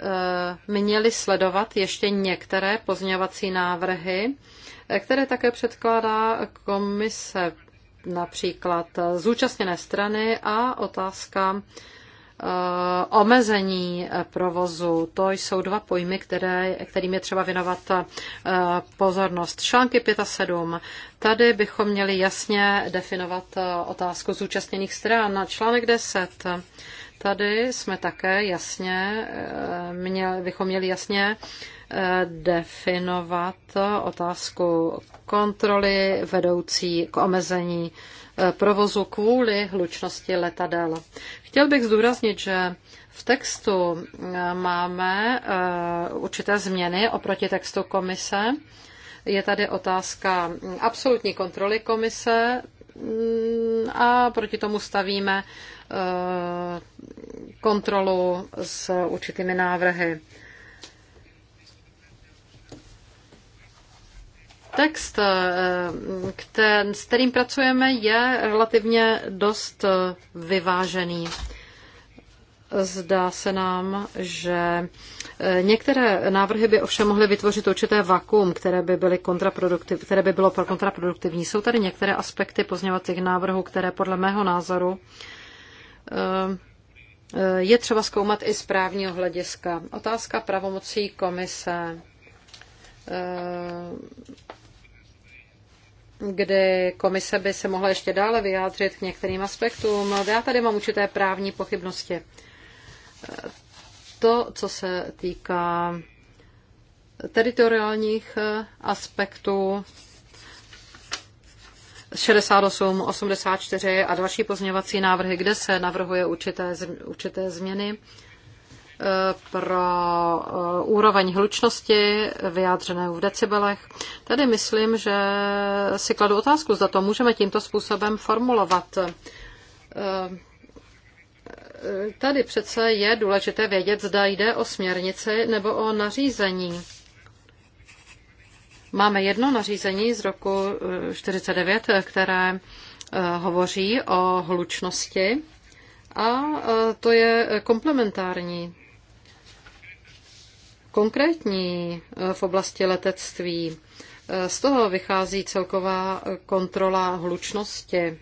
Eh, měli sledovat ještě některé pozměňovací návrhy, eh, které také předkládá komise, například eh, zúčastněné strany a otázka omezení provozu. To jsou dva pojmy, které, kterým je třeba věnovat pozornost. Články 5 a 7. Tady bychom měli jasně definovat otázku zúčastněných stran. Článek 10 Tady jsme také jasně, eh, měli, bychom měli jasně eh, definovat otázku kontroly vedoucí k omezení eh, provozu kvůli hlučnosti letadel. Chtěl bych zdůraznit, že v textu máme určité změny oproti textu komise. Je tady otázka mm, absolutní kontroly komise mm, a proti tomu stavíme Eh, kontrolu s určitými návrhy. Text, který, eh, s kterým pracujeme, je relativně dost eh, vyvážený. Zdá se nám, že některé návrhy by ovšem mohly vytvořit určité vakuum, které by, byly kontraproduktiv, které by bylo kontraproduktivní. Jsou tady některé aspekty pozněvacích návrhů, které podle mého názoru Eh, je třeba zkoumat i z právního hlediska. Otázka pravomocí komise, eh, kdy komise by se mohla ještě dále vyjádřit k některým aspektům. No, já tady mám určité právní pochybnosti. Eh, to, co se týká teritoriálních aspektů, 68, 84 a další pozměňovací návrhy, kde se navrhuje určité, určité změny eh, pro eh, úroveň hlučnosti vyjádřené v decibelech. Tady myslím, že si kladu otázku, zda to můžeme tímto způsobem formulovat. Eh, tady přece je důležité vědět, zda jde o směrnici nebo o nařízení. Máme jedno nařízení z roku 49, eh, eh, které eh, hovoří o hlučnosti a to je komplementární. Konkrétní v oblasti letectví. Z toho vychází celková kontrola hlučnosti.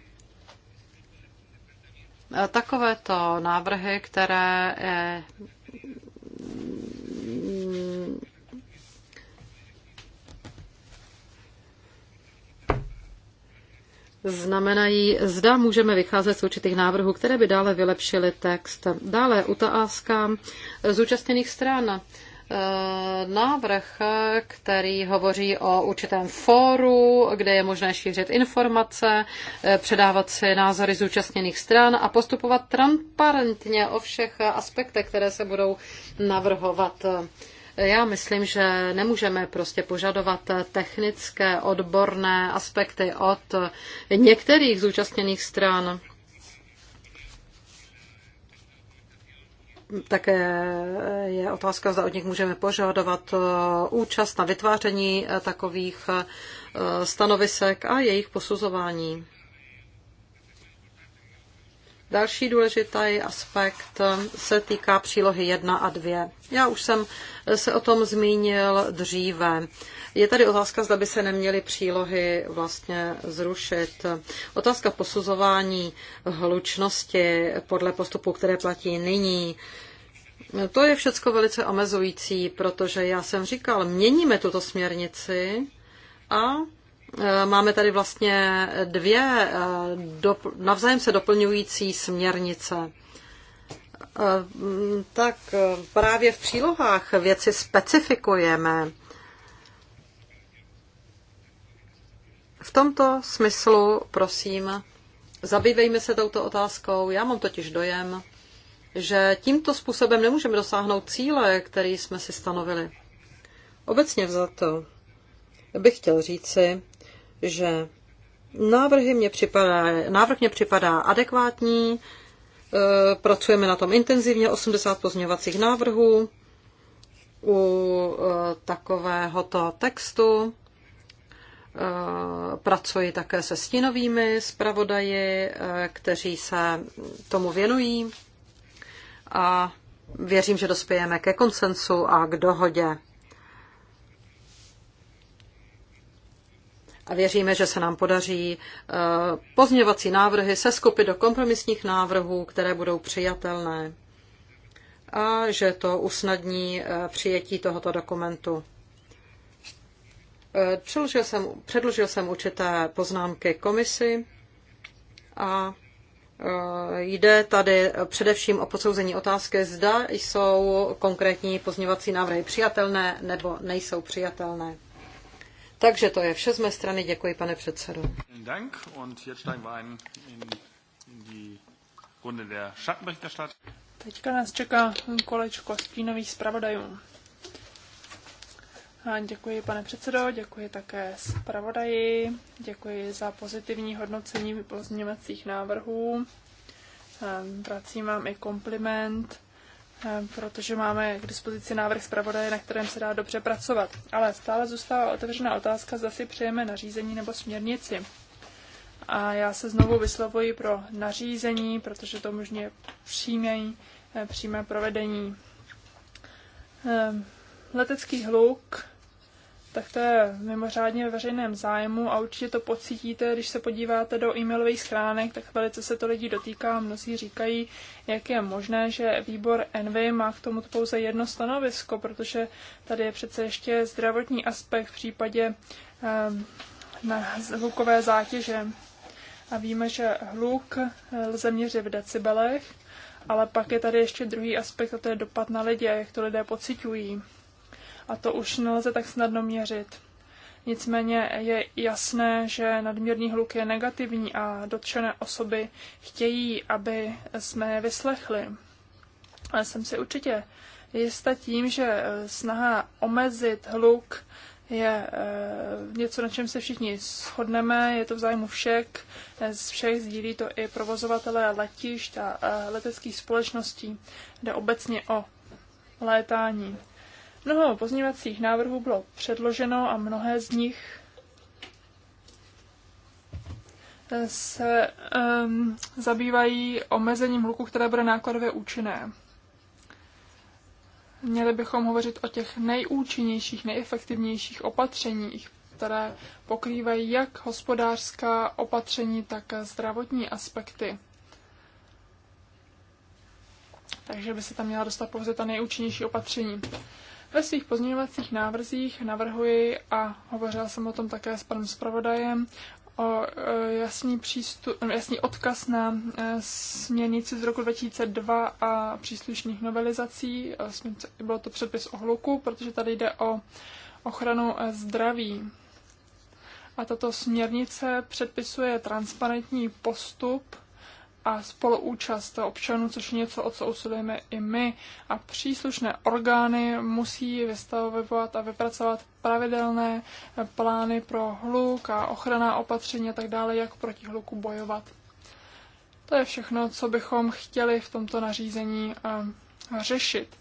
Takovéto návrhy, které znamenají, zda můžeme vycházet z určitých návrhů, které by dále vylepšily text. Dále otázka zúčastněných stran eh, návrh, který hovoří o určitém fóru, kde je možné šířit informace, eh, předávat si názory zúčastněných stran a postupovat transparentně o všech aspektech, které se budou navrhovat. Já myslím, že nemůžeme prostě požadovat technické, odborné aspekty od některých zúčastněných stran. Také je otázka, zda od nich můžeme požadovat uh, účast na vytváření takových uh, stanovisek a jejich posuzování. Další důležitý aspekt se týká přílohy 1 a 2. Já už jsem se o tom zmínil dříve. Je tady otázka, zda by se neměly přílohy vlastně zrušit. Otázka posuzování hlučnosti podle postupu, které platí nyní, to je všecko velice omezující, protože já jsem říkal, měníme tuto směrnici a Eh, máme tady vlastně dvě eh, navzájem se doplňující směrnice. Eh, tak právě v přílohách věci specifikujeme. V tomto smyslu, prosím, zabývejme se touto otázkou. Já mám totiž dojem, že tímto způsobem nemůžeme dosáhnout cíle, který jsme si stanovili. Obecně vzato bych chtěl říci, že návrhy mě připadá, návrh mě připadá adekvátní, e, pracujeme na tom intenzivně, 80 pozměňovacích návrhů u e, takovéhoto textu. E, pracuji také se stínovými zpravodaji, kteří se tomu věnují a věřím, že dospějeme ke konsensu a k dohodě. a věříme, že se nám podaří eh, pozměvací návrhy se seskupit do kompromisních návrhů, které budou přijatelné a že to usnadní eh, přijetí tohoto dokumentu. Eh, předložil jsem, předložil jsem určité poznámky komisi a Jde tady především o posouzení otázky, zda jsou konkrétní pozměvací návrhy přijatelné nebo nejsou přijatelné. Takže to je vše z mé strany. Děkuji, pane předsedo. Teďka nás čeká kolečko stínových zpravodajů. A děkuji, pane předsedo, děkuji také zpravodaji, děkuji za pozitivní hodnocení pozměňovacích návrhů. Vracím vám i kompliment Ehm, protože máme k dispozici návrh zpravodaje, na kterém se dá dobře pracovat. Ale stále zůstává otevřená otázka, zda si přejeme nařízení nebo směrnici. A já se znovu vyslovuji pro nařízení, protože to možně přímé, eh, přímé provedení. Ehm, letecký hluk tak to je mimořádně ve veřejném zájmu a určitě to pocítíte, když se podíváte do e-mailových schránek, tak velice se to lidí dotýká. Mnozí říkají, jak je možné, že výbor Envy má k tomu pouze jedno stanovisko, protože tady je přece ještě zdravotní aspekt v případě eh, hlukové zátěže. A víme, že hluk eh, lze měřit v decibelech, ale pak je tady ještě druhý aspekt, a to je dopad na lidi, jak to lidé pociťují a to už nelze tak snadno měřit. Nicméně je jasné, že nadměrný hluk je negativní a dotčené osoby chtějí, aby jsme je vyslechli. Ale jsem si určitě jista tím, že eh, snaha omezit hluk je eh, něco, na čem se všichni shodneme, je to v zájmu všech, z všech sdílí to i provozovatelé letišť a eh, leteckých společností, jde obecně o létání. Mnoho pozměňovacích návrhů bylo předloženo a mnohé z nich eh, se um, zabývají omezením hluku, které bude nákladově účinné. Měli bychom hovořit o těch nejúčinnějších, nejefektivnějších opatřeních, které pokrývají jak hospodářská opatření, tak zdravotní aspekty. Takže by se tam měla dostat pouze ta nejúčinnější opatření. Ve svých pozměňovacích návrzích navrhuji, a hovořila jsem o tom také s panem zpravodajem, o e, jasný, přístup, e, jasný odkaz na e, směrnici z roku 2002 a příslušných novelizací. Bylo to předpis o hluku, protože tady jde o ochranu zdraví. A tato směrnice předpisuje transparentní postup a spoluúčast občanů, což je něco, o co usilujeme i my. A příslušné orgány musí vystavovat a vypracovat pravidelné plány pro hluk a ochranná opatření a tak dále, jak proti hluku bojovat. To je všechno, co bychom chtěli v tomto nařízení ehm, řešit.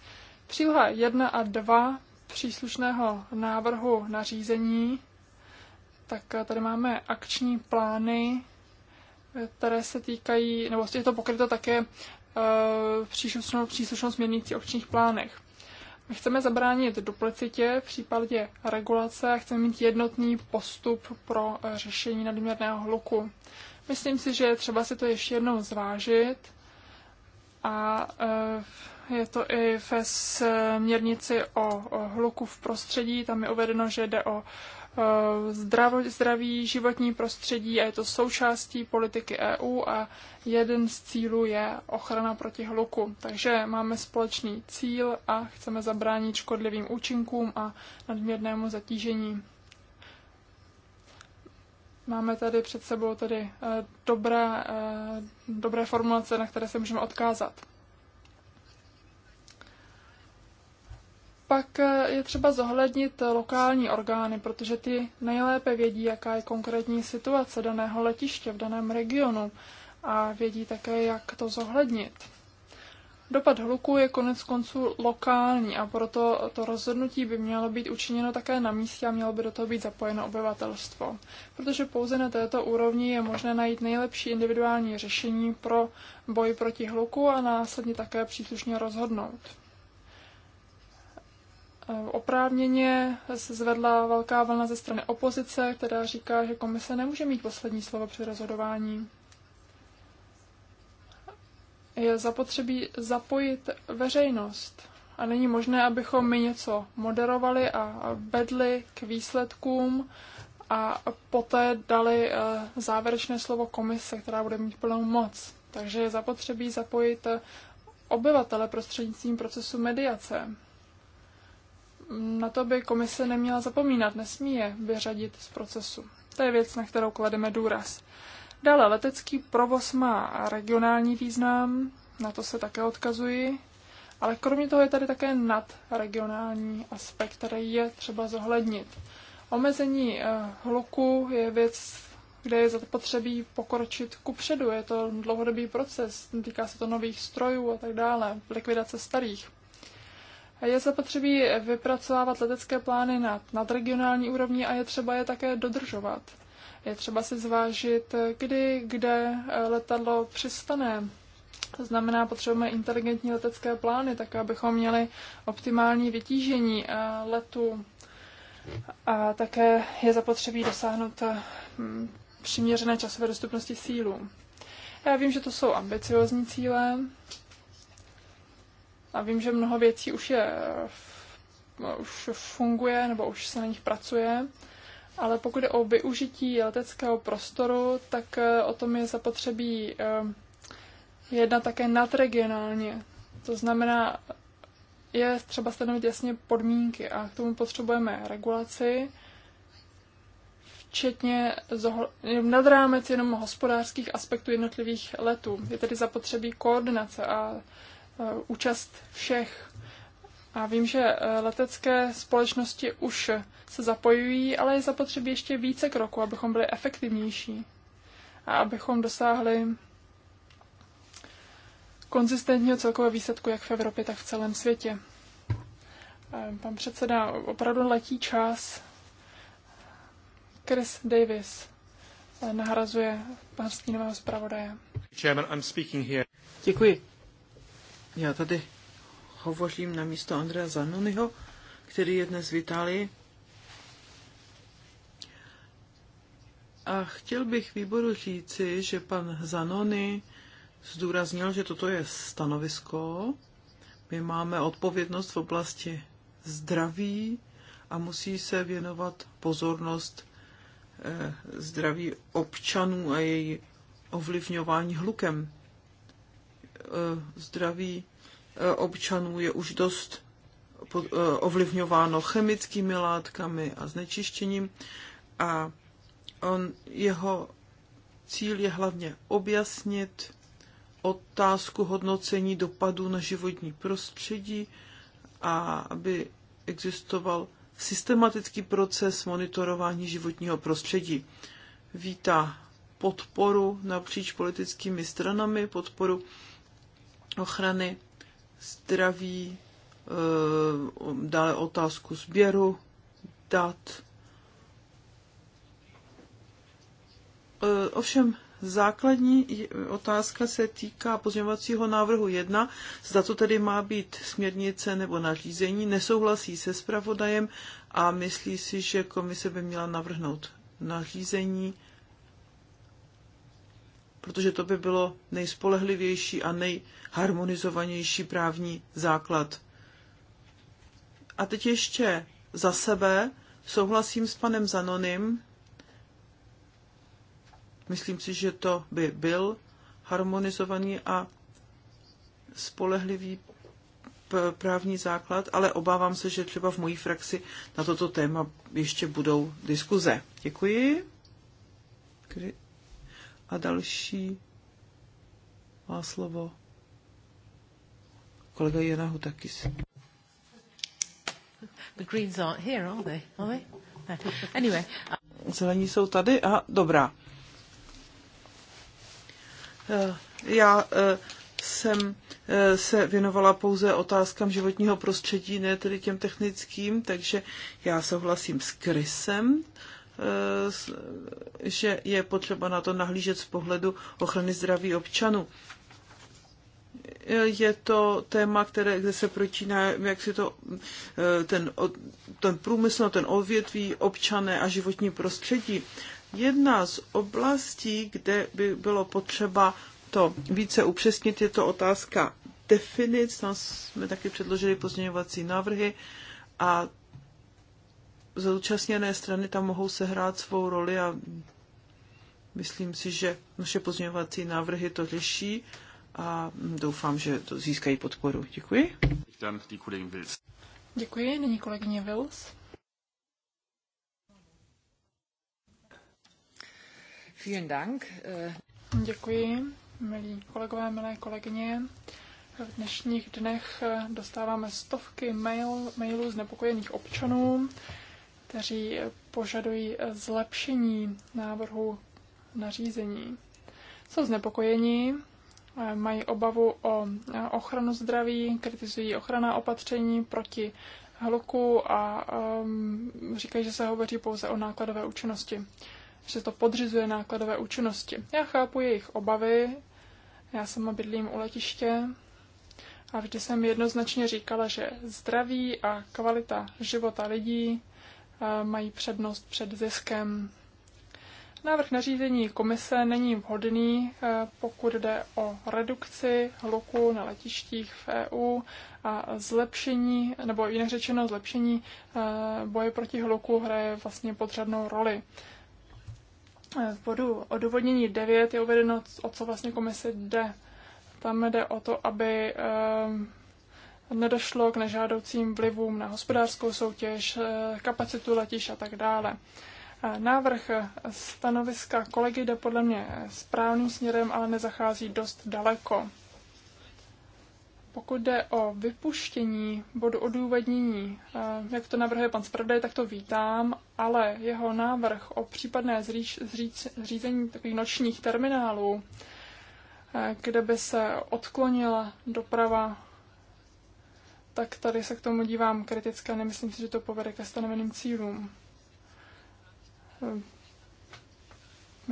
Příloha 1 a 2 příslušného návrhu nařízení, tak eh, tady máme akční plány které se týkají, nebo vlastně je to pokryto také eh, příslušnou, příslušnou směrnicí o plánech. My chceme zabránit duplicitě v případě regulace a chceme mít jednotný postup pro eh, řešení nadměrného hluku. Myslím si, že třeba si to ještě jednou zvážit a eh, je to i ve směrnici o hluku v prostředí. Tam je uvedeno, že jde o Eh, zdravo, zdraví, životní prostředí a je to součástí politiky EU a jeden z cílů je ochrana proti hluku. Takže máme společný cíl a chceme zabránit škodlivým účinkům a nadměrnému zatížení. Máme tady před sebou tady eh, dobré, eh, dobré formulace, na které se můžeme odkázat. pak eh, je třeba zohlednit lokální orgány, protože ty nejlépe vědí, jaká je konkrétní situace daného letiště v daném regionu a vědí také, jak to zohlednit. Dopad hluku je konec konců lokální a proto to rozhodnutí by mělo být učiněno také na místě a mělo by do toho být zapojeno obyvatelstvo. Protože pouze na této úrovni je možné najít nejlepší individuální řešení pro boj proti hluku a následně také příslušně rozhodnout. Eh, oprávněně se zvedla velká vlna ze strany opozice, která říká, že komise nemůže mít poslední slovo při rozhodování. Je zapotřebí zapojit veřejnost. A není možné, abychom my něco moderovali a vedli k výsledkům a poté dali eh, závěrečné slovo komise, která bude mít plnou moc. Takže je zapotřebí zapojit obyvatele prostřednictvím procesu mediace na to by komise neměla zapomínat, nesmí je vyřadit z procesu. To je věc, na kterou klademe důraz. Dále letecký provoz má regionální význam, na to se také odkazuji, ale kromě toho je tady také nadregionální aspekt, který je třeba zohlednit. Omezení eh, hluku je věc, kde je zapotřebí pokročit předu. Je to dlouhodobý proces, týká se to nových strojů a tak dále, likvidace starých. Je zapotřebí vypracovávat letecké plány na nadregionální úrovni a je třeba je také dodržovat. Je třeba si zvážit, kdy, kde eh, letadlo přistane. To znamená, potřebujeme inteligentní letecké plány, tak abychom měli optimální vytížení eh, letu. A také je zapotřebí dosáhnout eh, hm, přiměřené časové dostupnosti sílu. Já vím, že to jsou ambiciozní cíle, a vím, že mnoho věcí už je, eh, už funguje nebo už se na nich pracuje, ale pokud je o využití leteckého prostoru, tak eh, o tom je zapotřebí eh, jedna také nadregionálně. To znamená, je třeba stanovit jasně podmínky a k tomu potřebujeme regulaci, včetně nad rámec jenom hospodářských aspektů jednotlivých letů. Je tedy zapotřebí koordinace a Eh, účast všech. A vím, že eh, letecké společnosti už se zapojují, ale je zapotřebí ještě více kroků, abychom byli efektivnější a abychom dosáhli konzistentního celkového výsledku jak v Evropě, tak v celém světě. Eh, pan předseda opravdu letí čas. Chris Davis nahrazuje pan stínového zpravodaje. Děkuji. Já tady hovořím na místo Andrea Zanoniho, který je dnes v Itálii. A chtěl bych výboru říci, že pan Zanoni zdůraznil, že toto je stanovisko. My máme odpovědnost v oblasti zdraví a musí se věnovat pozornost eh, zdraví občanů a její ovlivňování hlukem. Eh, zdraví eh, občanů je už dost eh, ovlivňováno chemickými látkami a znečištěním a on, jeho cíl je hlavně objasnit otázku hodnocení dopadů na životní prostředí a aby existoval systematický proces monitorování životního prostředí. Vítá podporu napříč politickými stranami, podporu ochrany zdraví, eh, dále otázku sběru dat. Eh, ovšem základní otázka se týká pozměňovacího návrhu 1, zda to tedy má být směrnice nebo nařízení, nesouhlasí se zpravodajem a myslí si, že komise by měla navrhnout nařízení, protože to by bylo nejspolehlivější a nej, harmonizovanější právní základ. A teď ještě za sebe souhlasím s panem Zanonym. Myslím si, že to by byl harmonizovaný a spolehlivý právní základ, ale obávám se, že třeba v mojí frakci na toto téma ještě budou diskuze. Děkuji. A další má slovo kolega Jana The Greens aren't here, are they? Are they? No. Anyway. Uh, Zelení jsou tady? a dobrá. Eh, já eh, jsem eh, se věnovala pouze otázkám životního prostředí, ne tedy těm technickým, takže já souhlasím s Krysem, že je potřeba na to nahlížet z pohledu ochrany zdraví občanů je to téma, které, kde se pročíná, jak si to eh, ten, ten průmysl, ten odvětví, občané a životní prostředí. Jedna z oblastí, kde by bylo potřeba to více upřesnit, je to otázka definic. Tam jsme taky předložili pozměňovací návrhy a zúčastněné strany tam mohou sehrát svou roli a myslím si, že naše pozměňovací návrhy to řeší a doufám, že to získají podporu. Děkuji. Děkuji, nyní kolegyně Vils. Vielen Dank. Děkuji, milí kolegové, milé kolegyně. V dnešních dnech dostáváme stovky mail, mailů znepokojených občanů, kteří požadují zlepšení návrhu nařízení. Jsou znepokojení, mají obavu o ochranu zdraví, kritizují ochrana opatření proti hluku a um, říkají, že se hovoří pouze o nákladové účinnosti, že to podřizuje nákladové účinnosti. Já chápu jejich obavy, já sama bydlím u letiště a vždy jsem jednoznačně říkala, že zdraví a kvalita života lidí uh, mají přednost před ziskem Návrh nařízení komise není vhodný, eh, pokud jde o redukci hluku na letištích v EU a zlepšení, nebo jinak řečeno zlepšení eh, boje proti hluku hraje vlastně podřadnou roli. Eh, v bodu odůvodnění 9 je uvedeno, o co vlastně komise jde. Tam jde o to, aby nedošlo k nežádoucím vlivům na hospodářskou soutěž, kapacitu letiš a tak dále. Návrh stanoviska kolegy jde podle mě správným směrem, ale nezachází dost daleko. Pokud jde o vypuštění bodu odůvodnění, eh, jak to navrhuje pan Spravdaj, tak to vítám, ale jeho návrh o případné zříč, zříč, zřízení takových nočních terminálů, eh, kde by se odklonila doprava, tak tady se k tomu dívám kriticky a nemyslím si, že to povede ke stanoveným cílům. Hm.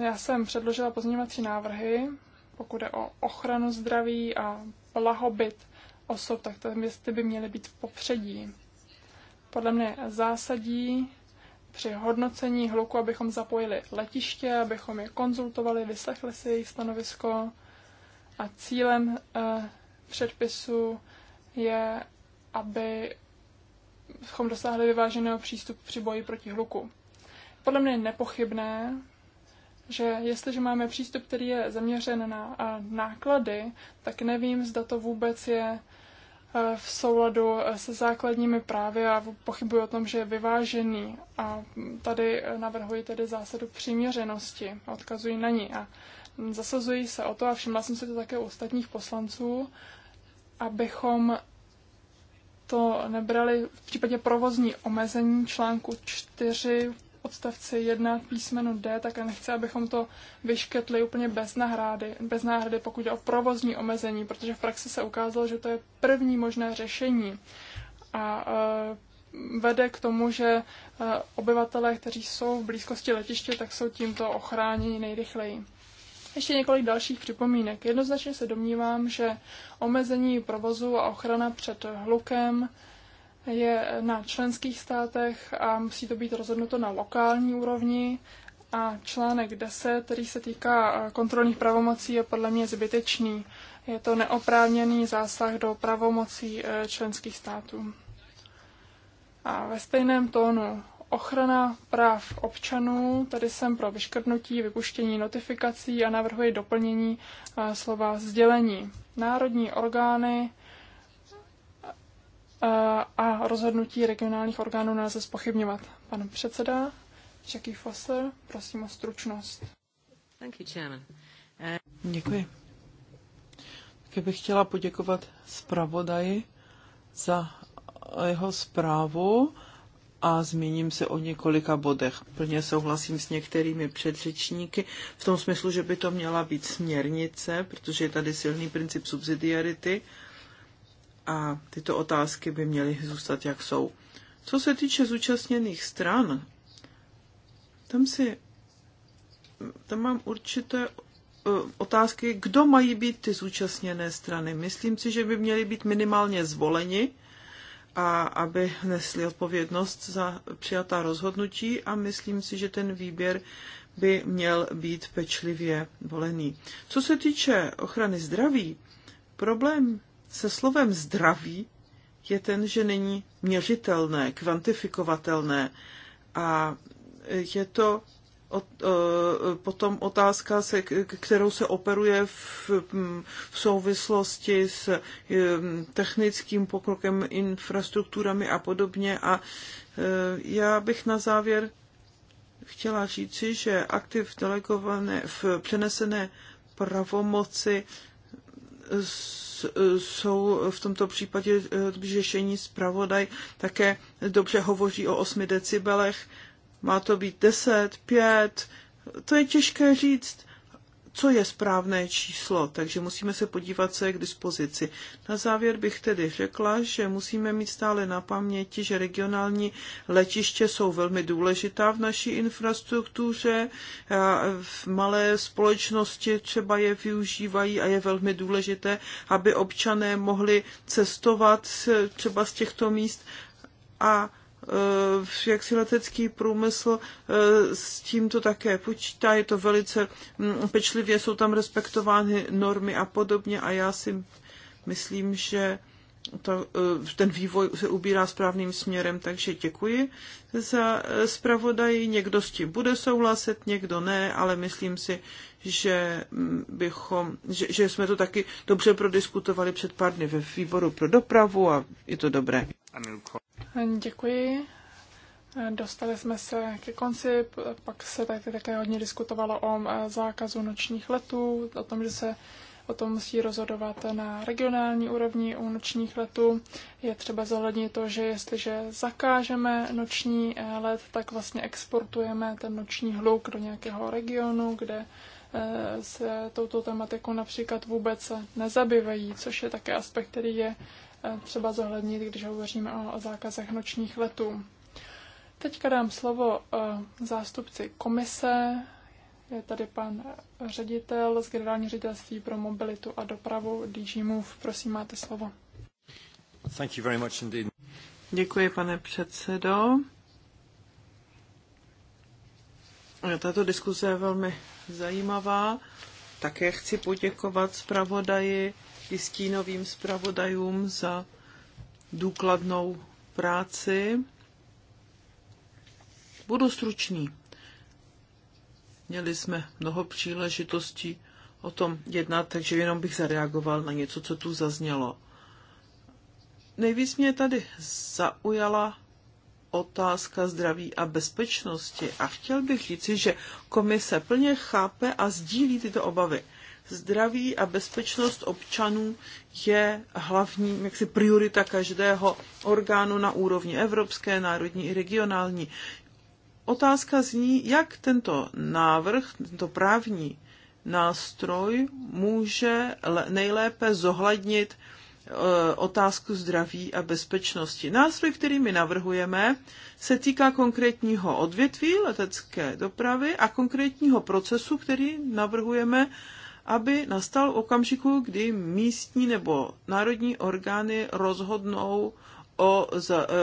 Já jsem předložila pozměňovací návrhy, pokud je o ochranu zdraví a blahobyt osob, tak ty by měly být v popředí. Podle mě zásadí při hodnocení hluku, abychom zapojili letiště, abychom je konzultovali, vyslechli si jejich stanovisko a cílem eh, předpisu je, abychom dosáhli vyváženého přístupu při boji proti hluku podle mě nepochybné, že jestliže máme přístup, který je zaměřen na náklady, tak nevím, zda to vůbec je e, v souladu e, se základními právy a pochybuji o tom, že je vyvážený. A tady e, navrhuji tedy zásadu přiměřenosti, odkazuji na ní a zasazuji se o to a všimla jsem se to také u ostatních poslanců, abychom to nebrali v případě provozní omezení článku 4 odstavci 1 písmeno D, tak já nechci, abychom to vyšketli úplně bez náhrady, bez náhrady, pokud jde o provozní omezení, protože v praxi se ukázalo, že to je první možné řešení. A uh, vede k tomu, že uh, obyvatelé, kteří jsou v blízkosti letiště, tak jsou tímto ochráněni nejrychleji. Ještě několik dalších připomínek. Jednoznačně se domnívám, že omezení provozu a ochrana před hlukem je na členských státech a musí to být rozhodnuto na lokální úrovni. A článek 10, který se týká e, kontrolních pravomocí, je podle mě zbytečný. Je to neoprávněný zásah do pravomocí e, členských států. A ve stejném tónu ochrana práv občanů. Tady jsem pro vyškrtnutí, vypuštění notifikací a navrhuji doplnění e, slova sdělení. Národní orgány Eh, a rozhodnutí regionálních orgánů nelze spochybňovat. Pan předseda Jackie Foster, prosím o stručnost. Eh, Děkuji. Taky bych chtěla poděkovat zpravodaji za jeho zprávu a zmíním se o několika bodech. Plně souhlasím s některými předřečníky v tom smyslu, že by to měla být směrnice, protože je tady silný princip subsidiarity a tyto otázky by měly zůstat, jak jsou. Co se týče zúčastněných stran, tam si tam mám určité eh, otázky, kdo mají být ty zúčastněné strany. Myslím si, že by měly být minimálně zvoleni, a aby nesli odpovědnost za přijatá rozhodnutí a myslím si, že ten výběr by měl být pečlivě volený. Co se týče ochrany zdraví, problém se slovem zdraví je ten, že není měřitelné, kvantifikovatelné a je to potom otázka, se, kterou se operuje v, v souvislosti s um, technickým pokrokem, infrastrukturami a podobně. A uh, já bych na závěr chtěla říci, že aktiv delegované v přenesené pravomoci jsou v tomto případě eh, řešení zpravodaj také dobře hovoří o 8 decibelech. Má to být 10, 5, to je těžké říct co je správné číslo, takže musíme se podívat, co je k dispozici. Na závěr bych tedy řekla, že musíme mít stále na paměti, že regionální letiště jsou velmi důležitá v naší infrastruktuře. V malé společnosti třeba je využívají a je velmi důležité, aby občané mohli cestovat třeba z těchto míst a Eh, jaksi letecký průmysl eh, s tímto také počítá, je to velice mm, pečlivě, jsou tam respektovány normy a podobně a já si myslím, že to, eh, ten vývoj se ubírá správným směrem, takže děkuji za zpravodaji. Někdo s tím bude souhlasit, někdo ne, ale myslím si, že, bychom, že, že jsme to taky dobře prodiskutovali před pár dny ve výboru pro dopravu a je to dobré. Děkuji. Dostali jsme se ke konci, pak se tady také hodně diskutovalo o eh, zákazu nočních letů, o tom, že se o tom musí rozhodovat na regionální úrovni u nočních letů. Je třeba zohlednit to, že jestliže zakážeme noční eh, let, tak vlastně exportujeme ten noční hluk do nějakého regionu, kde eh, se touto tematikou například vůbec nezabývají, což je také aspekt, který je třeba zohlednit, když hovoříme o zákazech nočních letů. Teďka dám slovo eh, zástupci komise. Je tady pan ředitel z Generální ředitelství pro mobilitu a dopravu DG Move. Prosím, máte slovo. Thank you very much indeed. Děkuji, pane předsedo. Tato diskuze je velmi zajímavá. Také chci poděkovat zpravodaji i stínovým zpravodajům za důkladnou práci. Budu stručný. Měli jsme mnoho příležitostí o tom jednat, takže jenom bych zareagoval na něco, co tu zaznělo. Nejvíc mě tady zaujala otázka zdraví a bezpečnosti a chtěl bych říci, že komise plně chápe a sdílí tyto obavy zdraví a bezpečnost občanů je hlavní jaksi priorita každého orgánu na úrovni evropské, národní i regionální. Otázka zní, jak tento návrh, tento právní nástroj může nejlépe zohlednit eh, otázku zdraví a bezpečnosti. Nástroj, který my navrhujeme, se týká konkrétního odvětví letecké dopravy a konkrétního procesu, který navrhujeme aby nastal okamžiku, kdy místní nebo národní orgány rozhodnou o, za, e,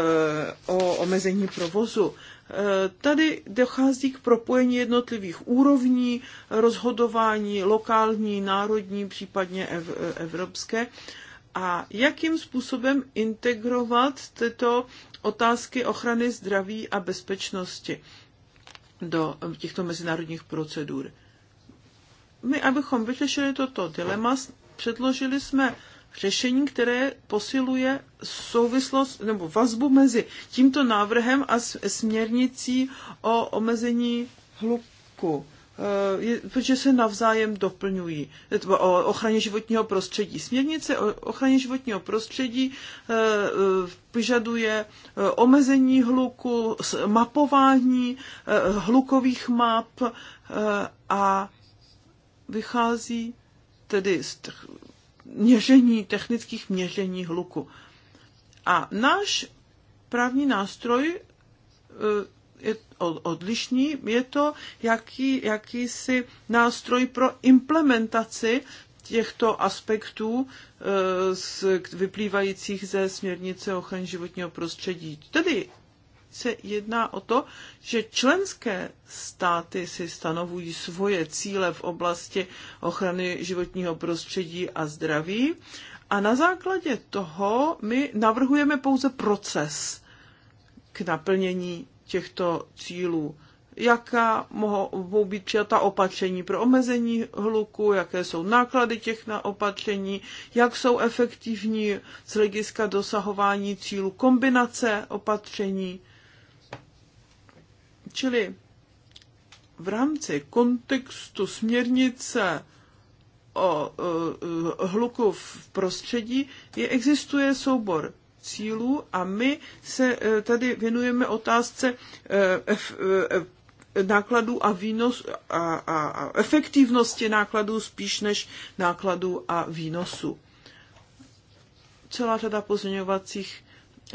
o omezení provozu. E, tady dochází k propojení jednotlivých úrovní rozhodování, lokální, národní, případně ev, e, evropské. A jakým způsobem integrovat tyto otázky ochrany zdraví a bezpečnosti do těchto mezinárodních procedur? my, abychom vyřešili toto dilema, předložili jsme řešení, které posiluje souvislost nebo vazbu mezi tímto návrhem a směrnicí o omezení hluku eh, je, protože se navzájem doplňují. O ochraně životního prostředí. Směrnice o ochraně životního prostředí eh, vyžaduje eh, omezení hluku, mapování hlukových map a vychází tedy z měření, technických měření hluku. A náš právní nástroj e, je odlišný, je to jaký, jakýsi nástroj pro implementaci těchto aspektů e, z, vyplývajících ze směrnice ochrany životního prostředí. Tedy se jedná o to, že členské státy si stanovují svoje cíle v oblasti ochrany životního prostředí a zdraví a na základě toho my navrhujeme pouze proces k naplnění těchto cílů jaká mohou být přijata opatření pro omezení hluku, jaké jsou náklady těch na opatření, jak jsou efektivní z hlediska dosahování cílu kombinace opatření. Čili v rámci kontextu směrnice o hluku v prostředí je, existuje soubor cílů a my se e, tady věnujeme otázce e, e, nákladů a, výnos, a, a, a efektivnosti nákladů spíš než nákladů a výnosu. Celá řada pozměňovacích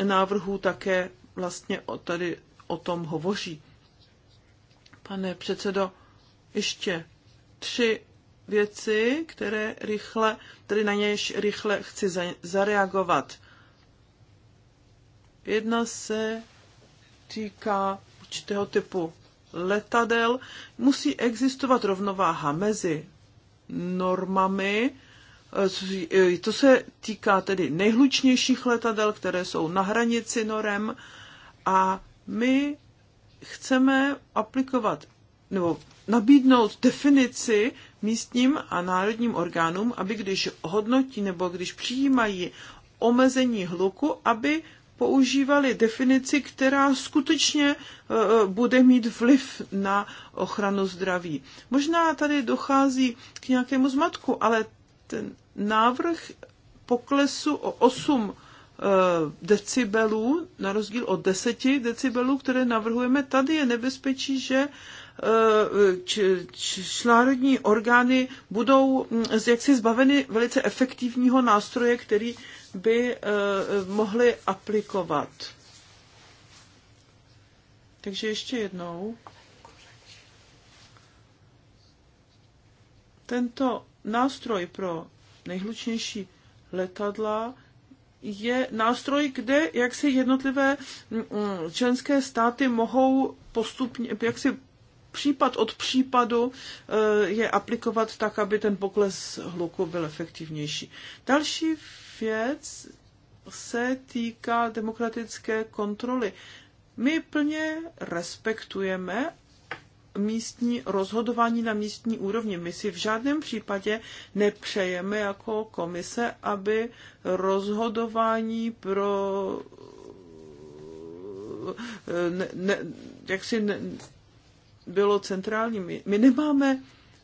návrhů také vlastně o, tady o tom hovoří pane předsedo, ještě tři věci, které rychle, tedy na něž rychle chci za, zareagovat. Jedna se týká určitého typu letadel. Musí existovat rovnováha mezi normami, eh, to se týká tedy nejhlučnějších letadel, které jsou na hranici norem a my chceme aplikovat nebo nabídnout definici místním a národním orgánům, aby když hodnotí nebo když přijímají omezení hluku, aby používali definici, která skutečně e, bude mít vliv na ochranu zdraví. Možná tady dochází k nějakému zmatku, ale ten návrh poklesu o 8 Eh, decibelů, na rozdíl od 10 decibelů, které navrhujeme, tady je nebezpečí, že šlárodní eh, orgány budou hm, jaksi zbaveny velice efektivního nástroje, který by eh, mohly aplikovat. Takže ještě jednou. Tento nástroj pro nejhlučnější letadla je nástroj, kde jak si jednotlivé mm, mm, členské státy mohou postupně, jak si případ od případu eh, je aplikovat tak, aby ten pokles hluku byl efektivnější. Další věc se týká demokratické kontroly. My plně respektujeme místní rozhodování na místní úrovni. My si v žádném případě nepřejeme jako komise, aby rozhodování pro ne, ne, si ne, bylo centrální. My, my nemáme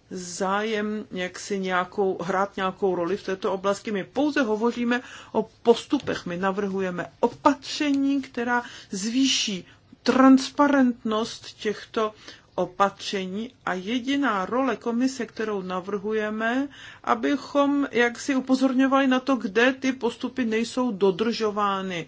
zájem jak si nějakou, hrát nějakou roli v této oblasti. My pouze hovoříme o postupech. My navrhujeme opatření, která zvýší transparentnost těchto opatření a jediná role komise, kterou navrhujeme, abychom jak si upozorňovali na to, kde ty postupy nejsou dodržovány.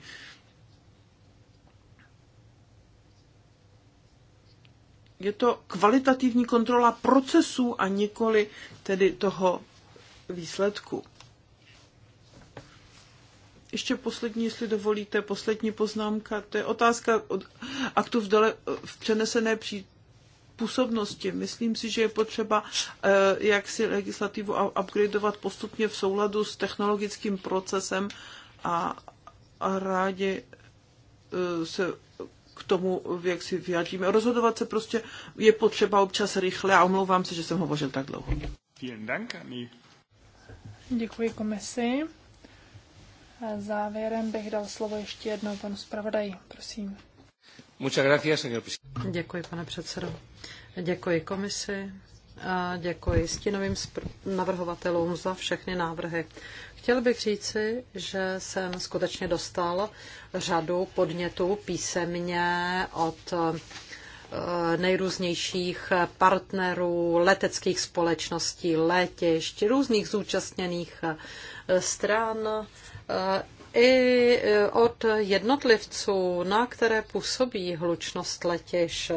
Je to kvalitativní kontrola procesů a nikoli tedy toho výsledku. Ještě poslední, jestli dovolíte, poslední poznámka, to je otázka od aktu v, dole, v přenesené přítomnosti působnosti. Myslím si, že je potřeba eh, jak si legislativu upgradeovat postupně v souladu s technologickým procesem a, a rádi eh, se k tomu, jak si vyjádříme. Rozhodovat se prostě je potřeba občas rychle a omlouvám se, že jsem hovořil tak dlouho. Děkuji komisi. Závěrem bych dal slovo ještě jednou panu zpravodaji. Prosím. Děkuji, pane předsedo. Děkuji komisi a děkuji stínovým navrhovatelům za všechny návrhy. Chtěl bych říci, že jsem skutečně dostal řadu podnětů písemně od eh, nejrůznějších partnerů, leteckých společností, letišť, různých zúčastněných eh, stran eh, i e, od jednotlivců, na které působí hlučnost letišť.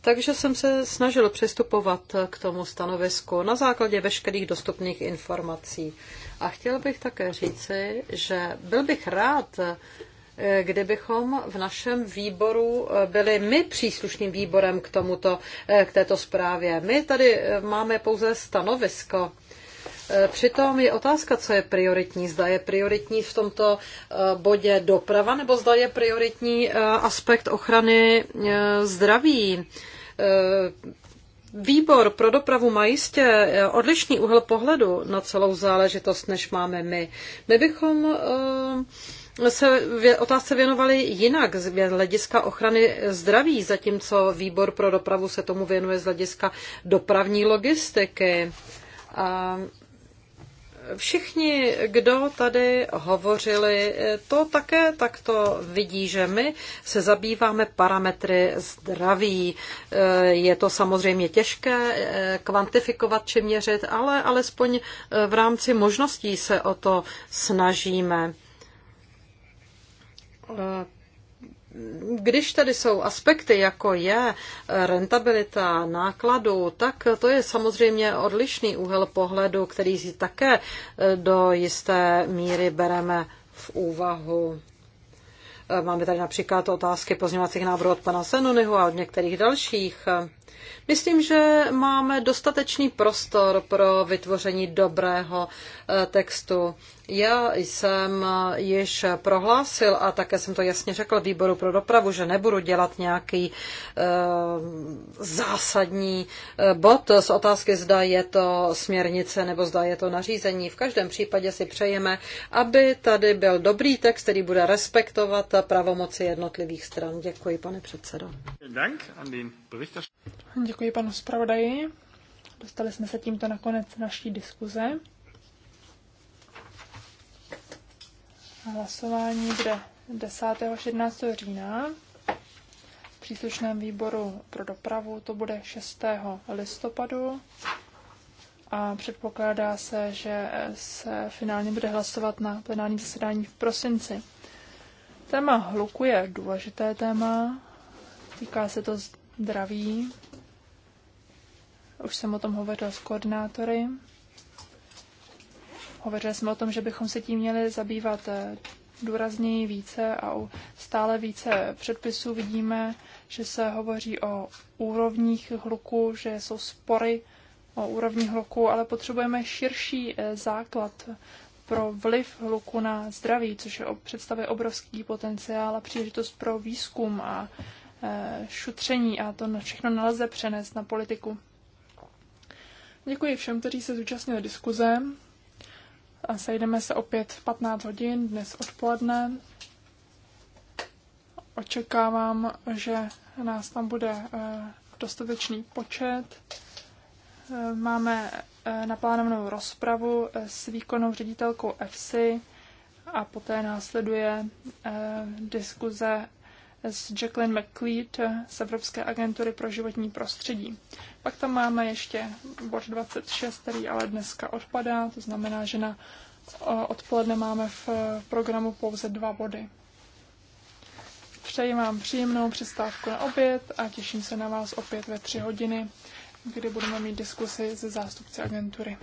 Takže jsem se snažil přistupovat k tomu stanovisku na základě veškerých dostupných informací. A chtěl bych také říci, že byl bych rád, e, kdybychom v našem výboru e, byli my příslušným výborem k tomuto, k této zprávě. My tady máme pouze stanovisko Přitom je otázka, co je prioritní. Zda je prioritní v tomto eh, bodě doprava, nebo zda je prioritní eh, aspekt ochrany eh, zdraví. Výbor pro dopravu má jistě odlišný úhel pohledu na celou záležitost, než máme my. My bychom se otázce věnovali jinak z hlediska ochrany zdraví, zatímco výbor pro dopravu se tomu věnuje z hlediska dopravní logistiky. Všichni, kdo tady hovořili, to také takto vidí, že my se zabýváme parametry zdraví. Eh, je to samozřejmě těžké eh, kvantifikovat či měřit, ale alespoň eh, v rámci možností se o to snažíme když tady jsou aspekty, jako je rentabilita nákladů, tak to je samozřejmě odlišný úhel pohledu, který si také eh, do jisté míry bereme v úvahu. Eh, máme tady například otázky pozměňovacích návrhů od pana Senonyho a od některých dalších. Myslím, že máme dostatečný prostor pro vytvoření dobrého eh, textu. Já jsem již prohlásil a také jsem to jasně řekl výboru pro dopravu, že nebudu dělat nějaký eh, zásadní eh, bod z otázky, zda je to směrnice nebo zda je to nařízení. V každém případě si přejeme, aby tady byl dobrý text, který bude respektovat pravomoci jednotlivých stran. Děkuji, pane předsedo. Děkuji panu zpravodaji. Dostali jsme se tímto na konec naší diskuze. Hlasování bude 10. až 11. října. V příslušném výboru pro dopravu to bude 6. listopadu a předpokládá se, že se finálně bude hlasovat na plenárním zasedání v prosinci. Téma hluku je důležité téma, týká se to zdraví. Už jsem o tom hovořila s koordinátory. Hovořili jsme o tom, že bychom se tím měli zabývat eh, důrazněji více a u stále více předpisů vidíme, že se hovoří o úrovních hluku, že jsou spory o úrovni hluku, ale potřebujeme širší eh, základ pro vliv hluku na zdraví, což je představuje obrovský potenciál a příležitost pro výzkum a eh, šutření a to všechno nelze přenést na politiku. Děkuji všem, kteří se zúčastnili diskuze. A sejdeme se opět v 15 hodin dnes odpoledne. Očekávám, že nás tam bude eh, dostatečný počet. Eh, máme eh, naplánovanou rozpravu s výkonnou ředitelkou EFSI a poté následuje diskuze s Jacqueline McLeod z Evropské agentury pro životní prostředí. Pak tam máme ještě bod 26, který ale dneska odpadá, to znamená, že na odpoledne máme v programu pouze dva body. Přeji vám příjemnou přestávku na oběd a těším se na vás opět ve tři hodiny, kdy budeme mít diskusy se zástupci agentury.